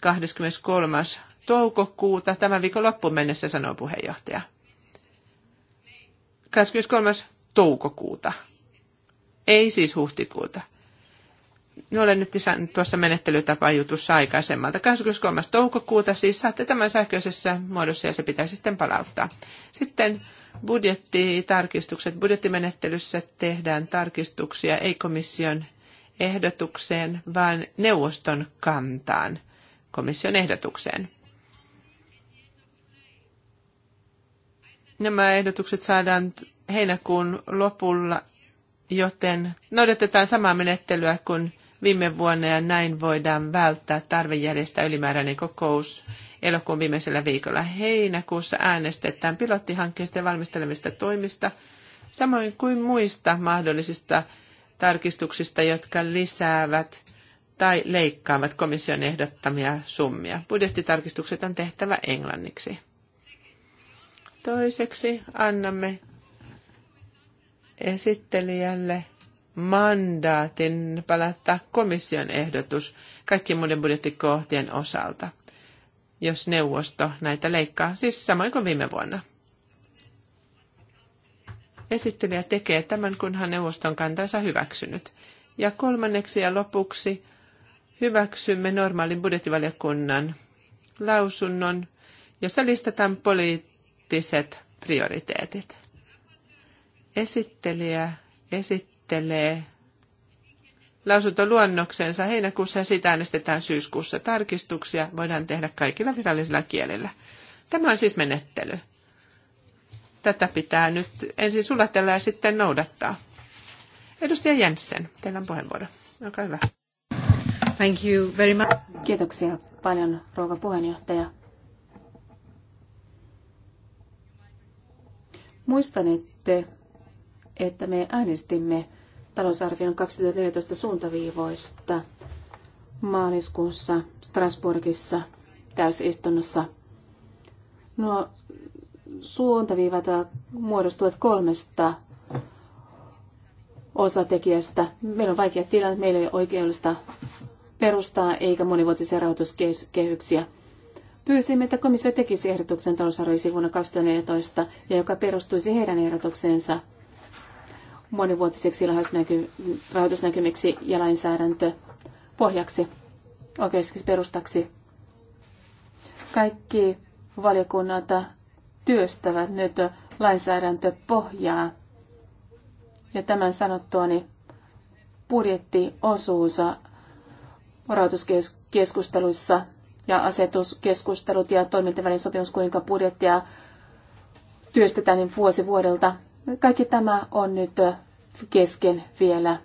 23. toukokuuta tämän viikon loppuun mennessä, sanoo puheenjohtaja. 23. toukokuuta. Ei siis huhtikuuta. No, olen nyt tuossa menettelytapajutussa aikaisemmalta. 23. toukokuuta siis saatte tämän sähköisessä muodossa ja se pitää sitten palauttaa. Sitten budjettitarkistukset. Budjettimenettelyssä tehdään tarkistuksia ei komission ehdotukseen, vaan neuvoston kantaan komission ehdotukseen. Nämä ehdotukset saadaan heinäkuun lopulla, joten noudatetaan samaa menettelyä kuin viime vuonna ja näin voidaan välttää tarve järjestää ylimääräinen kokous elokuun viimeisellä viikolla. Heinäkuussa äänestetään pilottihankkeesta ja valmistelemista toimista, samoin kuin muista mahdollisista tarkistuksista, jotka lisäävät tai leikkaavat komission ehdottamia summia. Budjettitarkistukset on tehtävä englanniksi. Toiseksi annamme esittelijälle mandaatin palauttaa komission ehdotus kaikkien muiden budjettikohtien osalta, jos neuvosto näitä leikkaa, siis samoin kuin viime vuonna. Esittelijä tekee tämän, kunhan neuvoston kantansa hyväksynyt. Ja kolmanneksi ja lopuksi hyväksymme normaalin budjettivaliokunnan lausunnon, jossa listataan poliittiset prioriteetit. Esittelijä esittää esittelee lausuntoluonnoksensa heinäkuussa ja siitä äänestetään syyskuussa. Tarkistuksia voidaan tehdä kaikilla virallisilla kielillä. Tämä on siis menettely. Tätä pitää nyt ensin sulatella ja sitten noudattaa. Edustaja Jensen, teillä on puheenvuoro. Olkaa hyvä. Thank you very much. Kiitoksia paljon, rouva puheenjohtaja. Muistan, että me äänestimme talousarvion 2014 suuntaviivoista maaliskuussa Strasbourgissa täysistunnossa. Nuo suuntaviivat muodostuvat kolmesta osatekijästä. Meillä on vaikea tilanne, meillä ei ole oikeudellista perustaa eikä monivuotisia rahoituskehyksiä. Pyysimme, että komissio tekisi ehdotuksen talousarvioisi vuonna 2014 ja joka perustuisi heidän ehdotukseensa – monivuotiseksi rahoitusnäkymiksi ja lainsäädäntö pohjaksi, oikeudelliseksi perustaksi. Kaikki valiokunnat työstävät nyt lainsäädäntöpohjaa. Ja tämän sanottuani budjettiosuus rahoituskeskusteluissa ja asetuskeskustelut ja toimintavälin sopimus, kuinka budjettia työstetään niin vuosi vuodelta kaikki tämä on nyt kesken vielä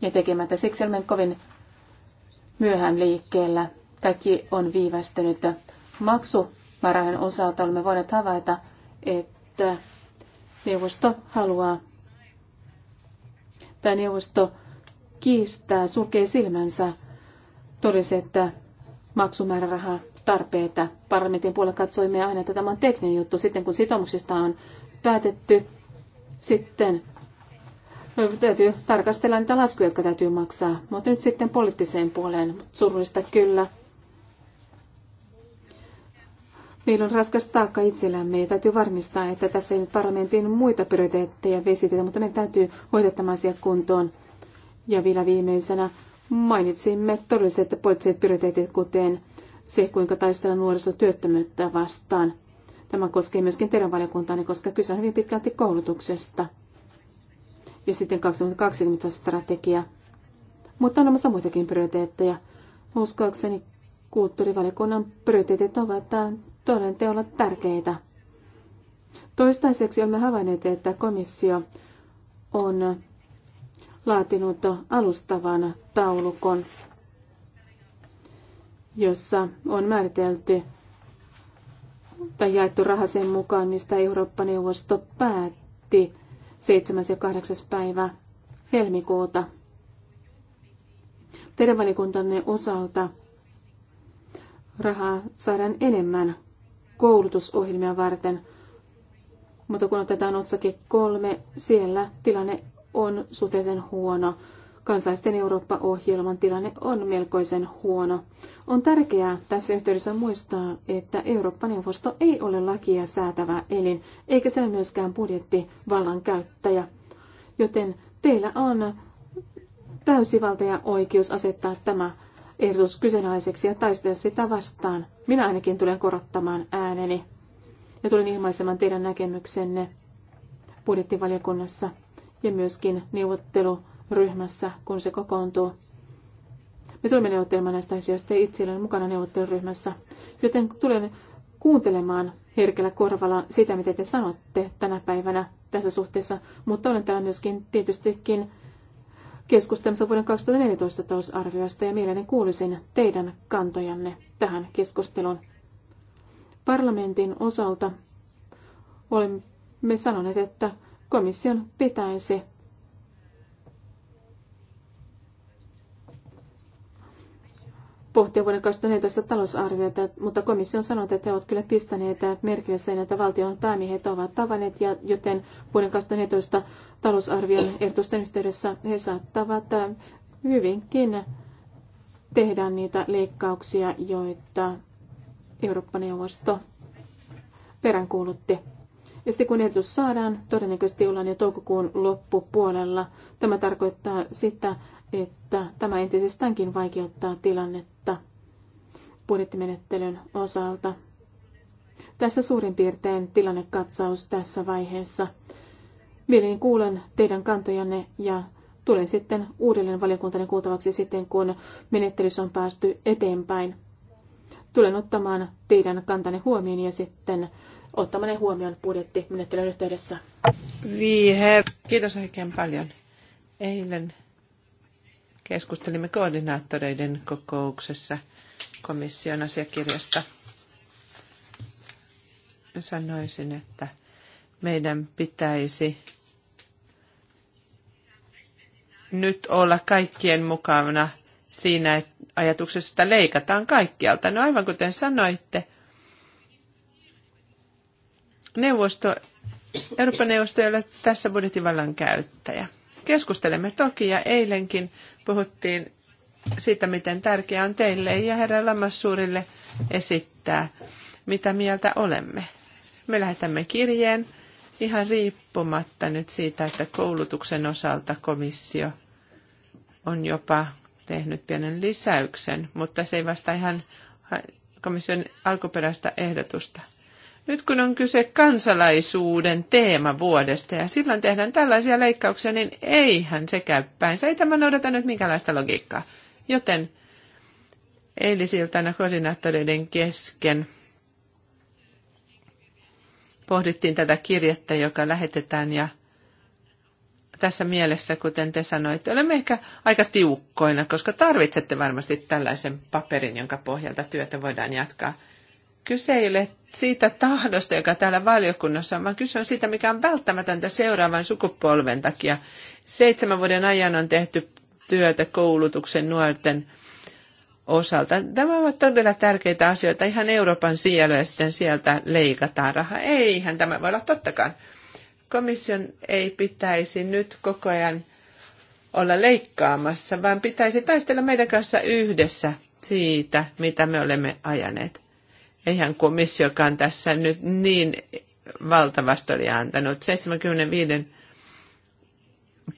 ja tekemättä. Siksi olemme kovin myöhään liikkeellä. Kaikki on viivästynyt. Maksumarahan osalta olemme voineet havaita, että neuvosto haluaa, tai neuvosto kiistää, sulkee silmänsä todelliset maksumääräraha tarpeita. Parlamentin puolella katsoimme aina, että tämä on tekninen juttu. Sitten kun sitoumuksista on päätetty, sitten täytyy tarkastella niitä laskuja, jotka täytyy maksaa. Mutta nyt sitten poliittiseen puoleen. Surullista kyllä. Meillä on raskas taakka itsellämme ja täytyy varmistaa, että tässä ei nyt parlamentin muita prioriteetteja vesitetä, mutta meidän täytyy hoitaa tämä asia kuntoon. Ja vielä viimeisenä mainitsimme todelliset poliittiset prioriteetit, kuten se, kuinka taistella nuorisotyöttömyyttä vastaan – Tämä koskee myöskin teidän valiokuntaanne, koska kyse on hyvin pitkälti koulutuksesta. Ja sitten 2020 strategia. Mutta on olemassa muitakin prioriteetteja. Uskoakseni kulttuurivaliokunnan prioriteetit ovat toden teolla tärkeitä. Toistaiseksi olemme havainneet, että komissio on laatinut alustavan taulukon, jossa on määritelty tai jaettu raha sen mukaan, mistä Eurooppa-neuvosto päätti 7. ja 8. päivä helmikuuta. Teidän valikuntanne osalta rahaa saadaan enemmän koulutusohjelmia varten, mutta kun otetaan otsake kolme, siellä tilanne on suhteellisen huono. Kansalaisten Eurooppa-ohjelman tilanne on melkoisen huono. On tärkeää tässä yhteydessä muistaa, että Eurooppa-neuvosto ei ole lakia säätävä elin, eikä se ole myöskään budjettivallan käyttäjä. Joten teillä on täysivalta ja oikeus asettaa tämä ehdotus kyseenalaiseksi ja taistella sitä vastaan. Minä ainakin tulen korottamaan ääneni ja tulen ilmaisemaan teidän näkemyksenne budjettivaliokunnassa ja myöskin neuvottelu ryhmässä, kun se kokoontuu. Me tulemme neuvottelemaan näistä asioista ja itse olen mukana neuvotteluryhmässä, joten tulen kuuntelemaan herkällä korvalla sitä, mitä te sanotte tänä päivänä tässä suhteessa, mutta olen täällä myöskin tietystikin keskustelussa vuoden 2014 talousarviosta ja mielelläni kuulisin teidän kantojanne tähän keskusteluun. Parlamentin osalta olemme sanoneet, että komission pitäisi pohtia vuoden 2014 talousarviota, mutta komissio on sanonut, että he ovat kyllä pistäneet merkille sen, että valtion päämiehet ovat tavanneet, ja joten vuoden 2014 talousarvion ehdotusten yhteydessä he saattavat äh, hyvinkin tehdä niitä leikkauksia, joita Eurooppa-neuvosto peräänkuulutti. Ja sitten kun ehdotus saadaan, todennäköisesti ollaan jo toukokuun loppupuolella. Tämä tarkoittaa sitä, että tämä entisestäänkin vaikeuttaa tilannetta budjettimenettelyn osalta. Tässä suurin piirtein tilannekatsaus tässä vaiheessa. Mielin kuulen teidän kantojanne ja tulen sitten uudelleen valiokuntani kuultavaksi sitten, kun menettelyssä on päästy eteenpäin. Tulen ottamaan teidän kantanne huomioon ja sitten ottamaan ne huomioon budjettimenettelyn yhteydessä. Kiitos oikein paljon. Eilen Keskustelimme koordinaattoreiden kokouksessa komission asiakirjasta. Sanoisin, että meidän pitäisi nyt olla kaikkien mukana siinä ajatuksessa, että leikataan kaikkialta. No aivan kuten sanoitte, neuvosto, Euroopan neuvosto ei ole tässä budjettivallan käyttäjä. Keskustelemme toki ja eilenkin puhuttiin siitä, miten tärkeää on teille ja herra Lamassuurille esittää, mitä mieltä olemme. Me lähetämme kirjeen ihan riippumatta nyt siitä, että koulutuksen osalta komissio on jopa tehnyt pienen lisäyksen, mutta se ei vasta ihan komission alkuperäistä ehdotusta. Nyt kun on kyse kansalaisuuden teemavuodesta ja silloin tehdään tällaisia leikkauksia, niin eihän se käy päinsä. Ei tämä noudata nyt minkälaista logiikkaa. Joten eilisiltana koordinaattoreiden kesken pohdittiin tätä kirjettä, joka lähetetään ja tässä mielessä, kuten te sanoitte, olemme ehkä aika tiukkoina, koska tarvitsette varmasti tällaisen paperin, jonka pohjalta työtä voidaan jatkaa. Kyse ei ole siitä tahdosta, joka täällä valiokunnassa on, vaan kyse on siitä, mikä on välttämätöntä seuraavan sukupolven takia. Seitsemän vuoden ajan on tehty työtä koulutuksen nuorten osalta. Tämä ovat todella tärkeitä asioita. Ihan Euroopan siellä ja sitten sieltä leikataan rahaa. Eihän tämä voi olla tottakaan. Komission ei pitäisi nyt koko ajan olla leikkaamassa, vaan pitäisi taistella meidän kanssa yhdessä siitä, mitä me olemme ajaneet. Eihän komissiokaan tässä nyt niin valtavasti oli antanut. 75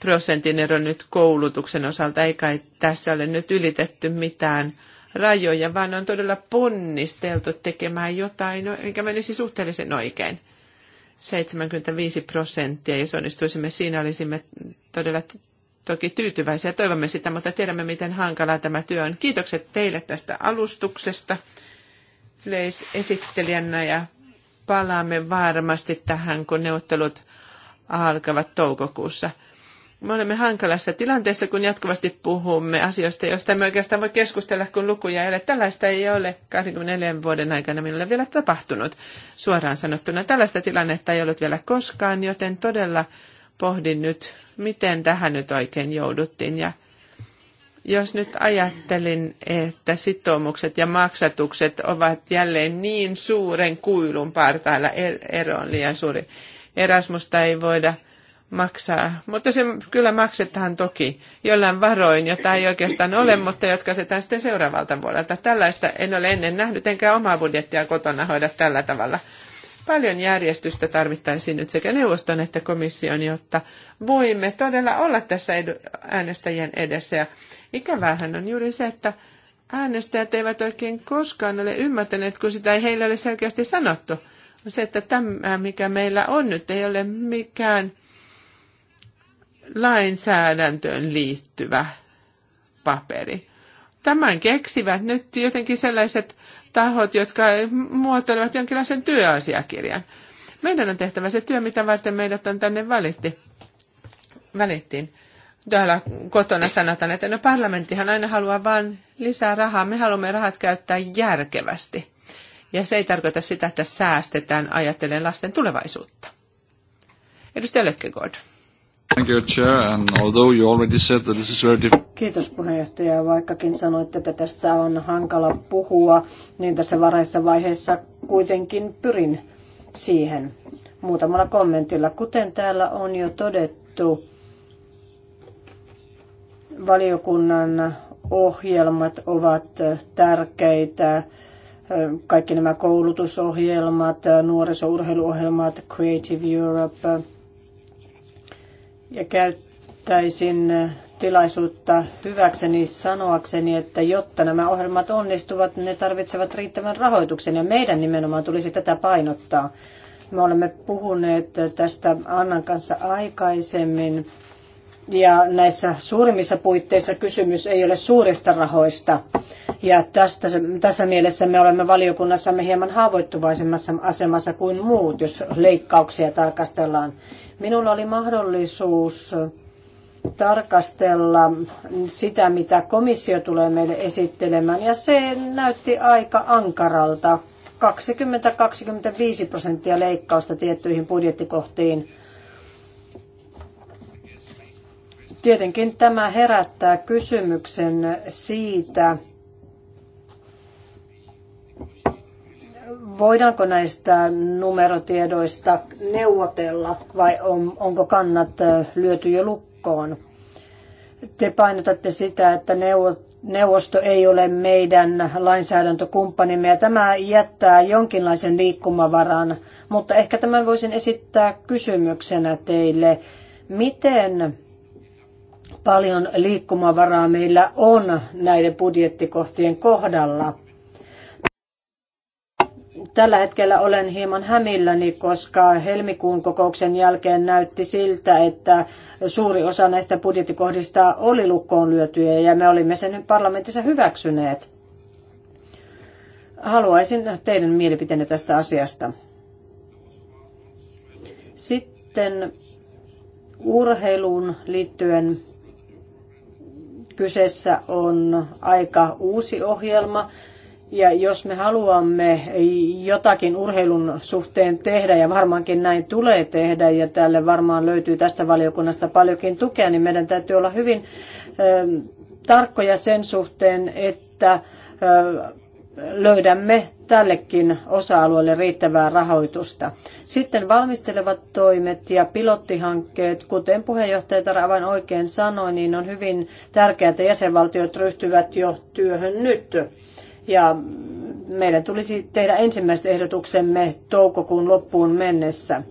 prosentin ero nyt koulutuksen osalta, eikä tässä ole nyt ylitetty mitään rajoja, vaan on todella ponnisteltu tekemään jotain, no, mikä menisi suhteellisen oikein. 75 prosenttia, jos onnistuisimme siinä, olisimme todella toki tyytyväisiä. Toivomme sitä, mutta tiedämme, miten hankalaa tämä työ on. Kiitokset teille tästä alustuksesta yleisesittelijänä ja palaamme varmasti tähän, kun neuvottelut alkavat toukokuussa. Me olemme hankalassa tilanteessa, kun jatkuvasti puhumme asioista, joista emme oikeastaan voi keskustella, kun lukuja ei ole. Tällaista ei ole 24 vuoden aikana minulle vielä tapahtunut, suoraan sanottuna. Tällaista tilannetta ei ollut vielä koskaan, joten todella pohdin nyt, miten tähän nyt oikein jouduttiin ja jos nyt ajattelin, että sitoumukset ja maksatukset ovat jälleen niin suuren kuilun partailla, er- ero on liian suuri. Erasmusta ei voida maksaa, mutta se kyllä maksetaan toki jollain varoin, jota ei oikeastaan ole, mutta jotka otetaan sitten seuraavalta vuodelta. Tällaista en ole ennen nähnyt, enkä omaa budjettia kotona hoida tällä tavalla. Paljon järjestystä tarvittaisiin nyt sekä neuvoston että komission, jotta voimme todella olla tässä äänestäjien edessä. Ja ikävähän on juuri se, että äänestäjät eivät oikein koskaan ole ymmärtäneet, kun sitä ei heille ole selkeästi sanottu. se, että tämä, mikä meillä on nyt, ei ole mikään lainsäädäntöön liittyvä paperi. Tämän keksivät nyt jotenkin sellaiset tahot, jotka muotoilevat jonkinlaisen työasiakirjan. Meidän on tehtävä se työ, mitä varten meidät on tänne valitti. valittiin. Täällä kotona sanotaan, että no parlamenttihan aina haluaa vain lisää rahaa. Me haluamme rahat käyttää järkevästi. Ja se ei tarkoita sitä, että säästetään ajatellen lasten tulevaisuutta. Edustaja Lökkegård. Thank you, Chair, and although you already said that this is very Kiitos puheenjohtaja. Vaikkakin sanoitte, että tästä on hankala puhua, niin tässä varhaisessa vaiheessa kuitenkin pyrin siihen muutamalla kommentilla. Kuten täällä on jo todettu, valiokunnan ohjelmat ovat tärkeitä. Kaikki nämä koulutusohjelmat, nuorisourheiluohjelmat, Creative Europe – ja käyttäisin äh, tilaisuutta hyväkseni sanoakseni, että jotta nämä ohjelmat onnistuvat, ne tarvitsevat riittävän rahoituksen ja meidän nimenomaan tulisi tätä painottaa. Me olemme puhuneet tästä Annan kanssa aikaisemmin ja näissä suurimmissa puitteissa kysymys ei ole suurista rahoista, ja tästä, tässä mielessä me olemme valiokunnassamme hieman haavoittuvaisemmassa asemassa kuin muut, jos leikkauksia tarkastellaan. Minulla oli mahdollisuus tarkastella sitä, mitä komissio tulee meille esittelemään, ja se näytti aika ankaralta. 20-25 prosenttia leikkausta tiettyihin budjettikohtiin. Tietenkin tämä herättää kysymyksen siitä, voidaanko näistä numerotiedoista neuvotella vai on, onko kannat lyöty jo lukkoon? Te painotatte sitä, että neuvosto ei ole meidän lainsäädäntökumppanimme ja tämä jättää jonkinlaisen liikkumavaran, mutta ehkä tämän voisin esittää kysymyksenä teille. Miten paljon liikkumavaraa meillä on näiden budjettikohtien kohdalla? Tällä hetkellä olen hieman hämilläni, koska helmikuun kokouksen jälkeen näytti siltä, että suuri osa näistä budjettikohdista oli lukkoon lyötyjä ja me olimme sen parlamentissa hyväksyneet. Haluaisin teidän mielipiteenne tästä asiasta. Sitten urheiluun liittyen kyseessä on aika uusi ohjelma ja jos me haluamme jotakin urheilun suhteen tehdä, ja varmaankin näin tulee tehdä, ja tälle varmaan löytyy tästä valiokunnasta paljonkin tukea, niin meidän täytyy olla hyvin ö, ähm, tarkkoja sen suhteen, että ö, äh, löydämme tällekin osa-alueelle riittävää rahoitusta. Sitten valmistelevat toimet ja pilottihankkeet, kuten puheenjohtaja Taravan oikein sanoi, niin on hyvin tärkeää, että jäsenvaltiot ryhtyvät jo työhön nyt ja meidän tulisi tehdä ensimmäiset ehdotuksemme toukokuun loppuun mennessä.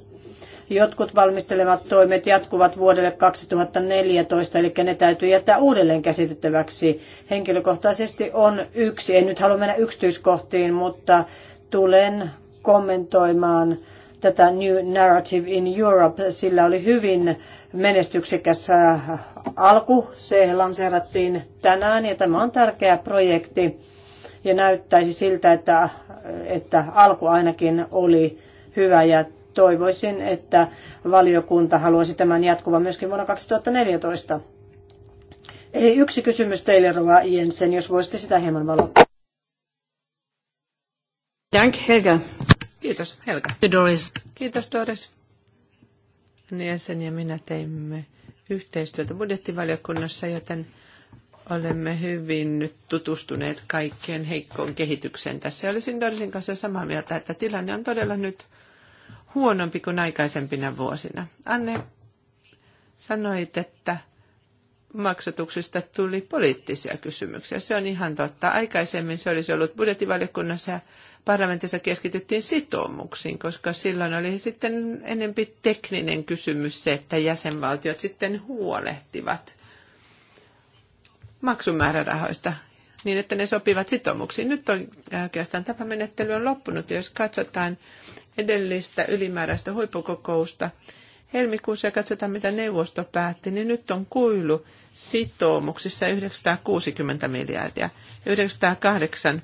Jotkut valmistelemat toimet jatkuvat vuodelle 2014, eli ne täytyy jättää uudelleen käsitettäväksi. Henkilökohtaisesti on yksi, en nyt halua mennä yksityiskohtiin, mutta tulen kommentoimaan tätä New Narrative in Europe. Sillä oli hyvin menestyksekäs äh, alku. Se lanseerattiin tänään ja tämä on tärkeä projekti ja näyttäisi siltä, että, että alku ainakin oli hyvä ja toivoisin, että valiokunta haluaisi tämän jatkuvan myöskin vuonna 2014. Eli yksi kysymys teille, Rova Jensen, jos voisitte sitä hieman valottaa. Dank, Helga. Kiitos, Helga. Doris. Kiitos, Doris. Niin, Jensen ja minä teimme yhteistyötä budjettivaliokunnassa, joten olemme hyvin nyt tutustuneet kaikkeen heikkoon kehitykseen tässä. Olisin Dorisin kanssa samaa mieltä, että tilanne on todella nyt huonompi kuin aikaisempina vuosina. Anne, sanoit, että maksatuksista tuli poliittisia kysymyksiä. Se on ihan totta. Aikaisemmin se olisi ollut budjettivaliokunnassa ja parlamentissa keskityttiin sitoumuksiin, koska silloin oli sitten enempi tekninen kysymys se, että jäsenvaltiot sitten huolehtivat – maksumäärärahoista niin, että ne sopivat sitoumuksiin. Nyt on äh, oikeastaan tämä menettely on loppunut. Jos katsotaan edellistä ylimääräistä huippukokousta helmikuussa ja katsotaan, mitä neuvosto päätti, niin nyt on kuilu sitoumuksissa 960 miljardia, 908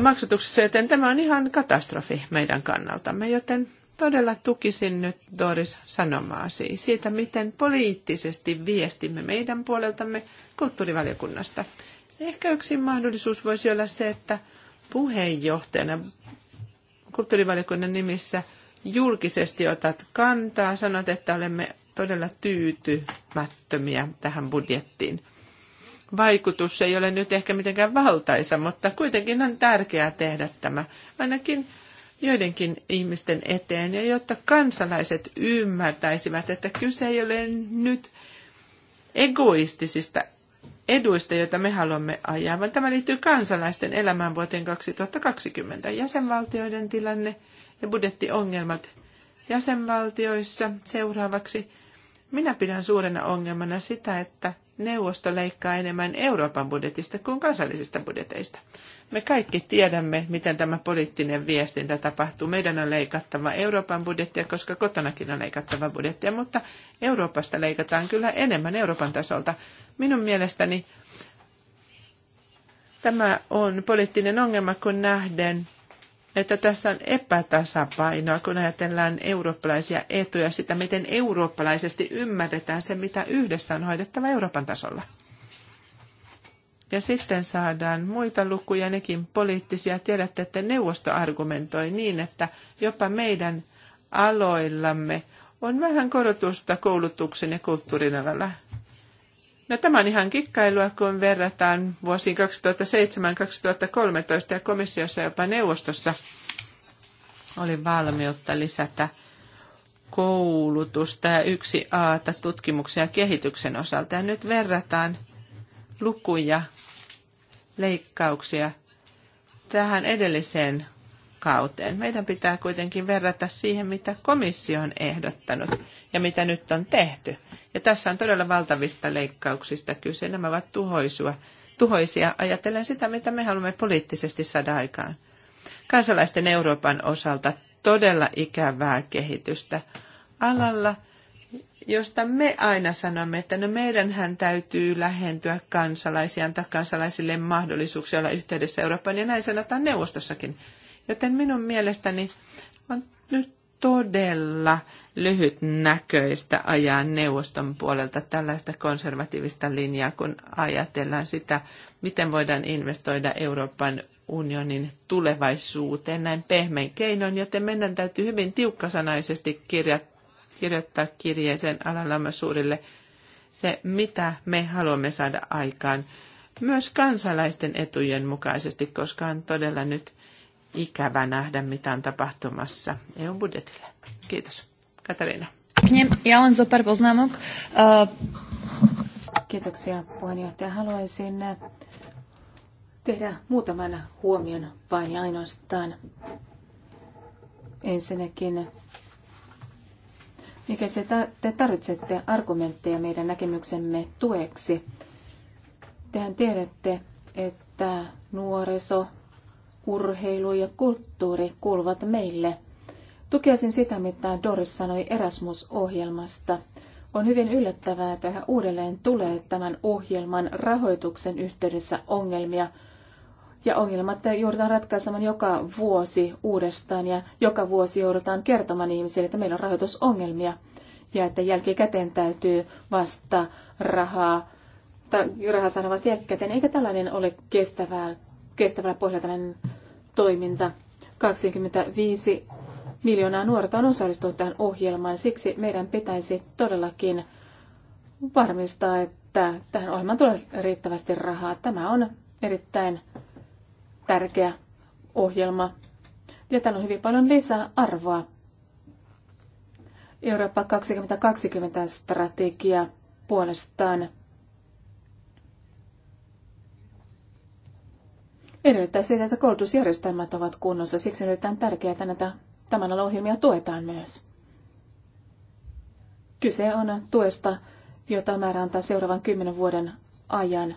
maksatuksessa, joten tämä on ihan katastrofi meidän kannaltamme, joten todella tukisin nyt Doris sanomaasi siitä, miten poliittisesti viestimme meidän puoleltamme kulttuurivaliokunnasta. Ehkä yksi mahdollisuus voisi olla se, että puheenjohtajana kulttuurivaliokunnan nimissä julkisesti otat kantaa, sanot, että olemme todella tyytymättömiä tähän budjettiin. Vaikutus ei ole nyt ehkä mitenkään valtaisa, mutta kuitenkin on tärkeää tehdä tämä. Ainakin joidenkin ihmisten eteen ja jotta kansalaiset ymmärtäisivät, että kyse ei ole nyt egoistisista eduista, joita me haluamme ajaa, vaan tämä liittyy kansalaisten elämään vuoteen 2020. Jäsenvaltioiden tilanne ja budjettiongelmat jäsenvaltioissa seuraavaksi. Minä pidän suurena ongelmana sitä, että neuvosto leikkaa enemmän Euroopan budjetista kuin kansallisista budjeteista. Me kaikki tiedämme, miten tämä poliittinen viestintä tapahtuu. Meidän on leikattava Euroopan budjettia, koska kotonakin on leikattava budjettia, mutta Euroopasta leikataan kyllä enemmän Euroopan tasolta. Minun mielestäni tämä on poliittinen ongelma, kun nähden että tässä on epätasapainoa, kun ajatellaan eurooppalaisia etuja, sitä miten eurooppalaisesti ymmärretään se, mitä yhdessä on hoidettava Euroopan tasolla. Ja sitten saadaan muita lukuja, nekin poliittisia. Tiedätte, että neuvosto argumentoi niin, että jopa meidän aloillamme on vähän korotusta koulutuksen ja kulttuurin alalla. No tämä on ihan kikkailua, kun verrataan vuosiin 2007-2013 ja komissiossa ja jopa neuvostossa oli valmiutta lisätä koulutusta ja yksi aata tutkimuksen ja kehityksen osalta. Ja nyt verrataan lukuja, leikkauksia tähän edelliseen kauteen. Meidän pitää kuitenkin verrata siihen, mitä komissio on ehdottanut ja mitä nyt on tehty. Ja tässä on todella valtavista leikkauksista kyse. Nämä ovat tuhoisua, tuhoisia ajatellen sitä, mitä me haluamme poliittisesti saada aikaan. Kansalaisten Euroopan osalta todella ikävää kehitystä alalla, josta me aina sanomme, että no meidänhän täytyy lähentyä kansalaisia, antaa kansalaisille mahdollisuuksia olla yhteydessä Eurooppaan, ja näin sanotaan neuvostossakin. Joten minun mielestäni on nyt todella lyhytnäköistä ajaa neuvoston puolelta tällaista konservatiivista linjaa, kun ajatellaan sitä, miten voidaan investoida Euroopan unionin tulevaisuuteen näin pehmein keinoin, joten meidän täytyy hyvin tiukkasanaisesti kirja, kirjoittaa kirjeeseen alalamme suurille se, mitä me haluamme saada aikaan myös kansalaisten etujen mukaisesti, koska on todella nyt ikävä nähdä, mitä on tapahtumassa EU-budjetille. Kiitos. Katariina. Ja on super poznámok. Uh, Kiitoksia puheenjohtaja. Haluaisin uh, tehdä muutaman huomion vain ja ainoastaan. Ensinnäkin, mikä se ta- te tarvitsette argumentteja meidän näkemyksemme tueksi. Tehän tiedätte, että nuoriso urheilu ja kulttuuri kuuluvat meille. Tukeasin sitä, mitä Doris sanoi Erasmus-ohjelmasta. On hyvin yllättävää, että hän uudelleen tulee tämän ohjelman rahoituksen yhteydessä ongelmia. Ja ongelmat joudutaan ratkaisemaan joka vuosi uudestaan ja joka vuosi joudutaan kertomaan ihmisille, että meillä on rahoitusongelmia ja että jälkikäteen täytyy vasta rahaa tai raha sanoa vasta jälkikäteen, eikä tällainen ole kestävää kestävällä pohjalla tällainen toiminta. 25 miljoonaa nuorta on osallistunut tähän ohjelmaan, siksi meidän pitäisi todellakin varmistaa, että tähän ohjelmaan tulee riittävästi rahaa. Tämä on erittäin tärkeä ohjelma ja täällä on hyvin paljon lisää arvoa. Eurooppa 2020 strategia puolestaan edellyttää sitä, että koulutusjärjestelmät ovat kunnossa. Siksi on erittäin tärkeää, että näitä tämän alan ohjelmia tuetaan myös. Kyse on tuesta, jota määrä antaa seuraavan kymmenen vuoden ajan.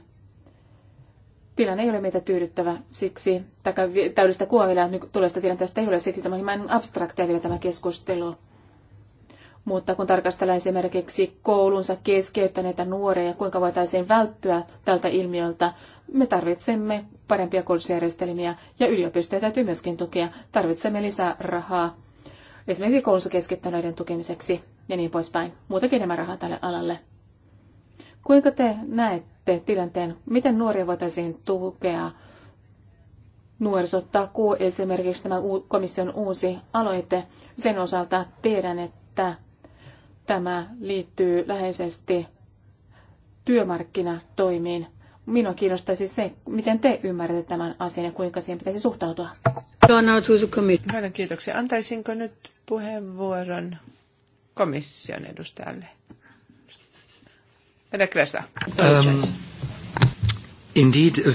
Tilanne ei ole meitä tyydyttävä, siksi, tai vielä tulee tulesta tilanteesta ei ole, siksi tämä on hieman abstraktia vielä tämä keskustelu. Mutta kun tarkastellaan esimerkiksi koulunsa keskeyttäneitä nuoria, kuinka voitaisiin välttyä tältä ilmiöltä, me tarvitsemme parempia koulutusjärjestelmiä ja yliopistoja täytyy myöskin tukea. Tarvitsemme lisää rahaa esimerkiksi koulunsa keskittyneiden tukemiseksi ja niin poispäin. Muutakin enemmän rahaa tälle alalle. Kuinka te näette tilanteen, miten nuoria voitaisiin tukea? Nuorisotakuu, esimerkiksi tämä komission uusi aloite, sen osalta tiedän, että Tämä liittyy läheisesti työmarkkinatoimiin. Minua kiinnostaisi se, miten te ymmärrätte tämän asian ja kuinka siihen pitäisi suhtautua. Paljon kiitoksia. Antaisinko nyt puheenvuoron komission edustajalle? Regresa. Um, ähm, indeed.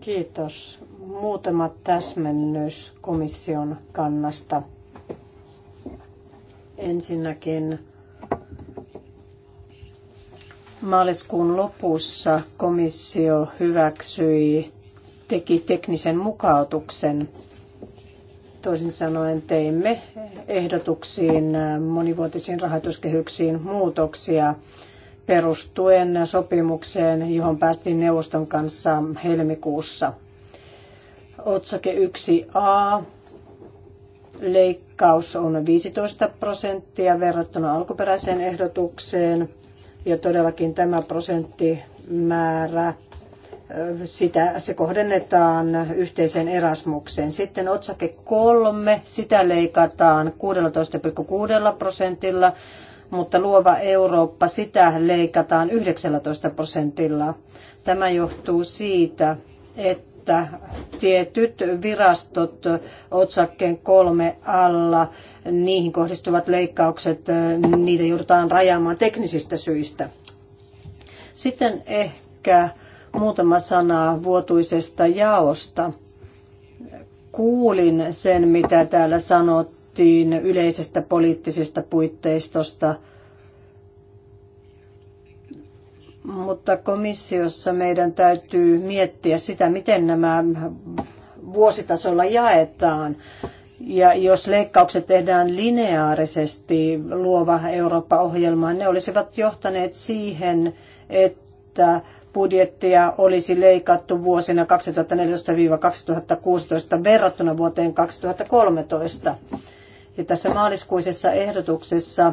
Kiitos. Muutama täsmennys komission kannasta Ensinnäkin maaliskuun lopussa komissio hyväksyi, teki teknisen mukautuksen. Toisin sanoen teimme ehdotuksiin monivuotisiin rahoituskehyksiin muutoksia perustuen sopimukseen, johon päästiin neuvoston kanssa helmikuussa. Otsake 1a leikkaus on 15 prosenttia verrattuna alkuperäiseen ehdotukseen. Ja todellakin tämä prosenttimäärä, sitä, se kohdennetaan yhteiseen Erasmukseen. Sitten otsake kolme, sitä leikataan 16,6 prosentilla, mutta luova Eurooppa, sitä leikataan 19 prosentilla. Tämä johtuu siitä, että että tietyt virastot otsakkeen kolme alla, niihin kohdistuvat leikkaukset, niitä joudutaan rajaamaan teknisistä syistä. Sitten ehkä muutama sana vuotuisesta jaosta. Kuulin sen, mitä täällä sanottiin yleisestä poliittisesta puitteistosta – mutta komissiossa meidän täytyy miettiä sitä, miten nämä vuositasolla jaetaan. Ja jos leikkaukset tehdään lineaarisesti luova Eurooppa-ohjelmaan, ne olisivat johtaneet siihen, että budjettia olisi leikattu vuosina 2014-2016 verrattuna vuoteen 2013. Ja tässä maaliskuisessa ehdotuksessa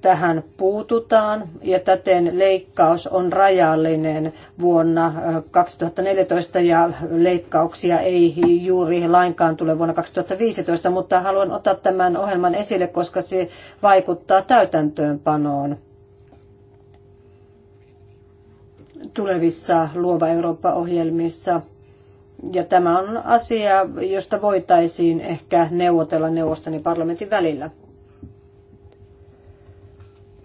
tähän puututaan ja täten leikkaus on rajallinen vuonna 2014 äh, ja leikkauksia ei juuri lainkaan tule vuonna 2015, mutta haluan ottaa tämän ohjelman esille, koska se vaikuttaa täytäntöönpanoon tulevissa Luova Eurooppa-ohjelmissa. Ja tämä on asia, josta voitaisiin ehkä neuvotella neuvoston ja parlamentin välillä.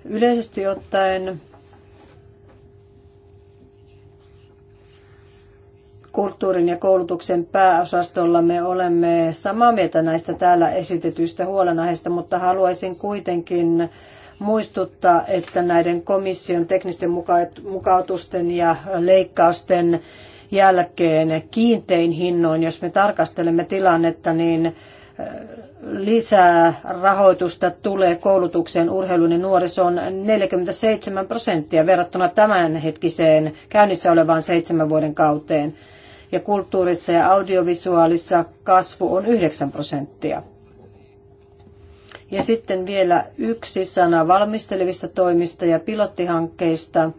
Yleisesti ottaen kulttuurin ja koulutuksen pääosastolla me olemme samaa mieltä näistä täällä esitetyistä huolenaiheista, mutta haluaisin kuitenkin muistuttaa, että näiden komission teknisten mukautusten ja leikkausten jälkeen kiintein hinnoin, jos me tarkastelemme tilannetta, niin lisää rahoitusta tulee koulutukseen, urheiluun ja nuorisoon 47 prosenttia verrattuna tämänhetkiseen käynnissä olevaan seitsemän vuoden kauteen. Ja kulttuurissa ja audiovisuaalissa kasvu on 9 prosenttia. Ja sitten vielä yksi sana valmistelevista toimista ja pilottihankkeista.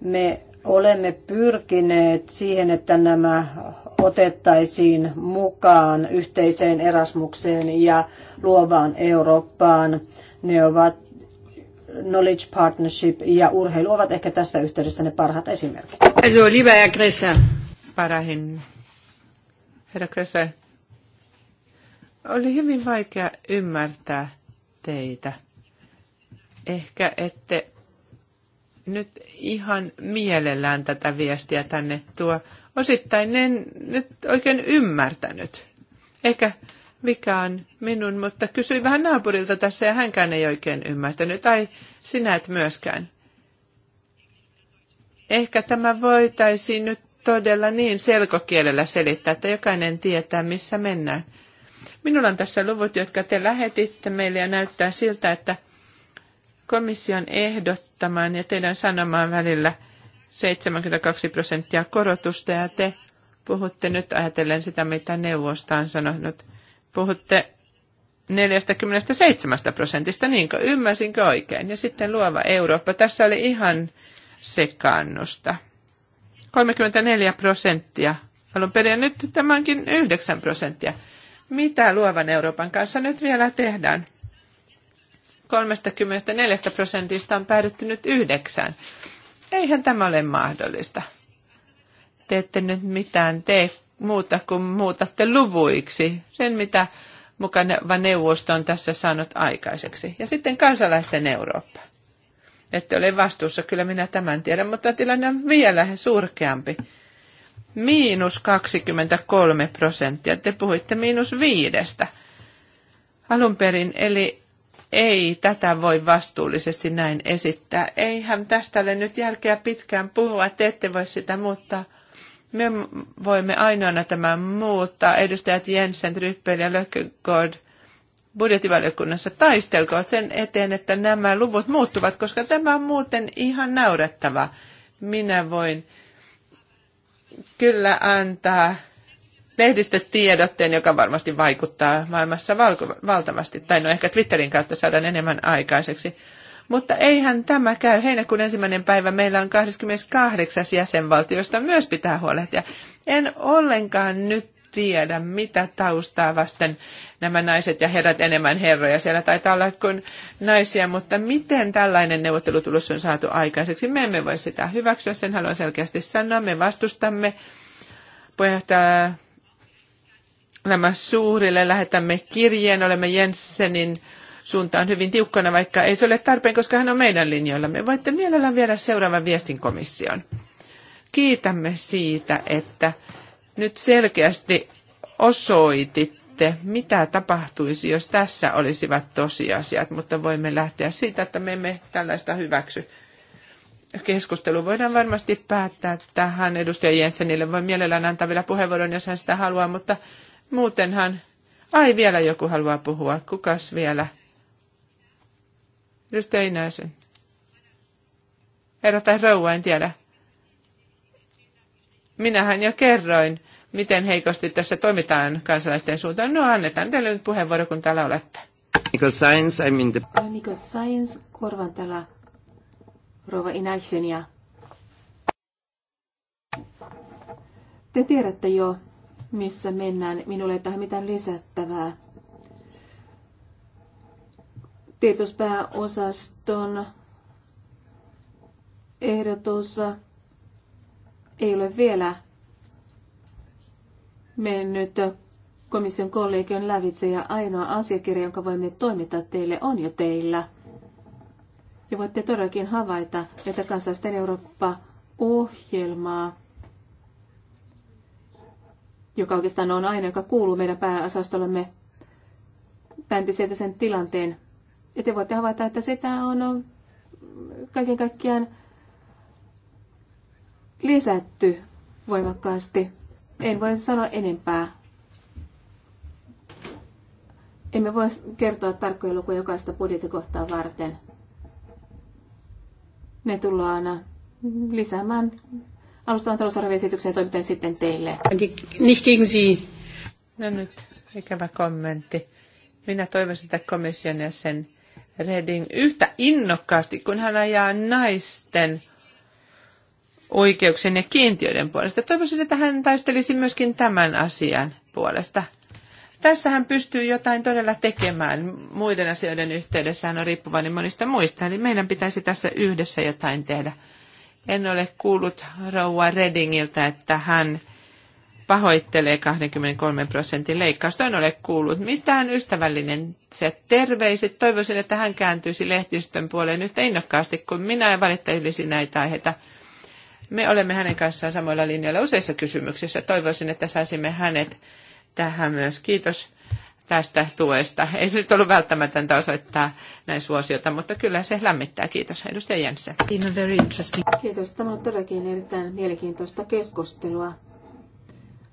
Me olemme pyrkineet siihen, että nämä otettaisiin mukaan yhteiseen Erasmukseen ja luovaan Eurooppaan. Ne ovat Knowledge Partnership ja urheilu ovat ehkä tässä yhteydessä ne parhaat esimerkit. Se oli hyvä ja Kressa. Parahin. Herra Kressa, oli hyvin vaikea ymmärtää teitä. Ehkä ette nyt ihan mielellään tätä viestiä tänne tuo. Osittain en nyt oikein ymmärtänyt. Ehkä mikä on minun, mutta kysyin vähän naapurilta tässä ja hänkään ei oikein ymmärtänyt. Tai sinä et myöskään. Ehkä tämä voitaisiin nyt todella niin selkokielellä selittää, että jokainen tietää, missä mennään. Minulla on tässä luvut, jotka te lähetitte meille ja näyttää siltä, että – komission ehdottaman ja teidän sanomaan välillä 72 prosenttia korotusta ja te puhutte nyt ajatellen sitä, mitä neuvosto on sanonut. Puhutte 47 prosentista, niinkö ymmärsinkö oikein? Ja sitten luova Eurooppa, tässä oli ihan sekaannusta. 34 prosenttia. Alun perin nyt tämänkin 9 prosenttia. Mitä luovan Euroopan kanssa nyt vielä tehdään? 34 prosentista on päädytty nyt yhdeksään. Eihän tämä ole mahdollista. Te ette nyt mitään tee muuta kuin muutatte luvuiksi sen, mitä mukana neuvosto on tässä saanut aikaiseksi. Ja sitten kansalaisten Eurooppa. Ette ole vastuussa, kyllä minä tämän tiedän, mutta tilanne on vielä surkeampi. Miinus 23 prosenttia, te puhuitte miinus viidestä alun perin, eli ei tätä voi vastuullisesti näin esittää. Eihän tästä ole nyt jälkeä pitkään puhua, te ette voi sitä muuttaa. Me voimme ainoana tämän muuttaa. Edustajat Jensen, Ryppel ja Lökkögård budjettivaliokunnassa taistelkoot sen eteen, että nämä luvut muuttuvat, koska tämä on muuten ihan naurettava. Minä voin kyllä antaa lehdistötiedotteen, joka varmasti vaikuttaa maailmassa valtavasti, tai no ehkä Twitterin kautta saadaan enemmän aikaiseksi. Mutta eihän tämä käy. Heinäkuun ensimmäinen päivä meillä on 28 jäsenvaltiosta myös pitää huolehtia. En ollenkaan nyt tiedä, mitä taustaa vasten nämä naiset ja herrat enemmän herroja. Siellä taitaa olla kuin naisia, mutta miten tällainen neuvottelutulos on saatu aikaiseksi? Me emme voi sitä hyväksyä, sen haluan selkeästi sanoa. Me vastustamme puheenjohtaja nämä suurille, lähetämme kirjeen, olemme Jensenin suuntaan hyvin tiukkana, vaikka ei se ole tarpeen, koska hän on meidän linjoillamme. Voitte mielellään viedä seuraavan viestin komissioon. Kiitämme siitä, että nyt selkeästi osoititte, mitä tapahtuisi, jos tässä olisivat tosiasiat, mutta voimme lähteä siitä, että me emme tällaista hyväksy. Keskustelu voidaan varmasti päättää tähän. Edustaja Jensenille voi mielellään antaa vielä puheenvuoron, jos hän sitä haluaa, mutta Muutenhan, ai vielä joku haluaa puhua, kukas vielä? Just Einäisen. Herra tai rouva, en tiedä. Minähän jo kerroin, miten heikosti tässä toimitaan kansalaisten suuntaan. No annetaan teille nyt puheenvuoro, kun täällä olette. Nico Science, I'm in the... Äh, Nico Science, korvan täällä rouva Inäisen ja... Te tiedätte jo, missä mennään. Minulle ei tähän mitään lisättävää. Tietospääosaston ehdotus ei ole vielä mennyt komission kollegion lävitse ja ainoa asiakirja, jonka voimme toimittaa teille, on jo teillä. Ja voitte todellakin havaita, että kansallisten Eurooppa-ohjelmaa joka oikeastaan on aina, joka kuuluu meidän pääosastollemme, päänti sieltä sen tilanteen. Ja te voitte havaita, että sitä on kaiken kaikkiaan lisätty voimakkaasti. En voi sanoa enempää. Emme voi kertoa tarkkoja lukuja jokaista budjettikohtaa varten. Ne tullaan lisäämään alustavan talousarvioesityksen ja toimitan sitten teille. No nyt, ikävä kommentti. Minä toivoisin, että komission ja sen Reding yhtä innokkaasti, kun hän ajaa naisten oikeuksien ja kiintiöiden puolesta. Toivoisin, että hän taistelisi myöskin tämän asian puolesta. Tässä hän pystyy jotain todella tekemään. Muiden asioiden yhteydessä hän on riippuvainen monista muista, eli meidän pitäisi tässä yhdessä jotain tehdä. En ole kuullut rouva Redingiltä, että hän pahoittelee 23 prosentin leikkausta. En ole kuullut mitään ystävällinen se terveiset. Toivoisin, että hän kääntyisi lehtistön puoleen yhtä innokkaasti kuin minä ja valittaisi näitä aiheita. Me olemme hänen kanssaan samoilla linjoilla useissa kysymyksissä. Toivoisin, että saisimme hänet tähän myös. Kiitos tästä tuesta. Ei se nyt ollut välttämätöntä osoittaa näin suosiota, mutta kyllä se lämmittää. Kiitos, edustaja Jensen. Kiitos. Tämä on todellakin erittäin mielenkiintoista keskustelua.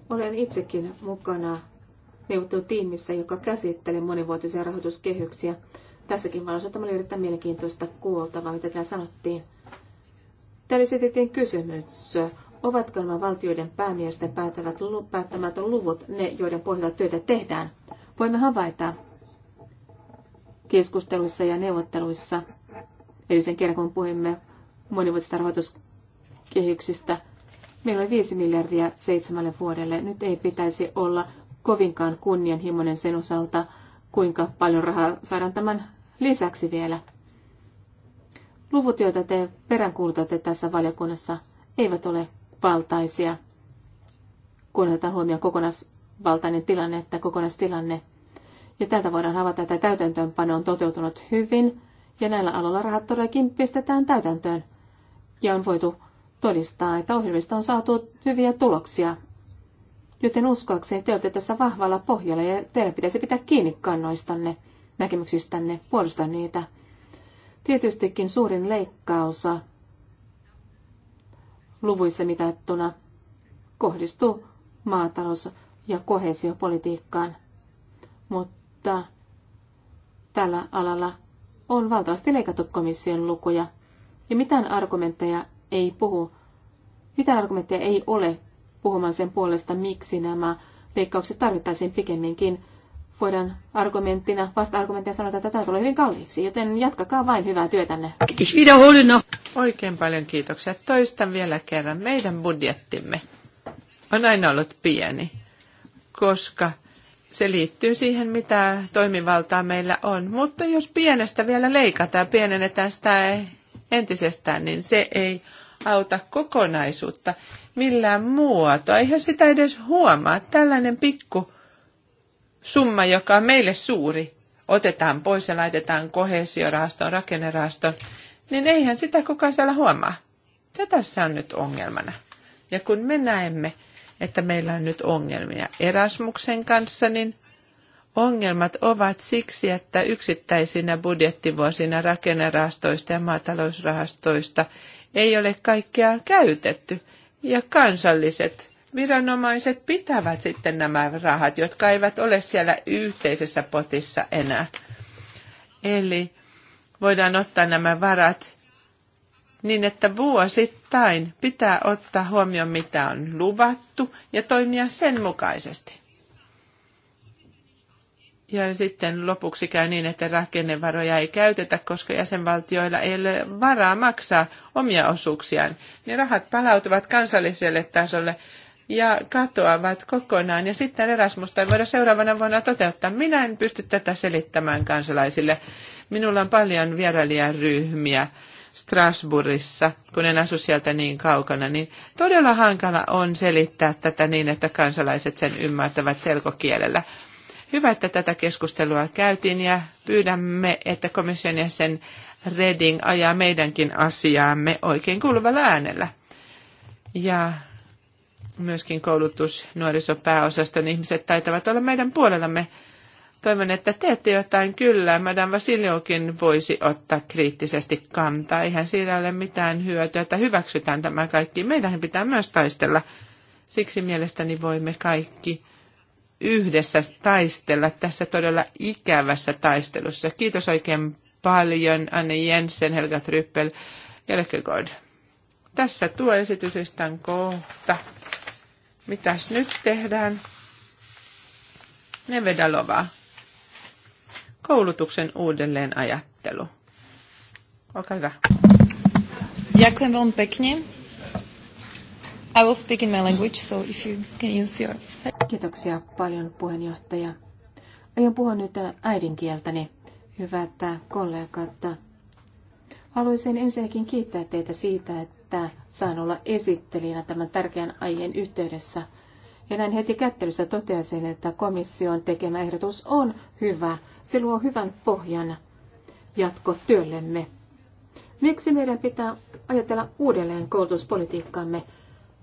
Olen itsekin mukana neuvottelutiimissä, joka käsittelee monivuotisia rahoituskehyksiä. Tässäkin valossa tämä oli erittäin mielenkiintoista kuultavaa, mitä täällä sanottiin. Täällä esitettiin kysymys, ovatko nämä valtioiden päämiesten päättämät luvut ne, joiden pohjalta työtä tehdään? Voimme havaita keskusteluissa ja neuvotteluissa, sen kerran kun puhuimme monivuotisista rahoituskehyksistä, meillä oli 5 miljardia seitsemälle vuodelle. Nyt ei pitäisi olla kovinkaan kunnianhimoinen sen osalta, kuinka paljon rahaa saadaan tämän lisäksi vielä. Luvut, joita te peräänkuulutatte tässä valiokunnassa, eivät ole valtaisia, kun otetaan huomioon kokonaisvaltainen tilanne että kokonaistilanne. Ja täältä voidaan havaita, että täytäntöönpano on toteutunut hyvin ja näillä aloilla rahat todellakin pistetään täytäntöön. Ja on voitu todistaa, että ohjelmista on saatu hyviä tuloksia. Joten uskoakseni te olette tässä vahvalla pohjalla ja teidän pitäisi pitää kiinni kannoistanne, näkemyksistänne, puolustaa niitä. Tietystikin suurin leikkaus luvuissa mitattuna kohdistuu maatalous- ja kohesiopolitiikkaan, mutta mutta tällä alalla on valtavasti leikattu komission lukuja ja mitään argumentteja ei puhu. Mitään argumentteja ei ole puhumaan sen puolesta, miksi nämä leikkaukset tarvittaisiin pikemminkin. Voidaan argumenttina, vasta-argumenttina sanoa, että tämä tulee hyvin kalliiksi, joten jatkakaa vain hyvää työtänne. Oikein paljon kiitoksia. Toistan vielä kerran. Meidän budjettimme on aina ollut pieni, koska se liittyy siihen, mitä toimivaltaa meillä on. Mutta jos pienestä vielä leikataan, pienennetään sitä entisestään, niin se ei auta kokonaisuutta millään muotoa. Eihän sitä edes huomaa. Tällainen pikku summa, joka on meille suuri, otetaan pois ja laitetaan kohesiorahastoon, rakennerahastoon, niin eihän sitä kukaan siellä huomaa. Se tässä on nyt ongelmana. Ja kun me näemme, että meillä on nyt ongelmia Erasmuksen kanssa, niin ongelmat ovat siksi, että yksittäisinä budjettivuosina rakennerahastoista ja maatalousrahastoista ei ole kaikkea käytetty. Ja kansalliset viranomaiset pitävät sitten nämä rahat, jotka eivät ole siellä yhteisessä potissa enää. Eli voidaan ottaa nämä varat niin että vuosittain pitää ottaa huomioon, mitä on luvattu ja toimia sen mukaisesti. Ja sitten lopuksi käy niin, että rakennevaroja ei käytetä, koska jäsenvaltioilla ei ole varaa maksaa omia osuuksiaan. Niin rahat palautuvat kansalliselle tasolle ja katoavat kokonaan. Ja sitten Erasmusta ei voida seuraavana vuonna toteuttaa. Minä en pysty tätä selittämään kansalaisille. Minulla on paljon vierailijaryhmiä Strasbourgissa, kun en asu sieltä niin kaukana, niin todella hankala on selittää tätä niin, että kansalaiset sen ymmärtävät selkokielellä. Hyvä, että tätä keskustelua käytiin ja pyydämme, että komission jäsen Reding ajaa meidänkin asiaamme oikein kuuluvalla äänellä. Ja myöskin koulutus nuorisopääosaston ihmiset taitavat olla meidän puolellamme toivon, että teette jotain kyllä. Madan Vasiljokin voisi ottaa kriittisesti kantaa. Eihän siinä ole mitään hyötyä, että hyväksytään tämä kaikki. Meidän pitää myös taistella. Siksi mielestäni voimme kaikki yhdessä taistella tässä todella ikävässä taistelussa. Kiitos oikein paljon Anne Jensen, Helga Tryppel ja Lekkegaard. Tässä tuo esityslistan kohta. Mitäs nyt tehdään? Nevedalova koulutuksen uudelleen ajattelu. Olkaa hyvä. Ďakujem veľmi pekne. I will speak in my language, so if you can use your... Kiitoksia paljon puheenjohtaja. Aion puhua nyt äidinkieltäni. Hyvät kollegat, haluaisin ensinnäkin kiittää teitä siitä, että saan olla esittelijänä tämän tärkeän aiheen yhteydessä. Ja näin heti kättelyssä toteaisin, että komission tekemä ehdotus on hyvä. Se luo hyvän pohjan jatkotyöllemme. Miksi meidän pitää ajatella uudelleen koulutuspolitiikkaamme?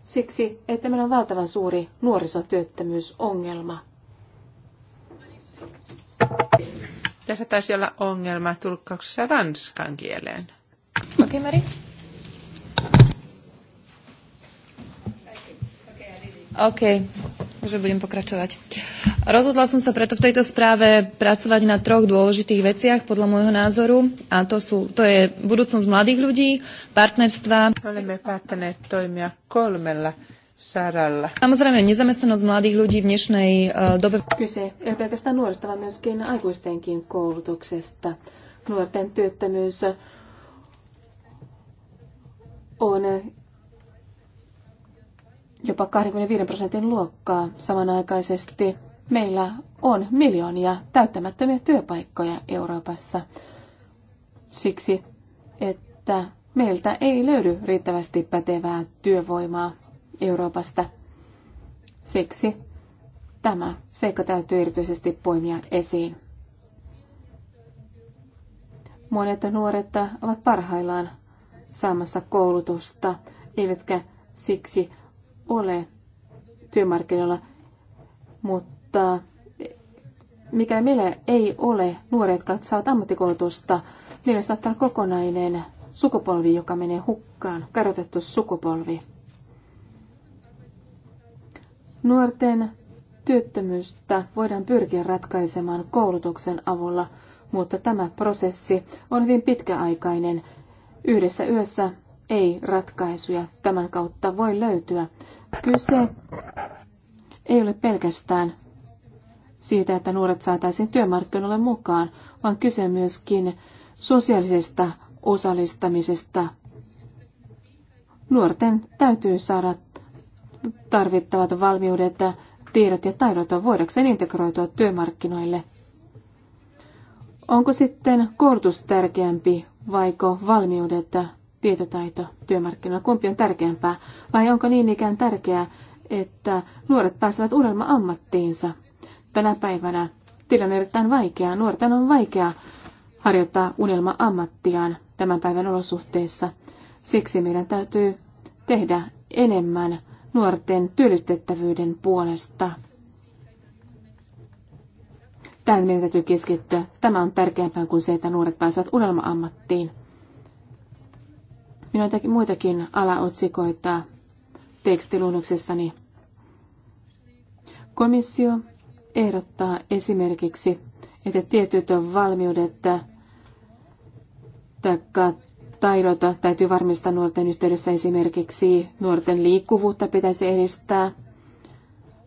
Siksi, että meillä on valtavan suuri nuorisotyöttömyysongelma. Tässä taisi olla ongelma tulkkauksessa ranskan kieleen. Okei, okay, Mari. OK, že budem pokračovať. Rozhodla som sa preto v tejto správe pracovať na troch dôležitých veciach podľa môjho názoru a to, sú, to je budúcnosť mladých ľudí, partnerstva. Olemme päättäneet toimia kolmella saralla. Samozrejme, nezamestnanosť mladých ľudí v dnešnej uh, dobe... Kyse ei pelkästään nuorista, vaan myöskin aikuistenkin koulutuksesta. Nuorten työttömyys on jopa 25 prosentin luokkaa samanaikaisesti. Meillä on miljoonia täyttämättömiä työpaikkoja Euroopassa siksi, että meiltä ei löydy riittävästi pätevää työvoimaa Euroopasta. Siksi tämä seikka täytyy erityisesti poimia esiin. Monet nuoret ovat parhaillaan saamassa koulutusta, eivätkä siksi ole työmarkkinoilla, mutta mikä meillä ei ole nuoret, jotka saavat ammattikoulutusta, niillä saattaa olla kokonainen sukupolvi, joka menee hukkaan, kadotettu sukupolvi. Nuorten työttömyyttä voidaan pyrkiä ratkaisemaan koulutuksen avulla, mutta tämä prosessi on hyvin pitkäaikainen. Yhdessä yössä ei ratkaisuja tämän kautta voi löytyä. Kyse ei ole pelkästään siitä, että nuoret saataisiin työmarkkinoille mukaan, vaan kyse myöskin sosiaalisesta osallistamisesta. Nuorten täytyy saada tarvittavat valmiudet, tiedot ja taidot voidakseen integroitua työmarkkinoille. Onko sitten koulutus tärkeämpi vaiko valmiudet tietotaito työmarkkinoilla? Kumpi on tärkeämpää? Vai onko niin ikään tärkeää, että nuoret pääsevät unelma ammattiinsa? Tänä päivänä tilanne on erittäin vaikea. Nuorten on vaikea harjoittaa unelma ammattiaan tämän päivän olosuhteissa. Siksi meidän täytyy tehdä enemmän nuorten työllistettävyyden puolesta. Tähän meidän täytyy keskittyä. Tämä on tärkeämpää kuin se, että nuoret pääsevät unelma-ammattiin. Minä on muitakin alaotsikoita tekstiluonnoksessani. Komissio ehdottaa esimerkiksi, että tietyt valmiudet tai taidot täytyy varmistaa nuorten yhteydessä esimerkiksi nuorten liikkuvuutta pitäisi edistää.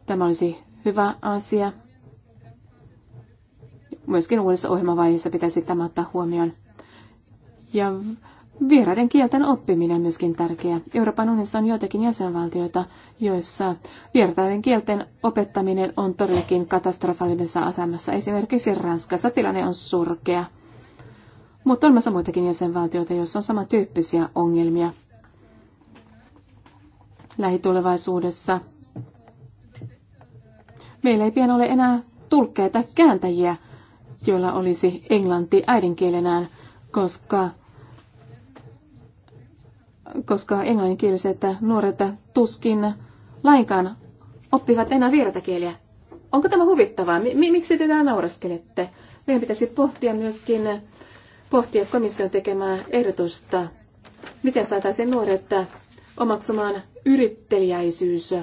Tämä olisi hyvä asia. Myöskin uudessa ohjelmavaiheessa pitäisi tämä ottaa huomioon. Ja Vieraiden kielten oppiminen on myöskin tärkeää. Euroopan unionissa on joitakin jäsenvaltioita, joissa vieraiden kielten opettaminen on todellakin katastrofaalisessa asemassa. Esimerkiksi Ranskassa tilanne on surkea. Mutta on myös muitakin jäsenvaltioita, joissa on samantyyppisiä ongelmia. Lähitulevaisuudessa meillä ei pian ole enää tulkkeita kääntäjiä, joilla olisi englanti äidinkielenään, koska koska englanninkieliset nuoret tuskin lainkaan oppivat enää viertä kieliä. Onko tämä huvittavaa? Miksi te täällä nauraskelette? Meidän pitäisi pohtia myöskin pohtia komission tekemää ehdotusta. Miten saataisiin nuoret omaksumaan yrittelijäisyys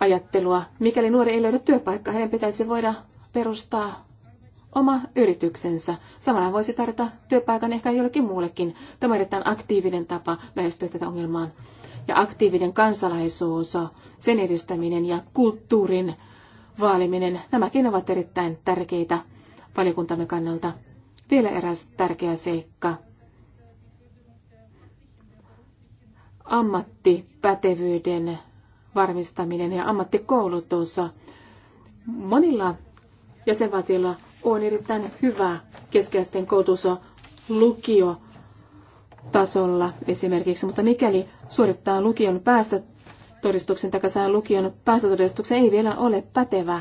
ajattelua. Mikäli nuori ei löydä työpaikkaa, heidän pitäisi voida perustaa oma yrityksensä. Samalla voisi tarjota työpaikan ehkä jollekin muullekin. Tämä on erittäin aktiivinen tapa lähestyä tätä ongelmaa. Ja aktiivinen kansalaisuus, sen edistäminen ja kulttuurin vaaliminen, nämäkin ovat erittäin tärkeitä valiokuntamme kannalta. Vielä eräs tärkeä seikka. Ammattipätevyyden varmistaminen ja ammattikoulutus. Monilla jäsenvaltioilla on erittäin hyvä keskeisten koulutus lukio tasolla esimerkiksi, mutta mikäli suorittaa lukion päästötodistuksen tai saa lukion päästötodistuksen, ei vielä ole pätevä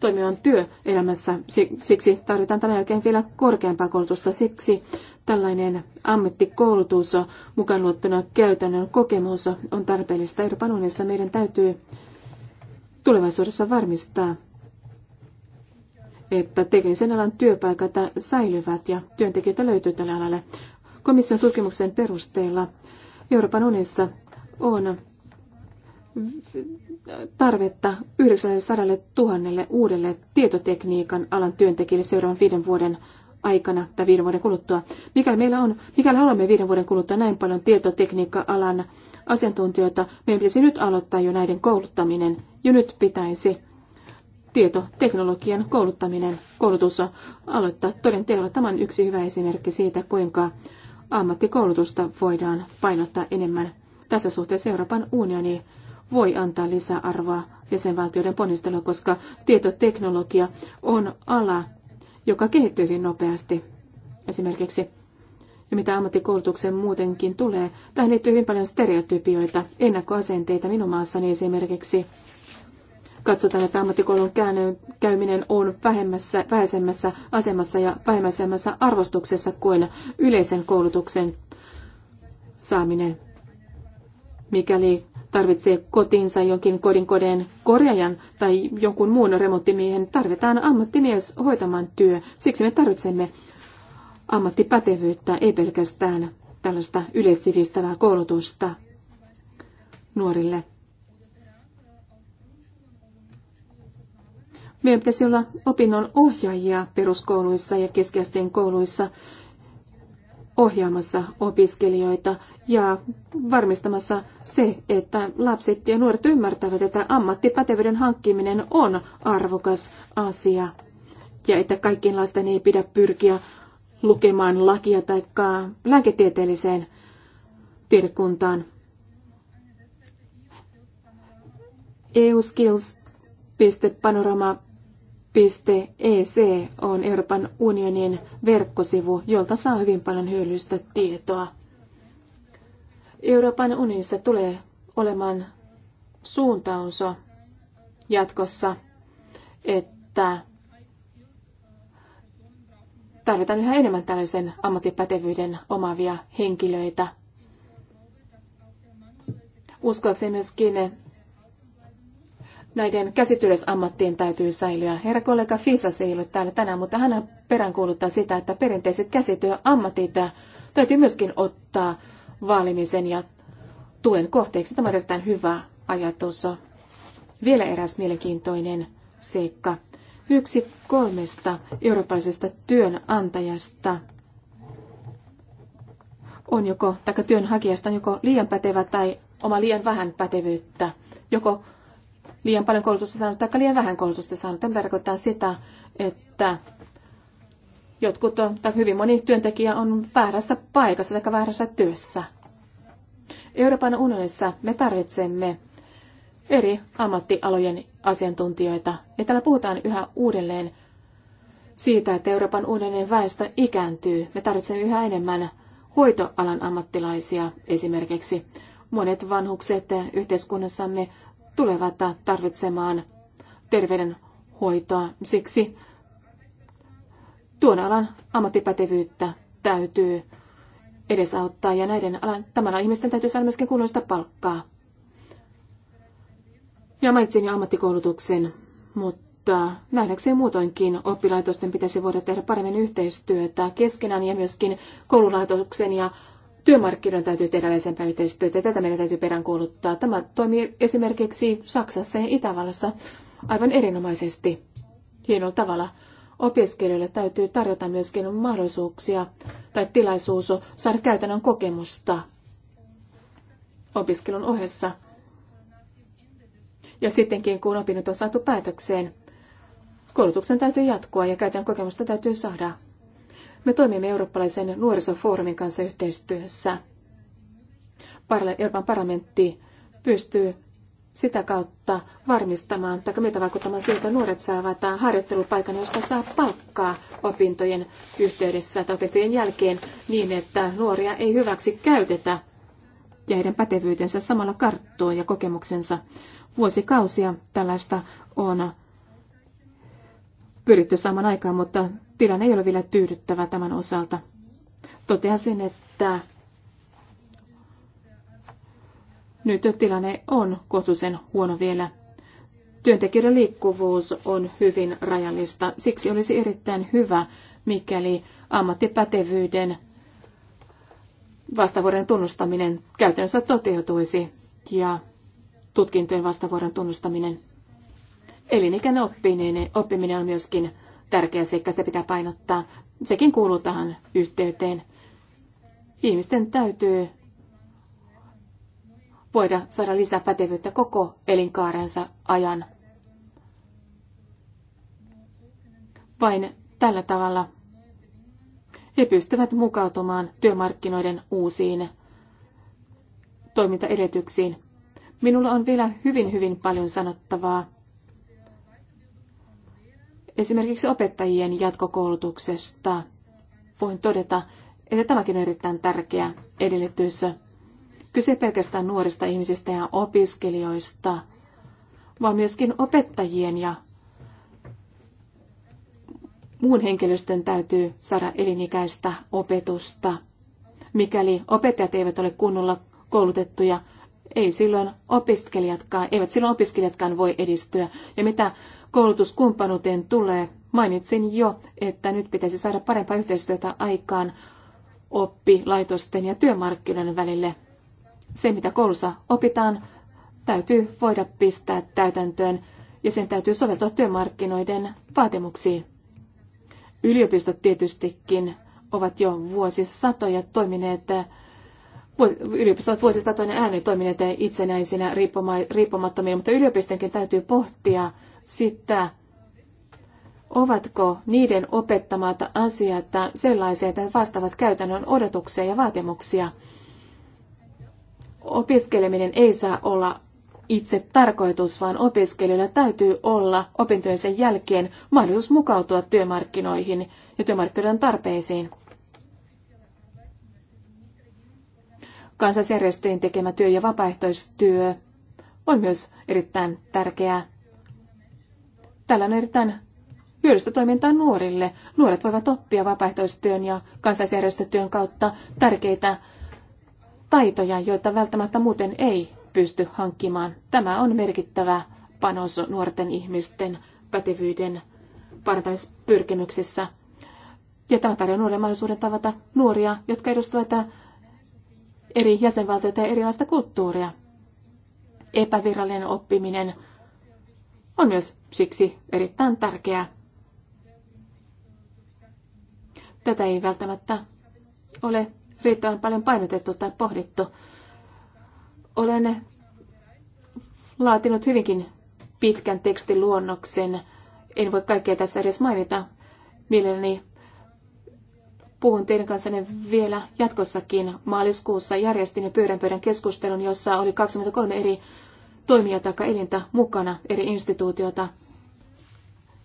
toimivan työelämässä. Siksi tarvitaan tämän jälkeen vielä korkeampaa koulutusta. Siksi tällainen ammattikoulutus, mukaan luottuna käytännön kokemus on tarpeellista. Euroopan unionissa meidän täytyy tulevaisuudessa varmistaa, että teknisen alan työpaikat säilyvät ja työntekijöitä löytyy tälle alalle. Komission tutkimuksen perusteella Euroopan unissa on tarvetta 900 000 uudelle tietotekniikan alan työntekijälle seuraavan viiden vuoden aikana tai viiden vuoden kuluttua. Mikäli meillä on, mikäli haluamme viiden vuoden kuluttua näin paljon tietotekniikka-alan asiantuntijoita, meidän pitäisi nyt aloittaa jo näiden kouluttaminen. Jo nyt pitäisi tietoteknologian kouluttaminen, koulutus aloittaa toden teolla. Tämä on yksi hyvä esimerkki siitä, kuinka ammattikoulutusta voidaan painottaa enemmän. Tässä suhteessa Euroopan unioni voi antaa lisäarvoa jäsenvaltioiden ponnistelua, koska tietoteknologia on ala, joka kehittyy hyvin nopeasti. Esimerkiksi ja mitä ammattikoulutukseen muutenkin tulee, tähän liittyy hyvin paljon stereotypioita, ennakkoasenteita minun maassani esimerkiksi katsotaan, että ammattikoulun käyminen on vähemmässä, vähäisemmässä asemassa ja vähemmässä arvostuksessa kuin yleisen koulutuksen saaminen. Mikäli tarvitsee kotinsa jonkin kodin kodeen korjaajan tai jonkun muun remonttimiehen, tarvitaan ammattimies hoitamaan työ. Siksi me tarvitsemme ammattipätevyyttä, ei pelkästään tällaista yleissivistävää koulutusta nuorille. Meidän pitäisi olla opinnon ohjaajia peruskouluissa ja keskeisten kouluissa ohjaamassa opiskelijoita ja varmistamassa se, että lapset ja nuoret ymmärtävät, että ammattipätevyyden hankkiminen on arvokas asia ja että kaikkien lasten ei pidä pyrkiä lukemaan lakia tai lääketieteelliseen tiedekuntaan. EUskills.panorama .ec e on Euroopan unionin verkkosivu, jolta saa hyvin paljon hyödyllistä tietoa. Euroopan unionissa tulee olemaan suuntaus jatkossa, että tarvitaan yhä enemmän tällaisen ammattipätevyyden omavia henkilöitä. Uskoakseni myöskin näiden käsityöläisammattien täytyy säilyä. Herra kollega Fisas ei ole täällä tänään, mutta hän peräänkuuluttaa sitä, että perinteiset käsityöammatit täytyy myöskin ottaa vaalimisen ja tuen kohteeksi. Tämä on erittäin hyvä ajatus. Vielä eräs mielenkiintoinen seikka. Yksi kolmesta eurooppalaisesta työnantajasta on joko, taikka työnhakijasta on joko liian pätevä tai oma liian vähän pätevyyttä. Joko liian paljon koulutusta saanut tai liian vähän koulutusta saanut. Tämä tarkoittaa sitä, että jotkut tai hyvin moni työntekijä on väärässä paikassa tai väärässä työssä. Euroopan unionissa me tarvitsemme eri ammattialojen asiantuntijoita. Ja täällä puhutaan yhä uudelleen siitä, että Euroopan unionin väestö ikääntyy. Me tarvitsemme yhä enemmän hoitoalan ammattilaisia esimerkiksi. Monet vanhukset yhteiskunnassamme tulevat tarvitsemaan terveydenhoitoa. Siksi tuon alan ammattipätevyyttä täytyy edesauttaa ja näiden alan, tämän alan ihmisten täytyy saada myöskin kuuloista palkkaa. Ja mainitsin jo ammattikoulutuksen, mutta nähdäkseni muutoinkin oppilaitosten pitäisi voida tehdä paremmin yhteistyötä keskenään ja myöskin koululaitoksen ja Työmarkkinoilla täytyy tehdä lisempää yhteistyötä ja tätä meidän täytyy peräänkuuluttaa. Tämä toimii esimerkiksi Saksassa ja Itävallassa aivan erinomaisesti hienolla tavalla. Opiskelijoille täytyy tarjota myöskin mahdollisuuksia tai tilaisuus saada käytännön kokemusta opiskelun ohessa. Ja sittenkin, kun opinnot on saatu päätökseen, koulutuksen täytyy jatkua ja käytännön kokemusta täytyy saada me toimimme eurooppalaisen nuorisofoorumin kanssa yhteistyössä. Euroopan parlamentti pystyy sitä kautta varmistamaan tai meitä vaikuttamaan siitä, että nuoret saavat harjoittelupaikan, josta saa palkkaa opintojen yhteydessä tai opintojen jälkeen niin, että nuoria ei hyväksi käytetä ja heidän pätevyytensä samalla karttuu ja kokemuksensa. Vuosikausia tällaista on pyritty saamaan aikaan, mutta Tilanne ei ole vielä tyydyttävä tämän osalta. Toteasin, että nyt tilanne on kohtuullisen huono vielä. Työntekijöiden liikkuvuus on hyvin rajallista. Siksi olisi erittäin hyvä, mikäli ammattipätevyyden vastavuoden tunnustaminen käytännössä toteutuisi ja tutkintojen vastavuoden tunnustaminen. Elinikäinen oppiminen, oppiminen on myöskin tärkeä seikka, sitä pitää painottaa. Sekin kuuluu tähän yhteyteen. Ihmisten täytyy voida saada lisää pätevyyttä koko elinkaarensa ajan. Vain tällä tavalla he pystyvät mukautumaan työmarkkinoiden uusiin toimintaedetyksiin. Minulla on vielä hyvin, hyvin paljon sanottavaa Esimerkiksi opettajien jatkokoulutuksesta voin todeta, että tämäkin on erittäin tärkeä edellytys. Kyse pelkästään nuorista ihmisistä ja opiskelijoista, vaan myöskin opettajien ja muun henkilöstön täytyy saada elinikäistä opetusta. Mikäli opettajat eivät ole kunnolla koulutettuja, ei silloin opiskelijatkaan, eivät silloin opiskelijatkaan voi edistyä. Ja mitä koulutuskumppanuuteen tulee, mainitsin jo, että nyt pitäisi saada parempaa yhteistyötä aikaan oppilaitosten ja työmarkkinoiden välille. Se, mitä koulussa opitaan, täytyy voida pistää täytäntöön ja sen täytyy soveltua työmarkkinoiden vaatimuksiin. Yliopistot tietystikin ovat jo vuosisatoja toimineet yliopistot ovat vuosista toinen ääni toimineet itsenäisinä riippumattomina, mutta yliopistenkin täytyy pohtia sitä, ovatko niiden opettamat asiat sellaisia, että vastaavat käytännön odotuksia ja vaatimuksia. Opiskeleminen ei saa olla itse tarkoitus, vaan opiskelijoilla täytyy olla opintojensa jälkeen mahdollisuus mukautua työmarkkinoihin ja työmarkkinoiden tarpeisiin. Kansalaisjärjestöjen tekemä työ ja vapaaehtoistyö on myös erittäin tärkeää. Tällainen on erittäin hyödyllistä toimintaa nuorille. Nuoret voivat oppia vapaaehtoistyön ja kansalaisjärjestötyön kautta tärkeitä taitoja, joita välttämättä muuten ei pysty hankkimaan. Tämä on merkittävä panos nuorten ihmisten pätevyyden parantamispyrkimyksissä. Ja tämä tarjoaa nuorille mahdollisuuden tavata nuoria, jotka edustavat eri jäsenvaltioita ja erilaista kulttuuria. Epävirallinen oppiminen on myös siksi erittäin tärkeää. Tätä ei välttämättä ole riittävän paljon painotettu tai pohdittu. Olen laatinut hyvinkin pitkän tekstiluonnoksen. En voi kaikkea tässä edes mainita. Mielelläni puhun teidän kanssanne vielä jatkossakin. Maaliskuussa järjestin jo pyörän pöydän keskustelun, jossa oli 23 eri toimijaa tai elintä mukana eri instituutiota.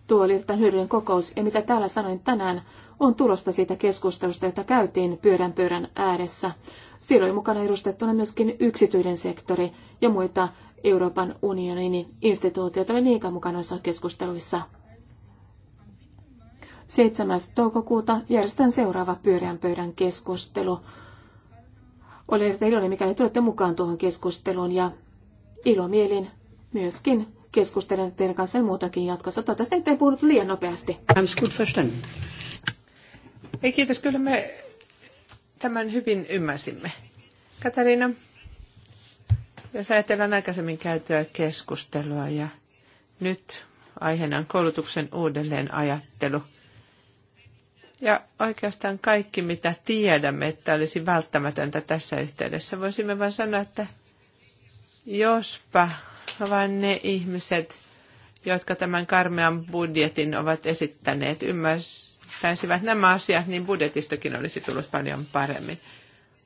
Tuo oli tämän hyödyllinen kokous, ja mitä täällä sanoin tänään, on tulosta siitä keskustelusta, jota käytiin pyörän pöydän ääressä. Siellä oli mukana edustettuna myöskin yksityinen sektori ja muita Euroopan unionin instituutioita oli niinkään mukana noissa keskusteluissa. 7. toukokuuta järjestetään seuraava pyöreän pöydän keskustelu. Olen erittäin iloinen, mikäli tulette mukaan tuohon keskusteluun ja ilomielin myöskin keskustelen teidän kanssa muutakin jatkossa. Toivottavasti ettei puhunut liian nopeasti. Ei kiitos, kyllä me tämän hyvin ymmärsimme. Katariina, jos ajatellaan aikaisemmin käytyä keskustelua ja nyt aiheena on koulutuksen uudelleen ajattelu – ja oikeastaan kaikki, mitä tiedämme, että olisi välttämätöntä tässä yhteydessä, voisimme vain sanoa, että jospa vain ne ihmiset, jotka tämän karmean budjetin ovat esittäneet, ymmärtäisivät nämä asiat, niin budjetistakin olisi tullut paljon paremmin,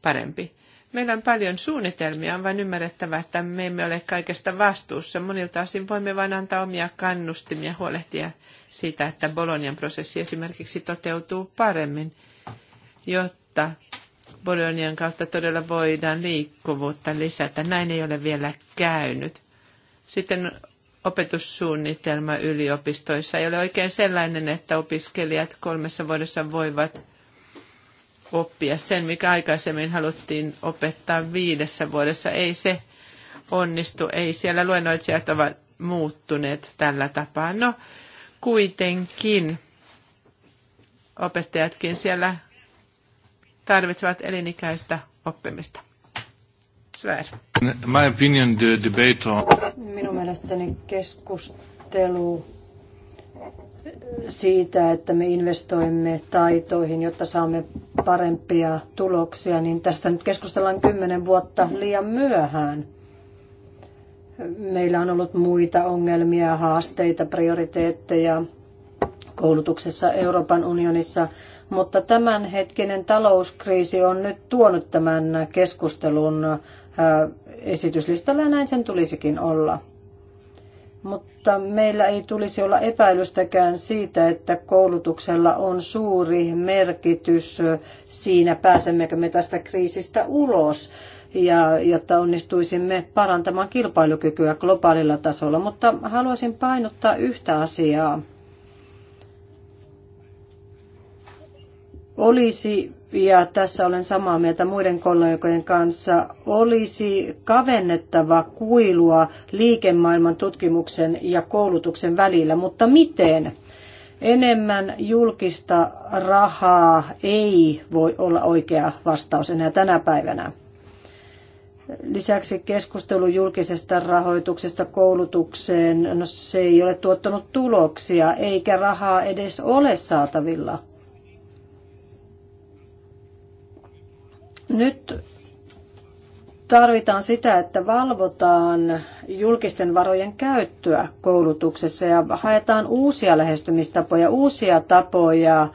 parempi. Meillä on paljon suunnitelmia, on vain ymmärrettävä, että me emme ole kaikesta vastuussa. Monilta osin voimme vain antaa omia kannustimia huolehtia siitä, että Bolonian prosessi esimerkiksi toteutuu paremmin, jotta Bolonian kautta todella voidaan liikkuvuutta lisätä. Näin ei ole vielä käynyt. Sitten opetussuunnitelma yliopistoissa ei ole oikein sellainen, että opiskelijat kolmessa vuodessa voivat oppia sen, mikä aikaisemmin haluttiin opettaa viidessä vuodessa. Ei se onnistu, ei siellä luennoitsijat ovat muuttuneet tällä tapaa. No kuitenkin opettajatkin siellä tarvitsevat elinikäistä oppimista. Svär. My opinion, the debate on... Minun mielestäni keskustelu siitä, että me investoimme taitoihin, jotta saamme parempia tuloksia, niin tästä nyt keskustellaan kymmenen vuotta liian myöhään. Meillä on ollut muita ongelmia, haasteita, prioriteetteja koulutuksessa Euroopan unionissa, mutta tämänhetkinen talouskriisi on nyt tuonut tämän keskustelun esityslistalla ja näin sen tulisikin olla mutta meillä ei tulisi olla epäilystäkään siitä, että koulutuksella on suuri merkitys siinä, pääsemmekö me tästä kriisistä ulos ja jotta onnistuisimme parantamaan kilpailukykyä globaalilla tasolla. Mutta haluaisin painottaa yhtä asiaa. Olisi ja tässä olen samaa mieltä muiden kollegojen kanssa, olisi kavennettava kuilua liikemaailman tutkimuksen ja koulutuksen välillä. Mutta miten? Enemmän julkista rahaa ei voi olla oikea vastaus enää tänä päivänä. Lisäksi keskustelu julkisesta rahoituksesta koulutukseen, no se ei ole tuottanut tuloksia, eikä rahaa edes ole saatavilla Nyt tarvitaan sitä, että valvotaan julkisten varojen käyttöä koulutuksessa ja haetaan uusia lähestymistapoja, uusia tapoja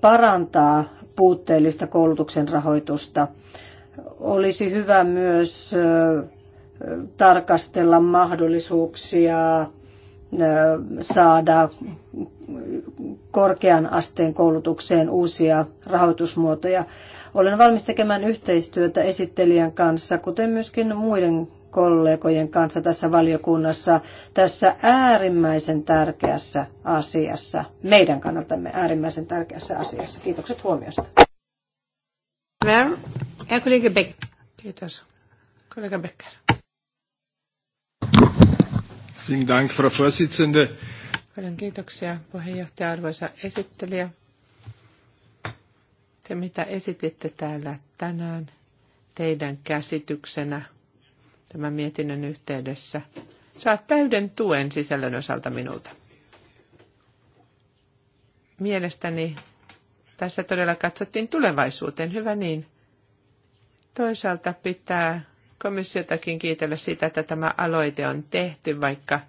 parantaa puutteellista koulutuksen rahoitusta. Olisi hyvä myös tarkastella mahdollisuuksia saada korkean asteen koulutukseen uusia rahoitusmuotoja. Olen valmis tekemään yhteistyötä esittelijän kanssa, kuten myöskin muiden kollegojen kanssa tässä valiokunnassa tässä äärimmäisen tärkeässä asiassa, meidän kannaltamme äärimmäisen tärkeässä asiassa. Kiitokset huomiosta. Kiitos. Kollega Becker. Vielen Dank, Frau Vorsitzende. Paljon kiitoksia puheenjohtaja, arvoisa esittelijä. Se, mitä esititte täällä tänään teidän käsityksenä tämän mietinnön yhteydessä, saa täyden tuen sisällön osalta minulta. Mielestäni tässä todella katsottiin tulevaisuuteen, hyvä niin. Toisaalta pitää komissiotakin kiitellä siitä, että tämä aloite on tehty, vaikka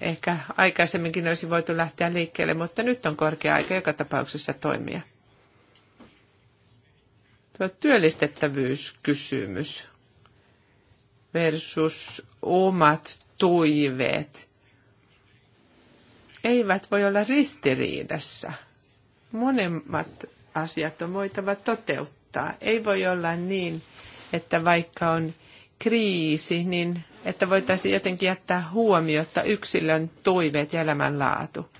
ehkä aikaisemminkin olisi voitu lähteä liikkeelle, mutta nyt on korkea aika joka tapauksessa toimia. Tuo työllistettävyyskysymys versus omat toiveet eivät voi olla ristiriidassa. Monemmat asiat on voitava toteuttaa. Ei voi olla niin, että vaikka on kriisi, niin että voitaisiin jotenkin jättää huomiota yksilön toiveet ja elämänlaatu.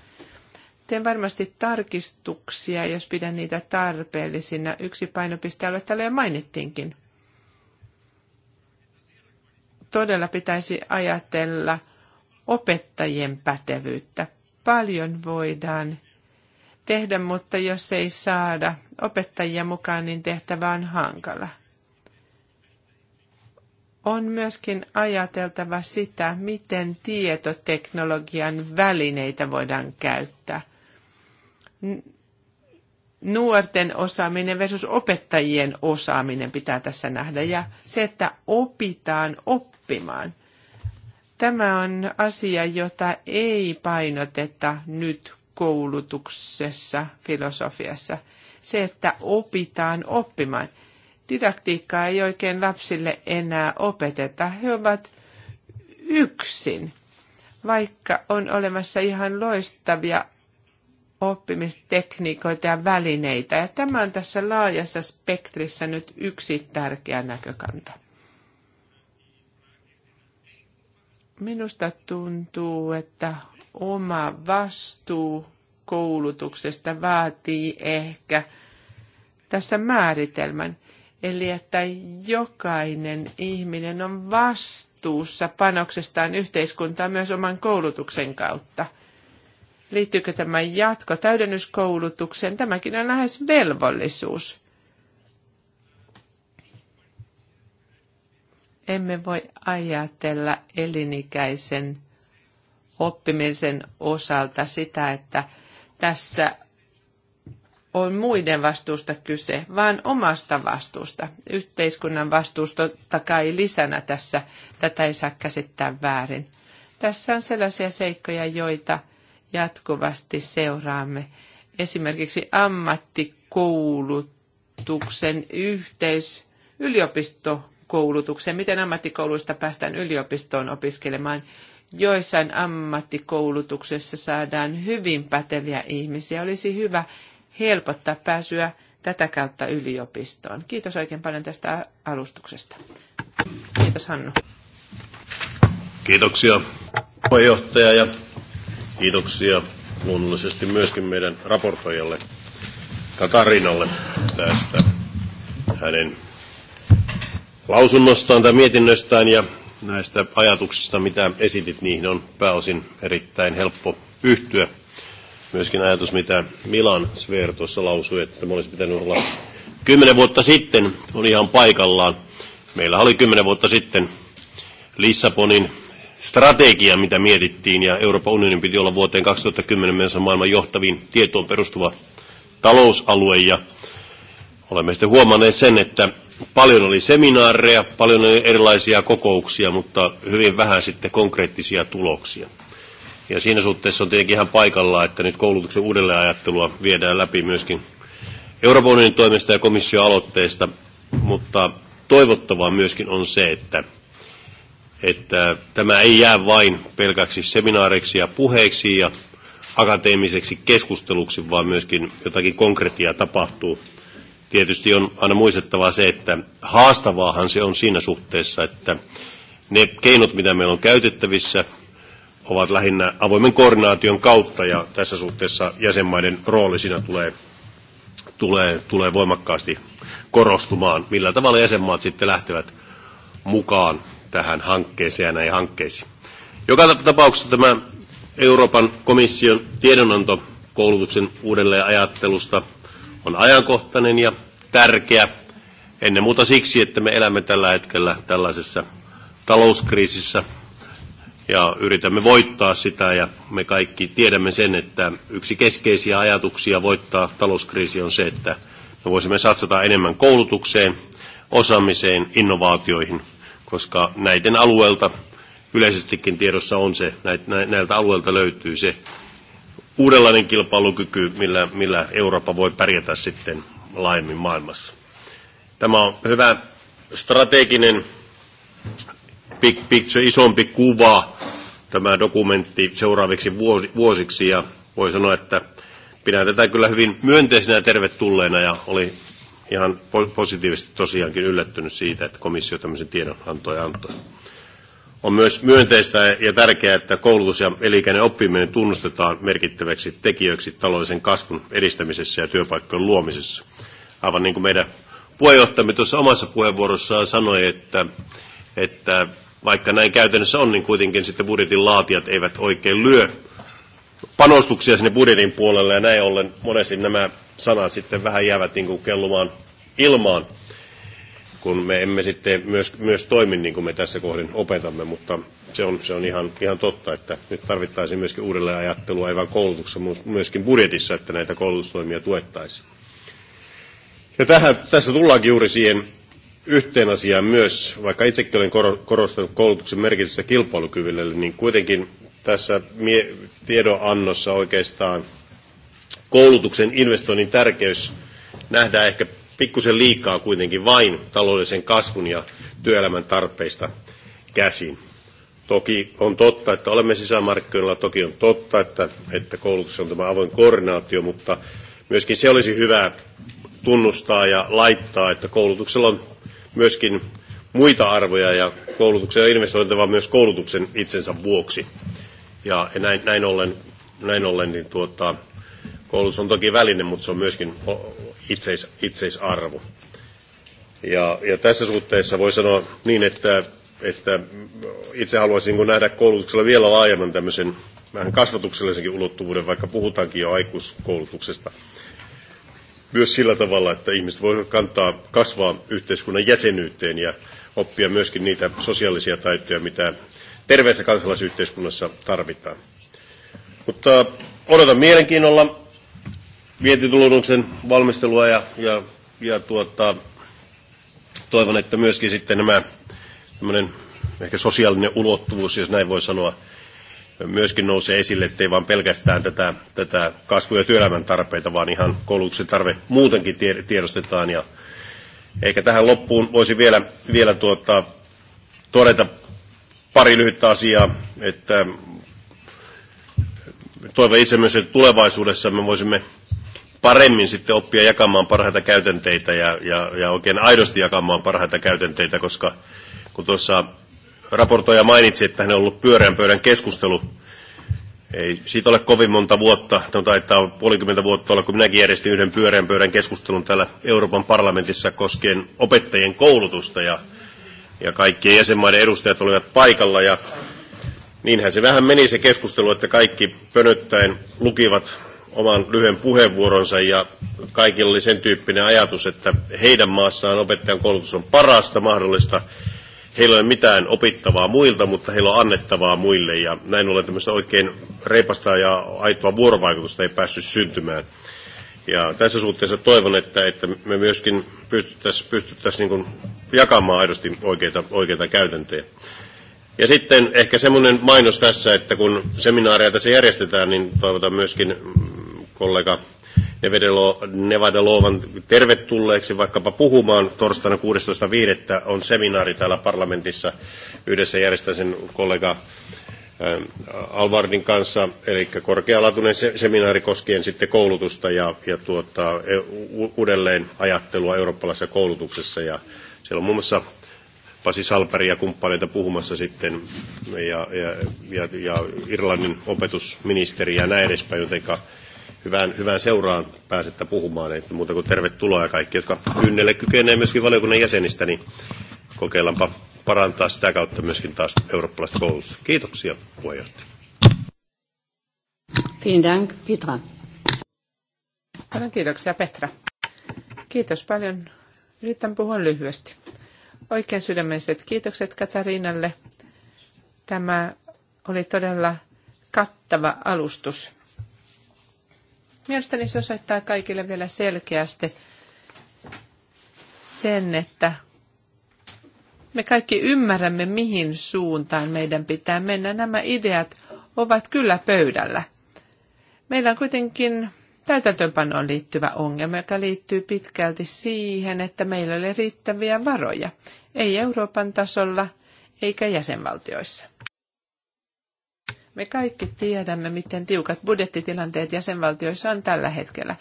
Teen varmasti tarkistuksia, jos pidän niitä tarpeellisina. Yksi painopistealue täällä jo mainittiinkin. Todella pitäisi ajatella opettajien pätevyyttä. Paljon voidaan tehdä, mutta jos ei saada opettajia mukaan, niin tehtävä on hankala on myöskin ajateltava sitä, miten tietoteknologian välineitä voidaan käyttää. Nuorten osaaminen versus opettajien osaaminen pitää tässä nähdä ja se, että opitaan oppimaan. Tämä on asia, jota ei painoteta nyt koulutuksessa, filosofiassa. Se, että opitaan oppimaan – didaktiikkaa ei oikein lapsille enää opeteta. He ovat yksin, vaikka on olemassa ihan loistavia oppimistekniikoita ja välineitä. Ja tämä on tässä laajassa spektrissä nyt yksi tärkeä näkökanta. Minusta tuntuu, että oma vastuu koulutuksesta vaatii ehkä tässä määritelmän. Eli että jokainen ihminen on vastuussa panoksestaan yhteiskuntaa myös oman koulutuksen kautta. Liittyykö tämä jatko täydennyskoulutukseen? Tämäkin on lähes velvollisuus. Emme voi ajatella elinikäisen oppimisen osalta sitä, että tässä on muiden vastuusta kyse, vaan omasta vastuusta. Yhteiskunnan vastuusta totta kai lisänä tässä. Tätä ei saa käsittää väärin. Tässä on sellaisia seikkoja, joita jatkuvasti seuraamme. Esimerkiksi ammattikoulutuksen yhteys yliopistokoulutukseen. Miten ammattikouluista päästään yliopistoon opiskelemaan? Joissain ammattikoulutuksessa saadaan hyvin päteviä ihmisiä. Olisi hyvä, helpottaa pääsyä tätä kautta yliopistoon. Kiitos oikein paljon tästä alustuksesta. Kiitos Hannu. Kiitoksia puheenjohtaja ja kiitoksia luonnollisesti myöskin meidän raportoijalle Katarinalle tästä hänen lausunnostaan tai mietinnöstään ja näistä ajatuksista, mitä esitit, niihin on pääosin erittäin helppo yhtyä myöskin ajatus, mitä Milan Sver tuossa lausui, että me olisi pitänyt olla kymmenen vuotta sitten, on ihan paikallaan. Meillä oli kymmenen vuotta sitten Lissabonin strategia, mitä mietittiin, ja Euroopan unionin piti olla vuoteen 2010 mennessä maailman johtaviin tietoon perustuva talousalue, ja olemme sitten huomanneet sen, että paljon oli seminaareja, paljon oli erilaisia kokouksia, mutta hyvin vähän sitten konkreettisia tuloksia. Ja siinä suhteessa on tietenkin ihan paikalla, että nyt koulutuksen uudelleenajattelua viedään läpi myöskin Euroopan unionin toimesta ja komission aloitteesta, mutta toivottavaa myöskin on se, että, että tämä ei jää vain pelkäksi seminaareiksi ja puheiksi ja akateemiseksi keskusteluksi, vaan myöskin jotakin konkretiaa tapahtuu. Tietysti on aina muistettava se, että haastavaahan se on siinä suhteessa, että ne keinot, mitä meillä on käytettävissä, ovat lähinnä avoimen koordinaation kautta ja tässä suhteessa jäsenmaiden rooli siinä tulee, tulee, tulee voimakkaasti korostumaan, millä tavalla jäsenmaat sitten lähtevät mukaan tähän hankkeeseen ja näihin hankkeisiin. Joka tapauksessa tämä Euroopan komission tiedonanto koulutuksen ajattelusta on ajankohtainen ja tärkeä ennen muuta siksi, että me elämme tällä hetkellä tällaisessa talouskriisissä, ja yritämme voittaa sitä ja me kaikki tiedämme sen, että yksi keskeisiä ajatuksia voittaa talouskriisi on se, että me voisimme satsata enemmän koulutukseen, osaamiseen, innovaatioihin, koska näiden alueelta yleisestikin tiedossa on se, näiltä alueilta löytyy se uudenlainen kilpailukyky, millä, millä Eurooppa voi pärjätä sitten laajemmin maailmassa. Tämä on hyvä strateginen big picture, isompi kuva tämä dokumentti seuraaviksi vuosiksi ja voi sanoa, että pidän tätä kyllä hyvin myönteisenä ja tervetulleena ja oli ihan positiivisesti tosiaankin yllättynyt siitä, että komissio tämmöisen tiedon antoi ja antoi. On myös myönteistä ja tärkeää, että koulutus ja elikäinen oppiminen tunnustetaan merkittäväksi tekijöiksi taloudellisen kasvun edistämisessä ja työpaikkojen luomisessa. Aivan niin kuin meidän puheenjohtajamme tuossa omassa puheenvuorossaan sanoi, että, että vaikka näin käytännössä on, niin kuitenkin sitten budjetin laatijat eivät oikein lyö panostuksia sinne budjetin puolelle, ja näin ollen monesti nämä sanat sitten vähän jäävät niin kuin kellumaan ilmaan, kun me emme sitten myös, myös toimi niin kuin me tässä kohdin opetamme, mutta se on, se on ihan, ihan totta, että nyt tarvittaisiin myöskin uudelleen ajattelua, ei vain koulutuksessa, myöskin budjetissa, että näitä koulutustoimia tuettaisiin. Ja tähän, tässä tullaankin juuri siihen yhteen asiaan myös, vaikka itsekin olen korostanut koulutuksen merkitystä kilpailukyvylle, niin kuitenkin tässä tiedonannossa oikeastaan koulutuksen investoinnin tärkeys nähdään ehkä pikkusen liikaa kuitenkin vain taloudellisen kasvun ja työelämän tarpeista käsin. Toki on totta, että olemme sisämarkkinoilla, toki on totta, että, että koulutus on tämä avoin koordinaatio, mutta myöskin se olisi hyvä tunnustaa ja laittaa, että koulutuksella on myöskin muita arvoja ja koulutuksen on investoitava myös koulutuksen itsensä vuoksi. Ja näin, näin ollen, näin ollen niin tuota, koulutus on toki väline, mutta se on myöskin itseis, itseisarvo. Ja, ja tässä suhteessa voi sanoa niin, että, että itse haluaisin niin nähdä koulutuksella vielä laajemman tämmöisen vähän kasvatuksellisenkin ulottuvuuden, vaikka puhutaankin jo aikuiskoulutuksesta myös sillä tavalla, että ihmiset voivat kantaa, kasvaa yhteiskunnan jäsenyyteen ja oppia myöskin niitä sosiaalisia taitoja, mitä terveessä kansalaisyhteiskunnassa tarvitaan. Mutta odotan mielenkiinnolla vientitulonnuksen valmistelua ja, ja, ja tuota, toivon, että myöskin sitten nämä ehkä sosiaalinen ulottuvuus, jos näin voi sanoa, myöskin nousee esille, ettei vain pelkästään tätä, tätä kasvu- ja työelämän tarpeita, vaan ihan koulutuksen tarve muutenkin tiedostetaan. Ja ehkä tähän loppuun voisi vielä, vielä tuota, todeta pari lyhyttä asiaa, että toivon itse myös, että tulevaisuudessa me voisimme paremmin sitten oppia jakamaan parhaita käytänteitä ja, ja, ja oikein aidosti jakamaan parhaita käytänteitä, koska kun tuossa raportoija mainitsi, että hän on ollut pyöreän pöydän keskustelu. Ei siitä ole kovin monta vuotta, no taitaa puolikymmentä vuotta olla, kun minäkin järjestin yhden pyöreän pöydän keskustelun täällä Euroopan parlamentissa koskien opettajien koulutusta ja, ja kaikkien jäsenmaiden edustajat olivat paikalla ja niinhän se vähän meni se keskustelu, että kaikki pönöttäen lukivat oman lyhyen puheenvuoronsa ja kaikilla oli sen tyyppinen ajatus, että heidän maassaan opettajan koulutus on parasta mahdollista heillä ei ole mitään opittavaa muilta, mutta heillä on annettavaa muille ja näin ollen tämmöistä oikein reipasta ja aitoa vuorovaikutusta ei päässyt syntymään. Ja tässä suhteessa toivon, että, että me myöskin pystyttäisiin pystyttäisi niin kuin jakamaan aidosti oikeita, oikeita käytäntöjä. Ja sitten ehkä semmoinen mainos tässä, että kun seminaaria tässä järjestetään, niin toivotan myöskin kollega Nevadelovan tervetulleeksi vaikkapa puhumaan. Torstaina 16.5. on seminaari täällä parlamentissa. Yhdessä järjestän sen kollega eh, Alvardin kanssa, eli korkealaatuinen seminaari koskien sitten koulutusta ja, ja tuota, e-, uudelleen ajattelua eurooppalaisessa koulutuksessa. Ja siellä on muun muassa Pasi Salperi ja kumppaneita puhumassa sitten ja, ja, ja, ja Irlannin opetusministeri ja näin edespäin, jotenka hyvään, hyvään seuraan pääsette puhumaan. Ei muuta kuin tervetuloa ja kaikki, jotka kynnelle kykenevät myöskin valiokunnan jäsenistä, niin kokeillaanpa parantaa sitä kautta myöskin taas eurooppalaista koulutusta. Kiitoksia puheenjohtaja. Petra. kiitoksia, Petra. Kiitos paljon. Yritän puhua lyhyesti. Oikein sydämelliset kiitokset Katariinalle. Tämä oli todella kattava alustus Mielestäni se osoittaa kaikille vielä selkeästi sen, että me kaikki ymmärrämme, mihin suuntaan meidän pitää mennä. Nämä ideat ovat kyllä pöydällä. Meillä on kuitenkin täytäntöönpanoon liittyvä ongelma, joka liittyy pitkälti siihen, että meillä ei ole riittäviä varoja, ei Euroopan tasolla eikä jäsenvaltioissa. Me kaikki tiedämme, miten tiukat budjettitilanteet jäsenvaltioissa on tällä hetkellä.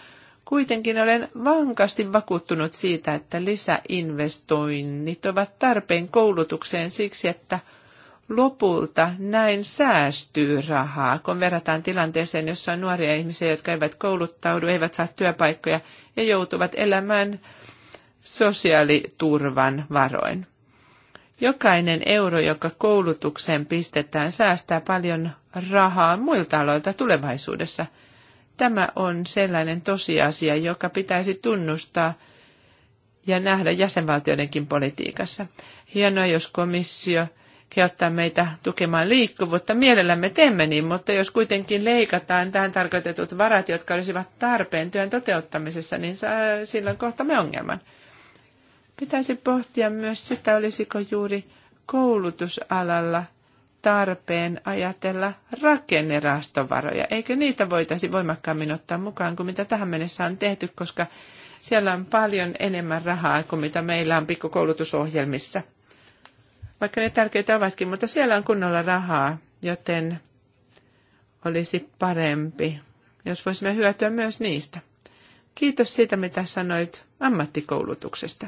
Kuitenkin olen vankasti vakuuttunut siitä, että lisäinvestoinnit ovat tarpeen koulutukseen siksi, että lopulta näin säästyy rahaa, kun verrataan tilanteeseen, jossa on nuoria ihmisiä, jotka eivät kouluttaudu, eivät saa työpaikkoja ja joutuvat elämään sosiaaliturvan varoin. Jokainen euro, joka koulutukseen pistetään, säästää paljon rahaa muilta aloilta tulevaisuudessa. Tämä on sellainen tosiasia, joka pitäisi tunnustaa ja nähdä jäsenvaltioidenkin politiikassa. Hienoa, jos komissio kehottaa meitä tukemaan liikkuvuutta. Mielellämme teemme niin, mutta jos kuitenkin leikataan tähän tarkoitetut varat, jotka olisivat tarpeen työn toteuttamisessa, niin silloin kohtamme ongelman. Pitäisi pohtia myös sitä, olisiko juuri koulutusalalla tarpeen ajatella rakennerastovaroja. Eikö niitä voitaisi voimakkaammin ottaa mukaan kuin mitä tähän mennessä on tehty, koska siellä on paljon enemmän rahaa kuin mitä meillä on pikkukoulutusohjelmissa. Vaikka ne tärkeitä ovatkin, mutta siellä on kunnolla rahaa, joten olisi parempi, jos voisimme hyötyä myös niistä. Kiitos siitä, mitä sanoit ammattikoulutuksesta.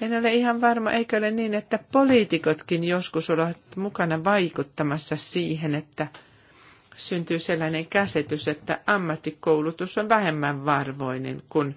En ole ihan varma, eikö ole niin, että poliitikotkin joskus ovat mukana vaikuttamassa siihen, että syntyy sellainen käsitys, että ammattikoulutus on vähemmän varvoinen kuin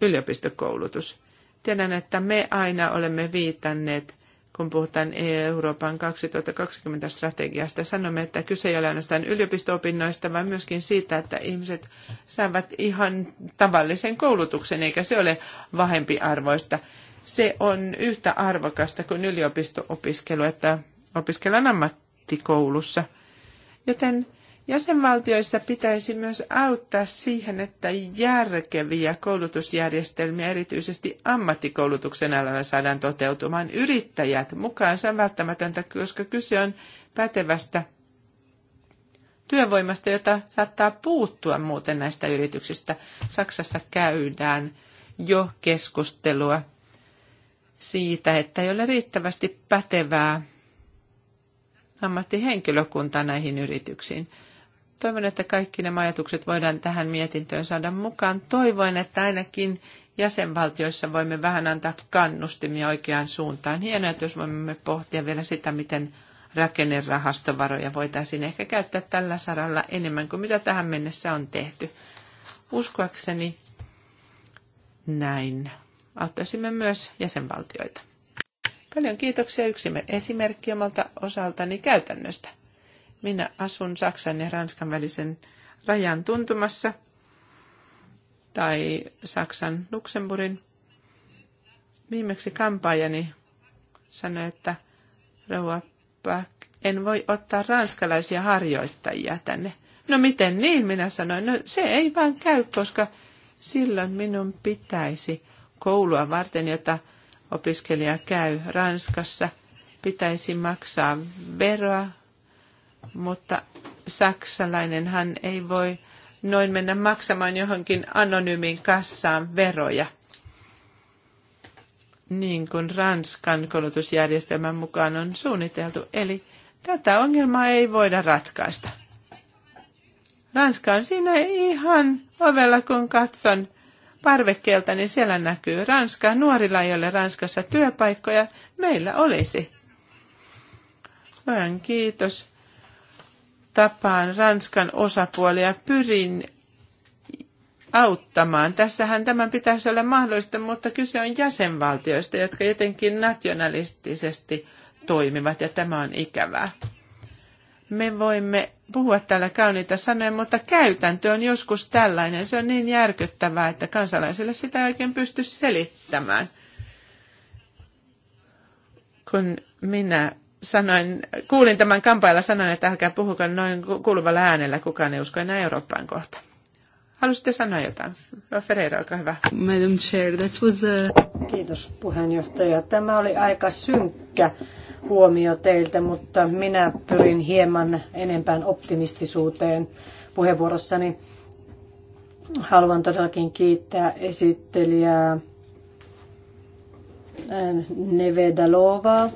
yliopistokoulutus. Tiedän, että me aina olemme viitanneet, kun puhutaan Euroopan 2020-strategiasta, sanomme, että kyse ei ole ainoastaan yliopisto-opinnoista, vaan myöskin siitä, että ihmiset saavat ihan tavallisen koulutuksen, eikä se ole vahempiarvoista se on yhtä arvokasta kuin yliopisto-opiskelu, että opiskellaan ammattikoulussa. Joten jäsenvaltioissa pitäisi myös auttaa siihen, että järkeviä koulutusjärjestelmiä erityisesti ammattikoulutuksen alalla saadaan toteutumaan. Yrittäjät mukaan se on välttämätöntä, koska kyse on pätevästä työvoimasta, jota saattaa puuttua muuten näistä yrityksistä. Saksassa käydään jo keskustelua siitä, että ei ole riittävästi pätevää ammattihenkilökuntaa näihin yrityksiin. Toivon, että kaikki nämä ajatukset voidaan tähän mietintöön saada mukaan. Toivoin, että ainakin jäsenvaltioissa voimme vähän antaa kannustimia oikeaan suuntaan. Hienoa, että jos voimme pohtia vielä sitä, miten rakennerahastovaroja voitaisiin ehkä käyttää tällä saralla enemmän kuin mitä tähän mennessä on tehty. Uskoakseni näin auttaisimme myös jäsenvaltioita. Paljon kiitoksia yksi esimerkki omalta osaltani käytännöstä. Minä asun Saksan ja Ranskan välisen rajan tuntumassa tai Saksan Luxemburgin. Viimeksi kampaajani sanoi, että rouva Pack, en voi ottaa ranskalaisia harjoittajia tänne. No miten niin, minä sanoin. No se ei vaan käy, koska silloin minun pitäisi koulua varten, jota opiskelija käy Ranskassa, pitäisi maksaa veroa, mutta saksalainen hän ei voi noin mennä maksamaan johonkin anonyymiin kassaan veroja. Niin kuin Ranskan koulutusjärjestelmän mukaan on suunniteltu. Eli tätä ongelmaa ei voida ratkaista. Ranska on siinä ihan ovella, kun katson parvekkeelta, niin siellä näkyy Ranska. Nuorilla ei ole Ranskassa työpaikkoja. Meillä olisi. Luen kiitos. Tapaan Ranskan osapuolia. Pyrin auttamaan. Tässähän tämän pitäisi olla mahdollista, mutta kyse on jäsenvaltioista, jotka jotenkin nationalistisesti toimivat, ja tämä on ikävää me voimme puhua täällä kauniita sanoja, mutta käytäntö on joskus tällainen. Se on niin järkyttävää, että kansalaisille sitä ei oikein pysty selittämään. Kun minä sanoin, kuulin tämän kampailla sanoin, että älkää puhuko noin kuuluvalla äänellä, kukaan ei usko enää Eurooppaan kohta. Halusitte sanoa jotain? No, Ferreira, olkaa hyvä. Madam Chair, that was a... Kiitos puheenjohtaja. Tämä oli aika synkkä huomio teiltä, mutta minä pyrin hieman enempään optimistisuuteen puheenvuorossani. Haluan todellakin kiittää esittelijää äh, Nevedalovaa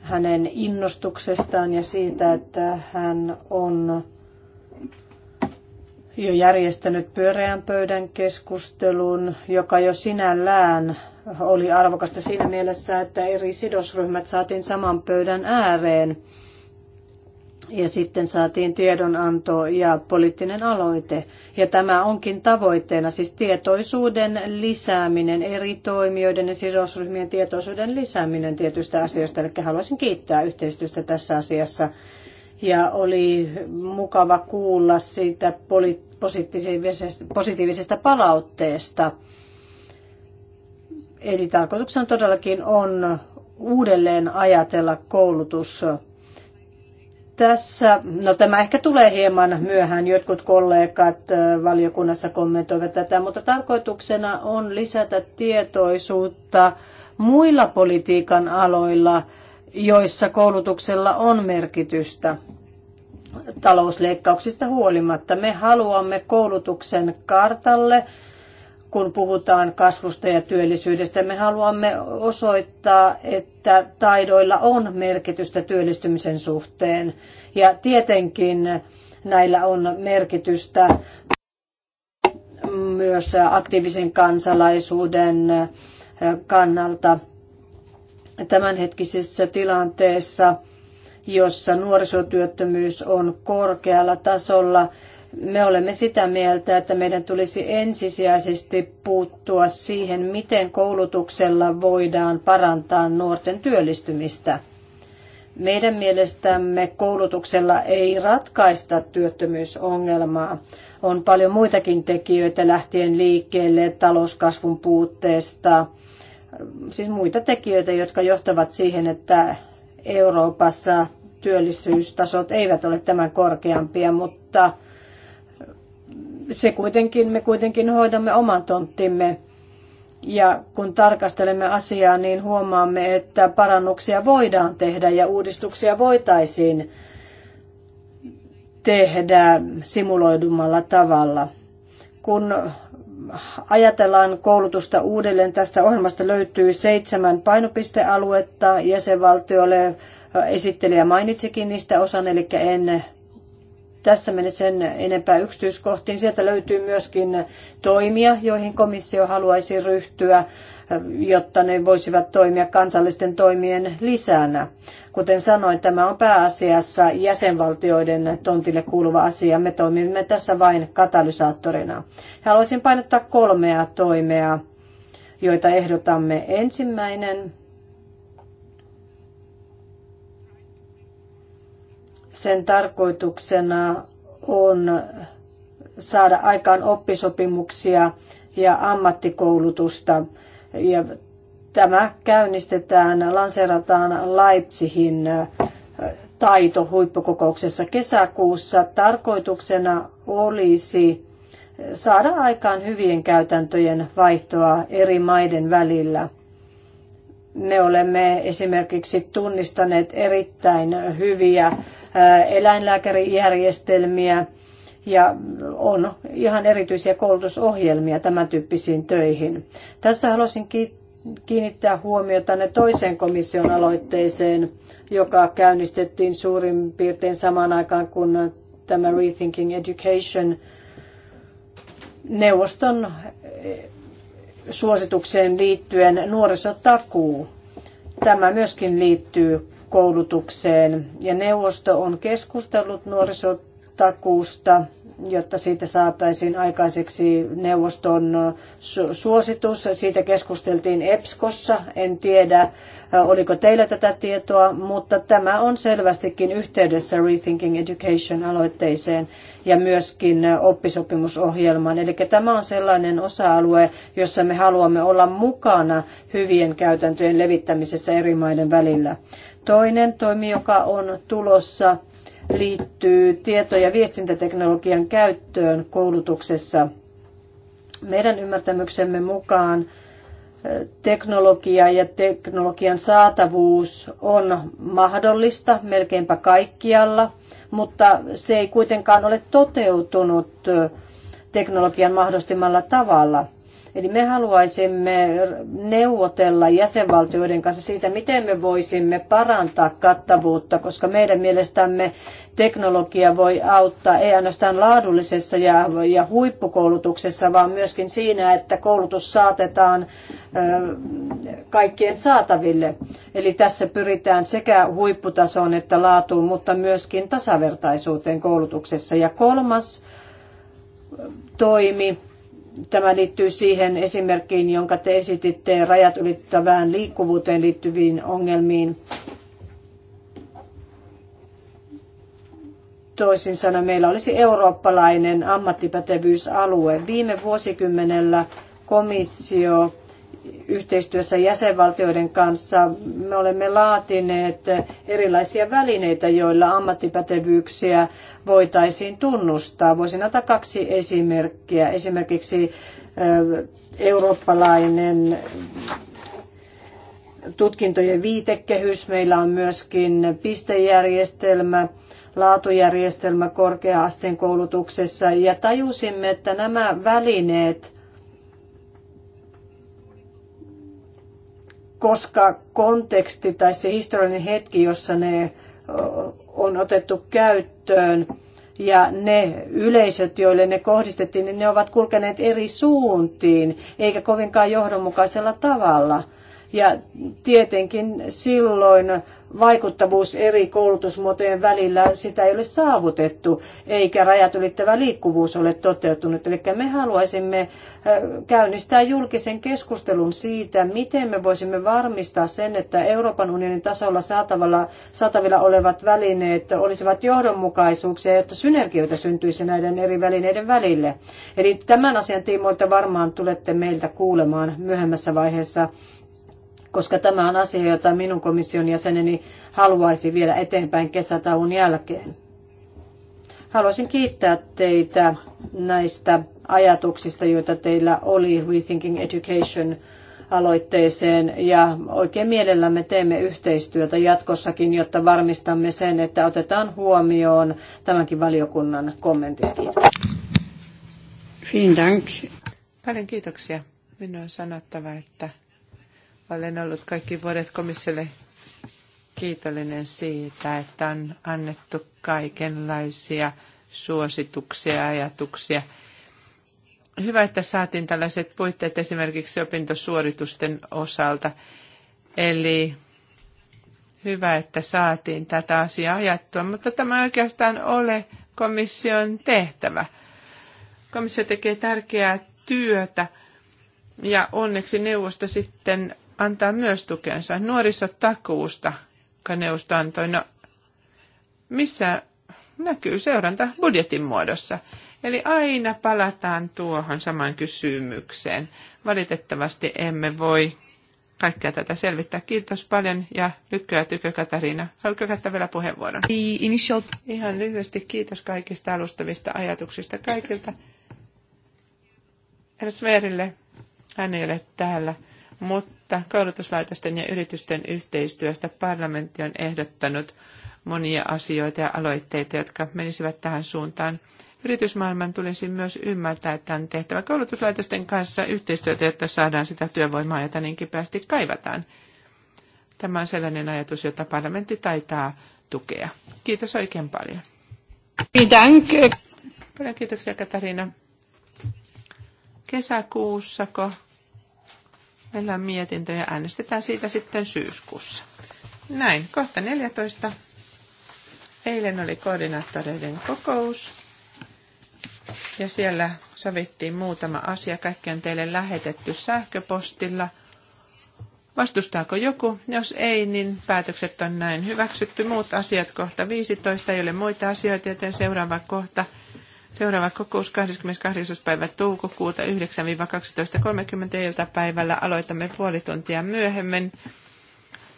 hänen innostuksestaan ja siitä, että hän on jo järjestänyt pyöreän pöydän keskustelun, joka jo sinällään oli arvokasta siinä mielessä, että eri sidosryhmät saatiin saman pöydän ääreen. Ja sitten saatiin tiedonanto ja poliittinen aloite. Ja tämä onkin tavoitteena, siis tietoisuuden lisääminen, eri toimijoiden ja sidosryhmien tietoisuuden lisääminen tietystä asioista. Eli haluaisin kiittää yhteistyöstä tässä asiassa. Ja oli mukava kuulla siitä poli- positiivisesta, positiivisesta palautteesta. Eli tarkoituksena todellakin on uudelleen ajatella koulutus tässä, no tämä ehkä tulee hieman myöhään, jotkut kollegat valiokunnassa kommentoivat tätä, mutta tarkoituksena on lisätä tietoisuutta muilla politiikan aloilla, joissa koulutuksella on merkitystä talousleikkauksista huolimatta. Me haluamme koulutuksen kartalle, kun puhutaan kasvusta ja työllisyydestä. Me haluamme osoittaa, että taidoilla on merkitystä työllistymisen suhteen. Ja tietenkin näillä on merkitystä myös aktiivisen kansalaisuuden kannalta tämänhetkisessä tilanteessa, jossa nuorisotyöttömyys on korkealla tasolla me olemme sitä mieltä, että meidän tulisi ensisijaisesti puuttua siihen, miten koulutuksella voidaan parantaa nuorten työllistymistä. Meidän mielestämme koulutuksella ei ratkaista työttömyysongelmaa. On paljon muitakin tekijöitä lähtien liikkeelle talouskasvun puutteesta, siis muita tekijöitä, jotka johtavat siihen, että Euroopassa työllisyystasot eivät ole tämän korkeampia, mutta se kuitenkin, me kuitenkin hoidamme oman tonttimme. Ja kun tarkastelemme asiaa, niin huomaamme, että parannuksia voidaan tehdä ja uudistuksia voitaisiin tehdä simuloidumalla tavalla. Kun ajatellaan koulutusta uudelleen, tästä ohjelmasta löytyy seitsemän painopistealuetta jäsenvaltiolle. Esittelijä mainitsikin niistä osan, eli en tässä mene sen enempää yksityiskohtiin. Sieltä löytyy myöskin toimia, joihin komissio haluaisi ryhtyä, jotta ne voisivat toimia kansallisten toimien lisänä. Kuten sanoin, tämä on pääasiassa jäsenvaltioiden tontille kuuluva asia. Me toimimme tässä vain katalysaattorina. Haluaisin painottaa kolmea toimea, joita ehdotamme. Ensimmäinen Sen tarkoituksena on saada aikaan oppisopimuksia ja ammattikoulutusta. Ja tämä käynnistetään, lanseerataan Leipzigin taito huippukokouksessa kesäkuussa. Tarkoituksena olisi saada aikaan hyvien käytäntöjen vaihtoa eri maiden välillä. Me olemme esimerkiksi tunnistaneet erittäin hyviä äh, eläinlääkärijärjestelmiä ja on ihan erityisiä koulutusohjelmia tämän tyyppisiin töihin. Tässä haluaisin kiinnittää huomiota ne toiseen komission aloitteeseen, joka käynnistettiin suurin piirtein samaan aikaan kuin tämä Rethinking Education neuvoston suositukseen liittyen nuorisotakuu. Tämä myöskin liittyy koulutukseen ja neuvosto on keskustellut nuorisotakuusta jotta siitä saataisiin aikaiseksi neuvoston suositus. Siitä keskusteltiin EPSKossa, en tiedä oliko teillä tätä tietoa, mutta tämä on selvästikin yhteydessä Rethinking Education-aloitteeseen ja myöskin oppisopimusohjelmaan. Eli tämä on sellainen osa-alue, jossa me haluamme olla mukana hyvien käytäntöjen levittämisessä eri maiden välillä. Toinen toimi, joka on tulossa, liittyy tieto- ja viestintäteknologian käyttöön koulutuksessa. Meidän ymmärtämyksemme mukaan teknologia ja teknologian saatavuus on mahdollista melkeinpä kaikkialla, mutta se ei kuitenkaan ole toteutunut teknologian mahdollistamalla tavalla – Eli me haluaisimme neuvotella jäsenvaltioiden kanssa siitä, miten me voisimme parantaa kattavuutta, koska meidän mielestämme teknologia voi auttaa ei ainoastaan laadullisessa ja, ja huippukoulutuksessa, vaan myöskin siinä, että koulutus saatetaan kaikkien saataville. Eli tässä pyritään sekä huipputasoon että laatuun, mutta myöskin tasavertaisuuteen koulutuksessa. Ja kolmas toimi Tämä liittyy siihen esimerkkiin, jonka te esititte rajat ylittävään liikkuvuuteen liittyviin ongelmiin. Toisin sanoen meillä olisi eurooppalainen ammattipätevyysalue. Viime vuosikymmenellä komissio yhteistyössä jäsenvaltioiden kanssa me olemme laatineet erilaisia välineitä, joilla ammattipätevyyksiä voitaisiin tunnustaa. Voisin antaa kaksi esimerkkiä. Esimerkiksi eurooppalainen tutkintojen viitekehys. Meillä on myöskin pistejärjestelmä laatujärjestelmä korkea-asteen koulutuksessa ja tajusimme, että nämä välineet – koska konteksti tai se historiallinen hetki, jossa ne on otettu käyttöön ja ne yleisöt, joille ne kohdistettiin, niin ne ovat kulkeneet eri suuntiin eikä kovinkaan johdonmukaisella tavalla – ja tietenkin silloin vaikuttavuus eri koulutusmuotojen välillä, sitä ei ole saavutettu, eikä rajat ylittävä liikkuvuus ole toteutunut. Eli me haluaisimme käynnistää julkisen keskustelun siitä, miten me voisimme varmistaa sen, että Euroopan unionin tasolla saatavilla, saatavilla olevat välineet olisivat johdonmukaisuuksia, jotta synergioita syntyisi näiden eri välineiden välille. Eli tämän asian tiimoilta varmaan tulette meiltä kuulemaan myöhemmässä vaiheessa koska tämä on asia, jota minun komission jäseneni haluaisi vielä eteenpäin kesätauon jälkeen. Haluaisin kiittää teitä näistä ajatuksista, joita teillä oli Rethinking Education aloitteeseen ja oikein mielellämme teemme yhteistyötä jatkossakin, jotta varmistamme sen, että otetaan huomioon tämänkin valiokunnan kommentit. Kiitos. Dank. Paljon kiitoksia. Minun on sanottava, että olen ollut kaikki vuodet komissiolle kiitollinen siitä, että on annettu kaikenlaisia suosituksia ja ajatuksia. Hyvä, että saatiin tällaiset puitteet esimerkiksi opintosuoritusten osalta. Eli hyvä, että saatiin tätä asiaa ajattua, mutta tämä ei oikeastaan ole komission tehtävä. Komissio tekee tärkeää työtä ja onneksi neuvosto sitten antaa myös tukensa. Nuorissa takuusta kaneusta antoi, no, missä näkyy seuranta budjetin muodossa. Eli aina palataan tuohon samaan kysymykseen. Valitettavasti emme voi kaikkea tätä selvittää. Kiitos paljon ja tykö Katariina? Haluatko käyttää vielä puheenvuoron? Initial... Ihan lyhyesti kiitos kaikista alustavista ajatuksista kaikilta. Herra Sverille, hän ei ole täällä mutta koulutuslaitosten ja yritysten yhteistyöstä parlamentti on ehdottanut monia asioita ja aloitteita, jotka menisivät tähän suuntaan. Yritysmaailman tulisi myös ymmärtää, että on tehtävä koulutuslaitosten kanssa yhteistyötä, jotta saadaan sitä työvoimaa, jota niin kipeästi kaivataan. Tämä on sellainen ajatus, jota parlamentti taitaa tukea. Kiitos oikein paljon. Paljon kiitoksia Katariina. Kesäkuussako Meillä on mietintö ja äänestetään siitä sitten syyskuussa. Näin, kohta 14. Eilen oli koordinaattoreiden kokous. Ja siellä sovittiin muutama asia. Kaikki on teille lähetetty sähköpostilla. Vastustaako joku? Jos ei, niin päätökset on näin hyväksytty. Muut asiat kohta 15, ei ole muita asioita, joten seuraava kohta Seuraava kokous 28. päivä toukokuuta 9-12.30 iltapäivällä. Aloitamme puoli tuntia myöhemmin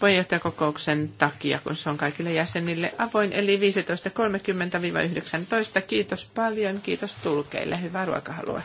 puheenjohtajakokouksen takia, kun se on kaikille jäsenille avoin, eli 15.30-19. Kiitos paljon, kiitos tulkeille, hyvää ruokahalua.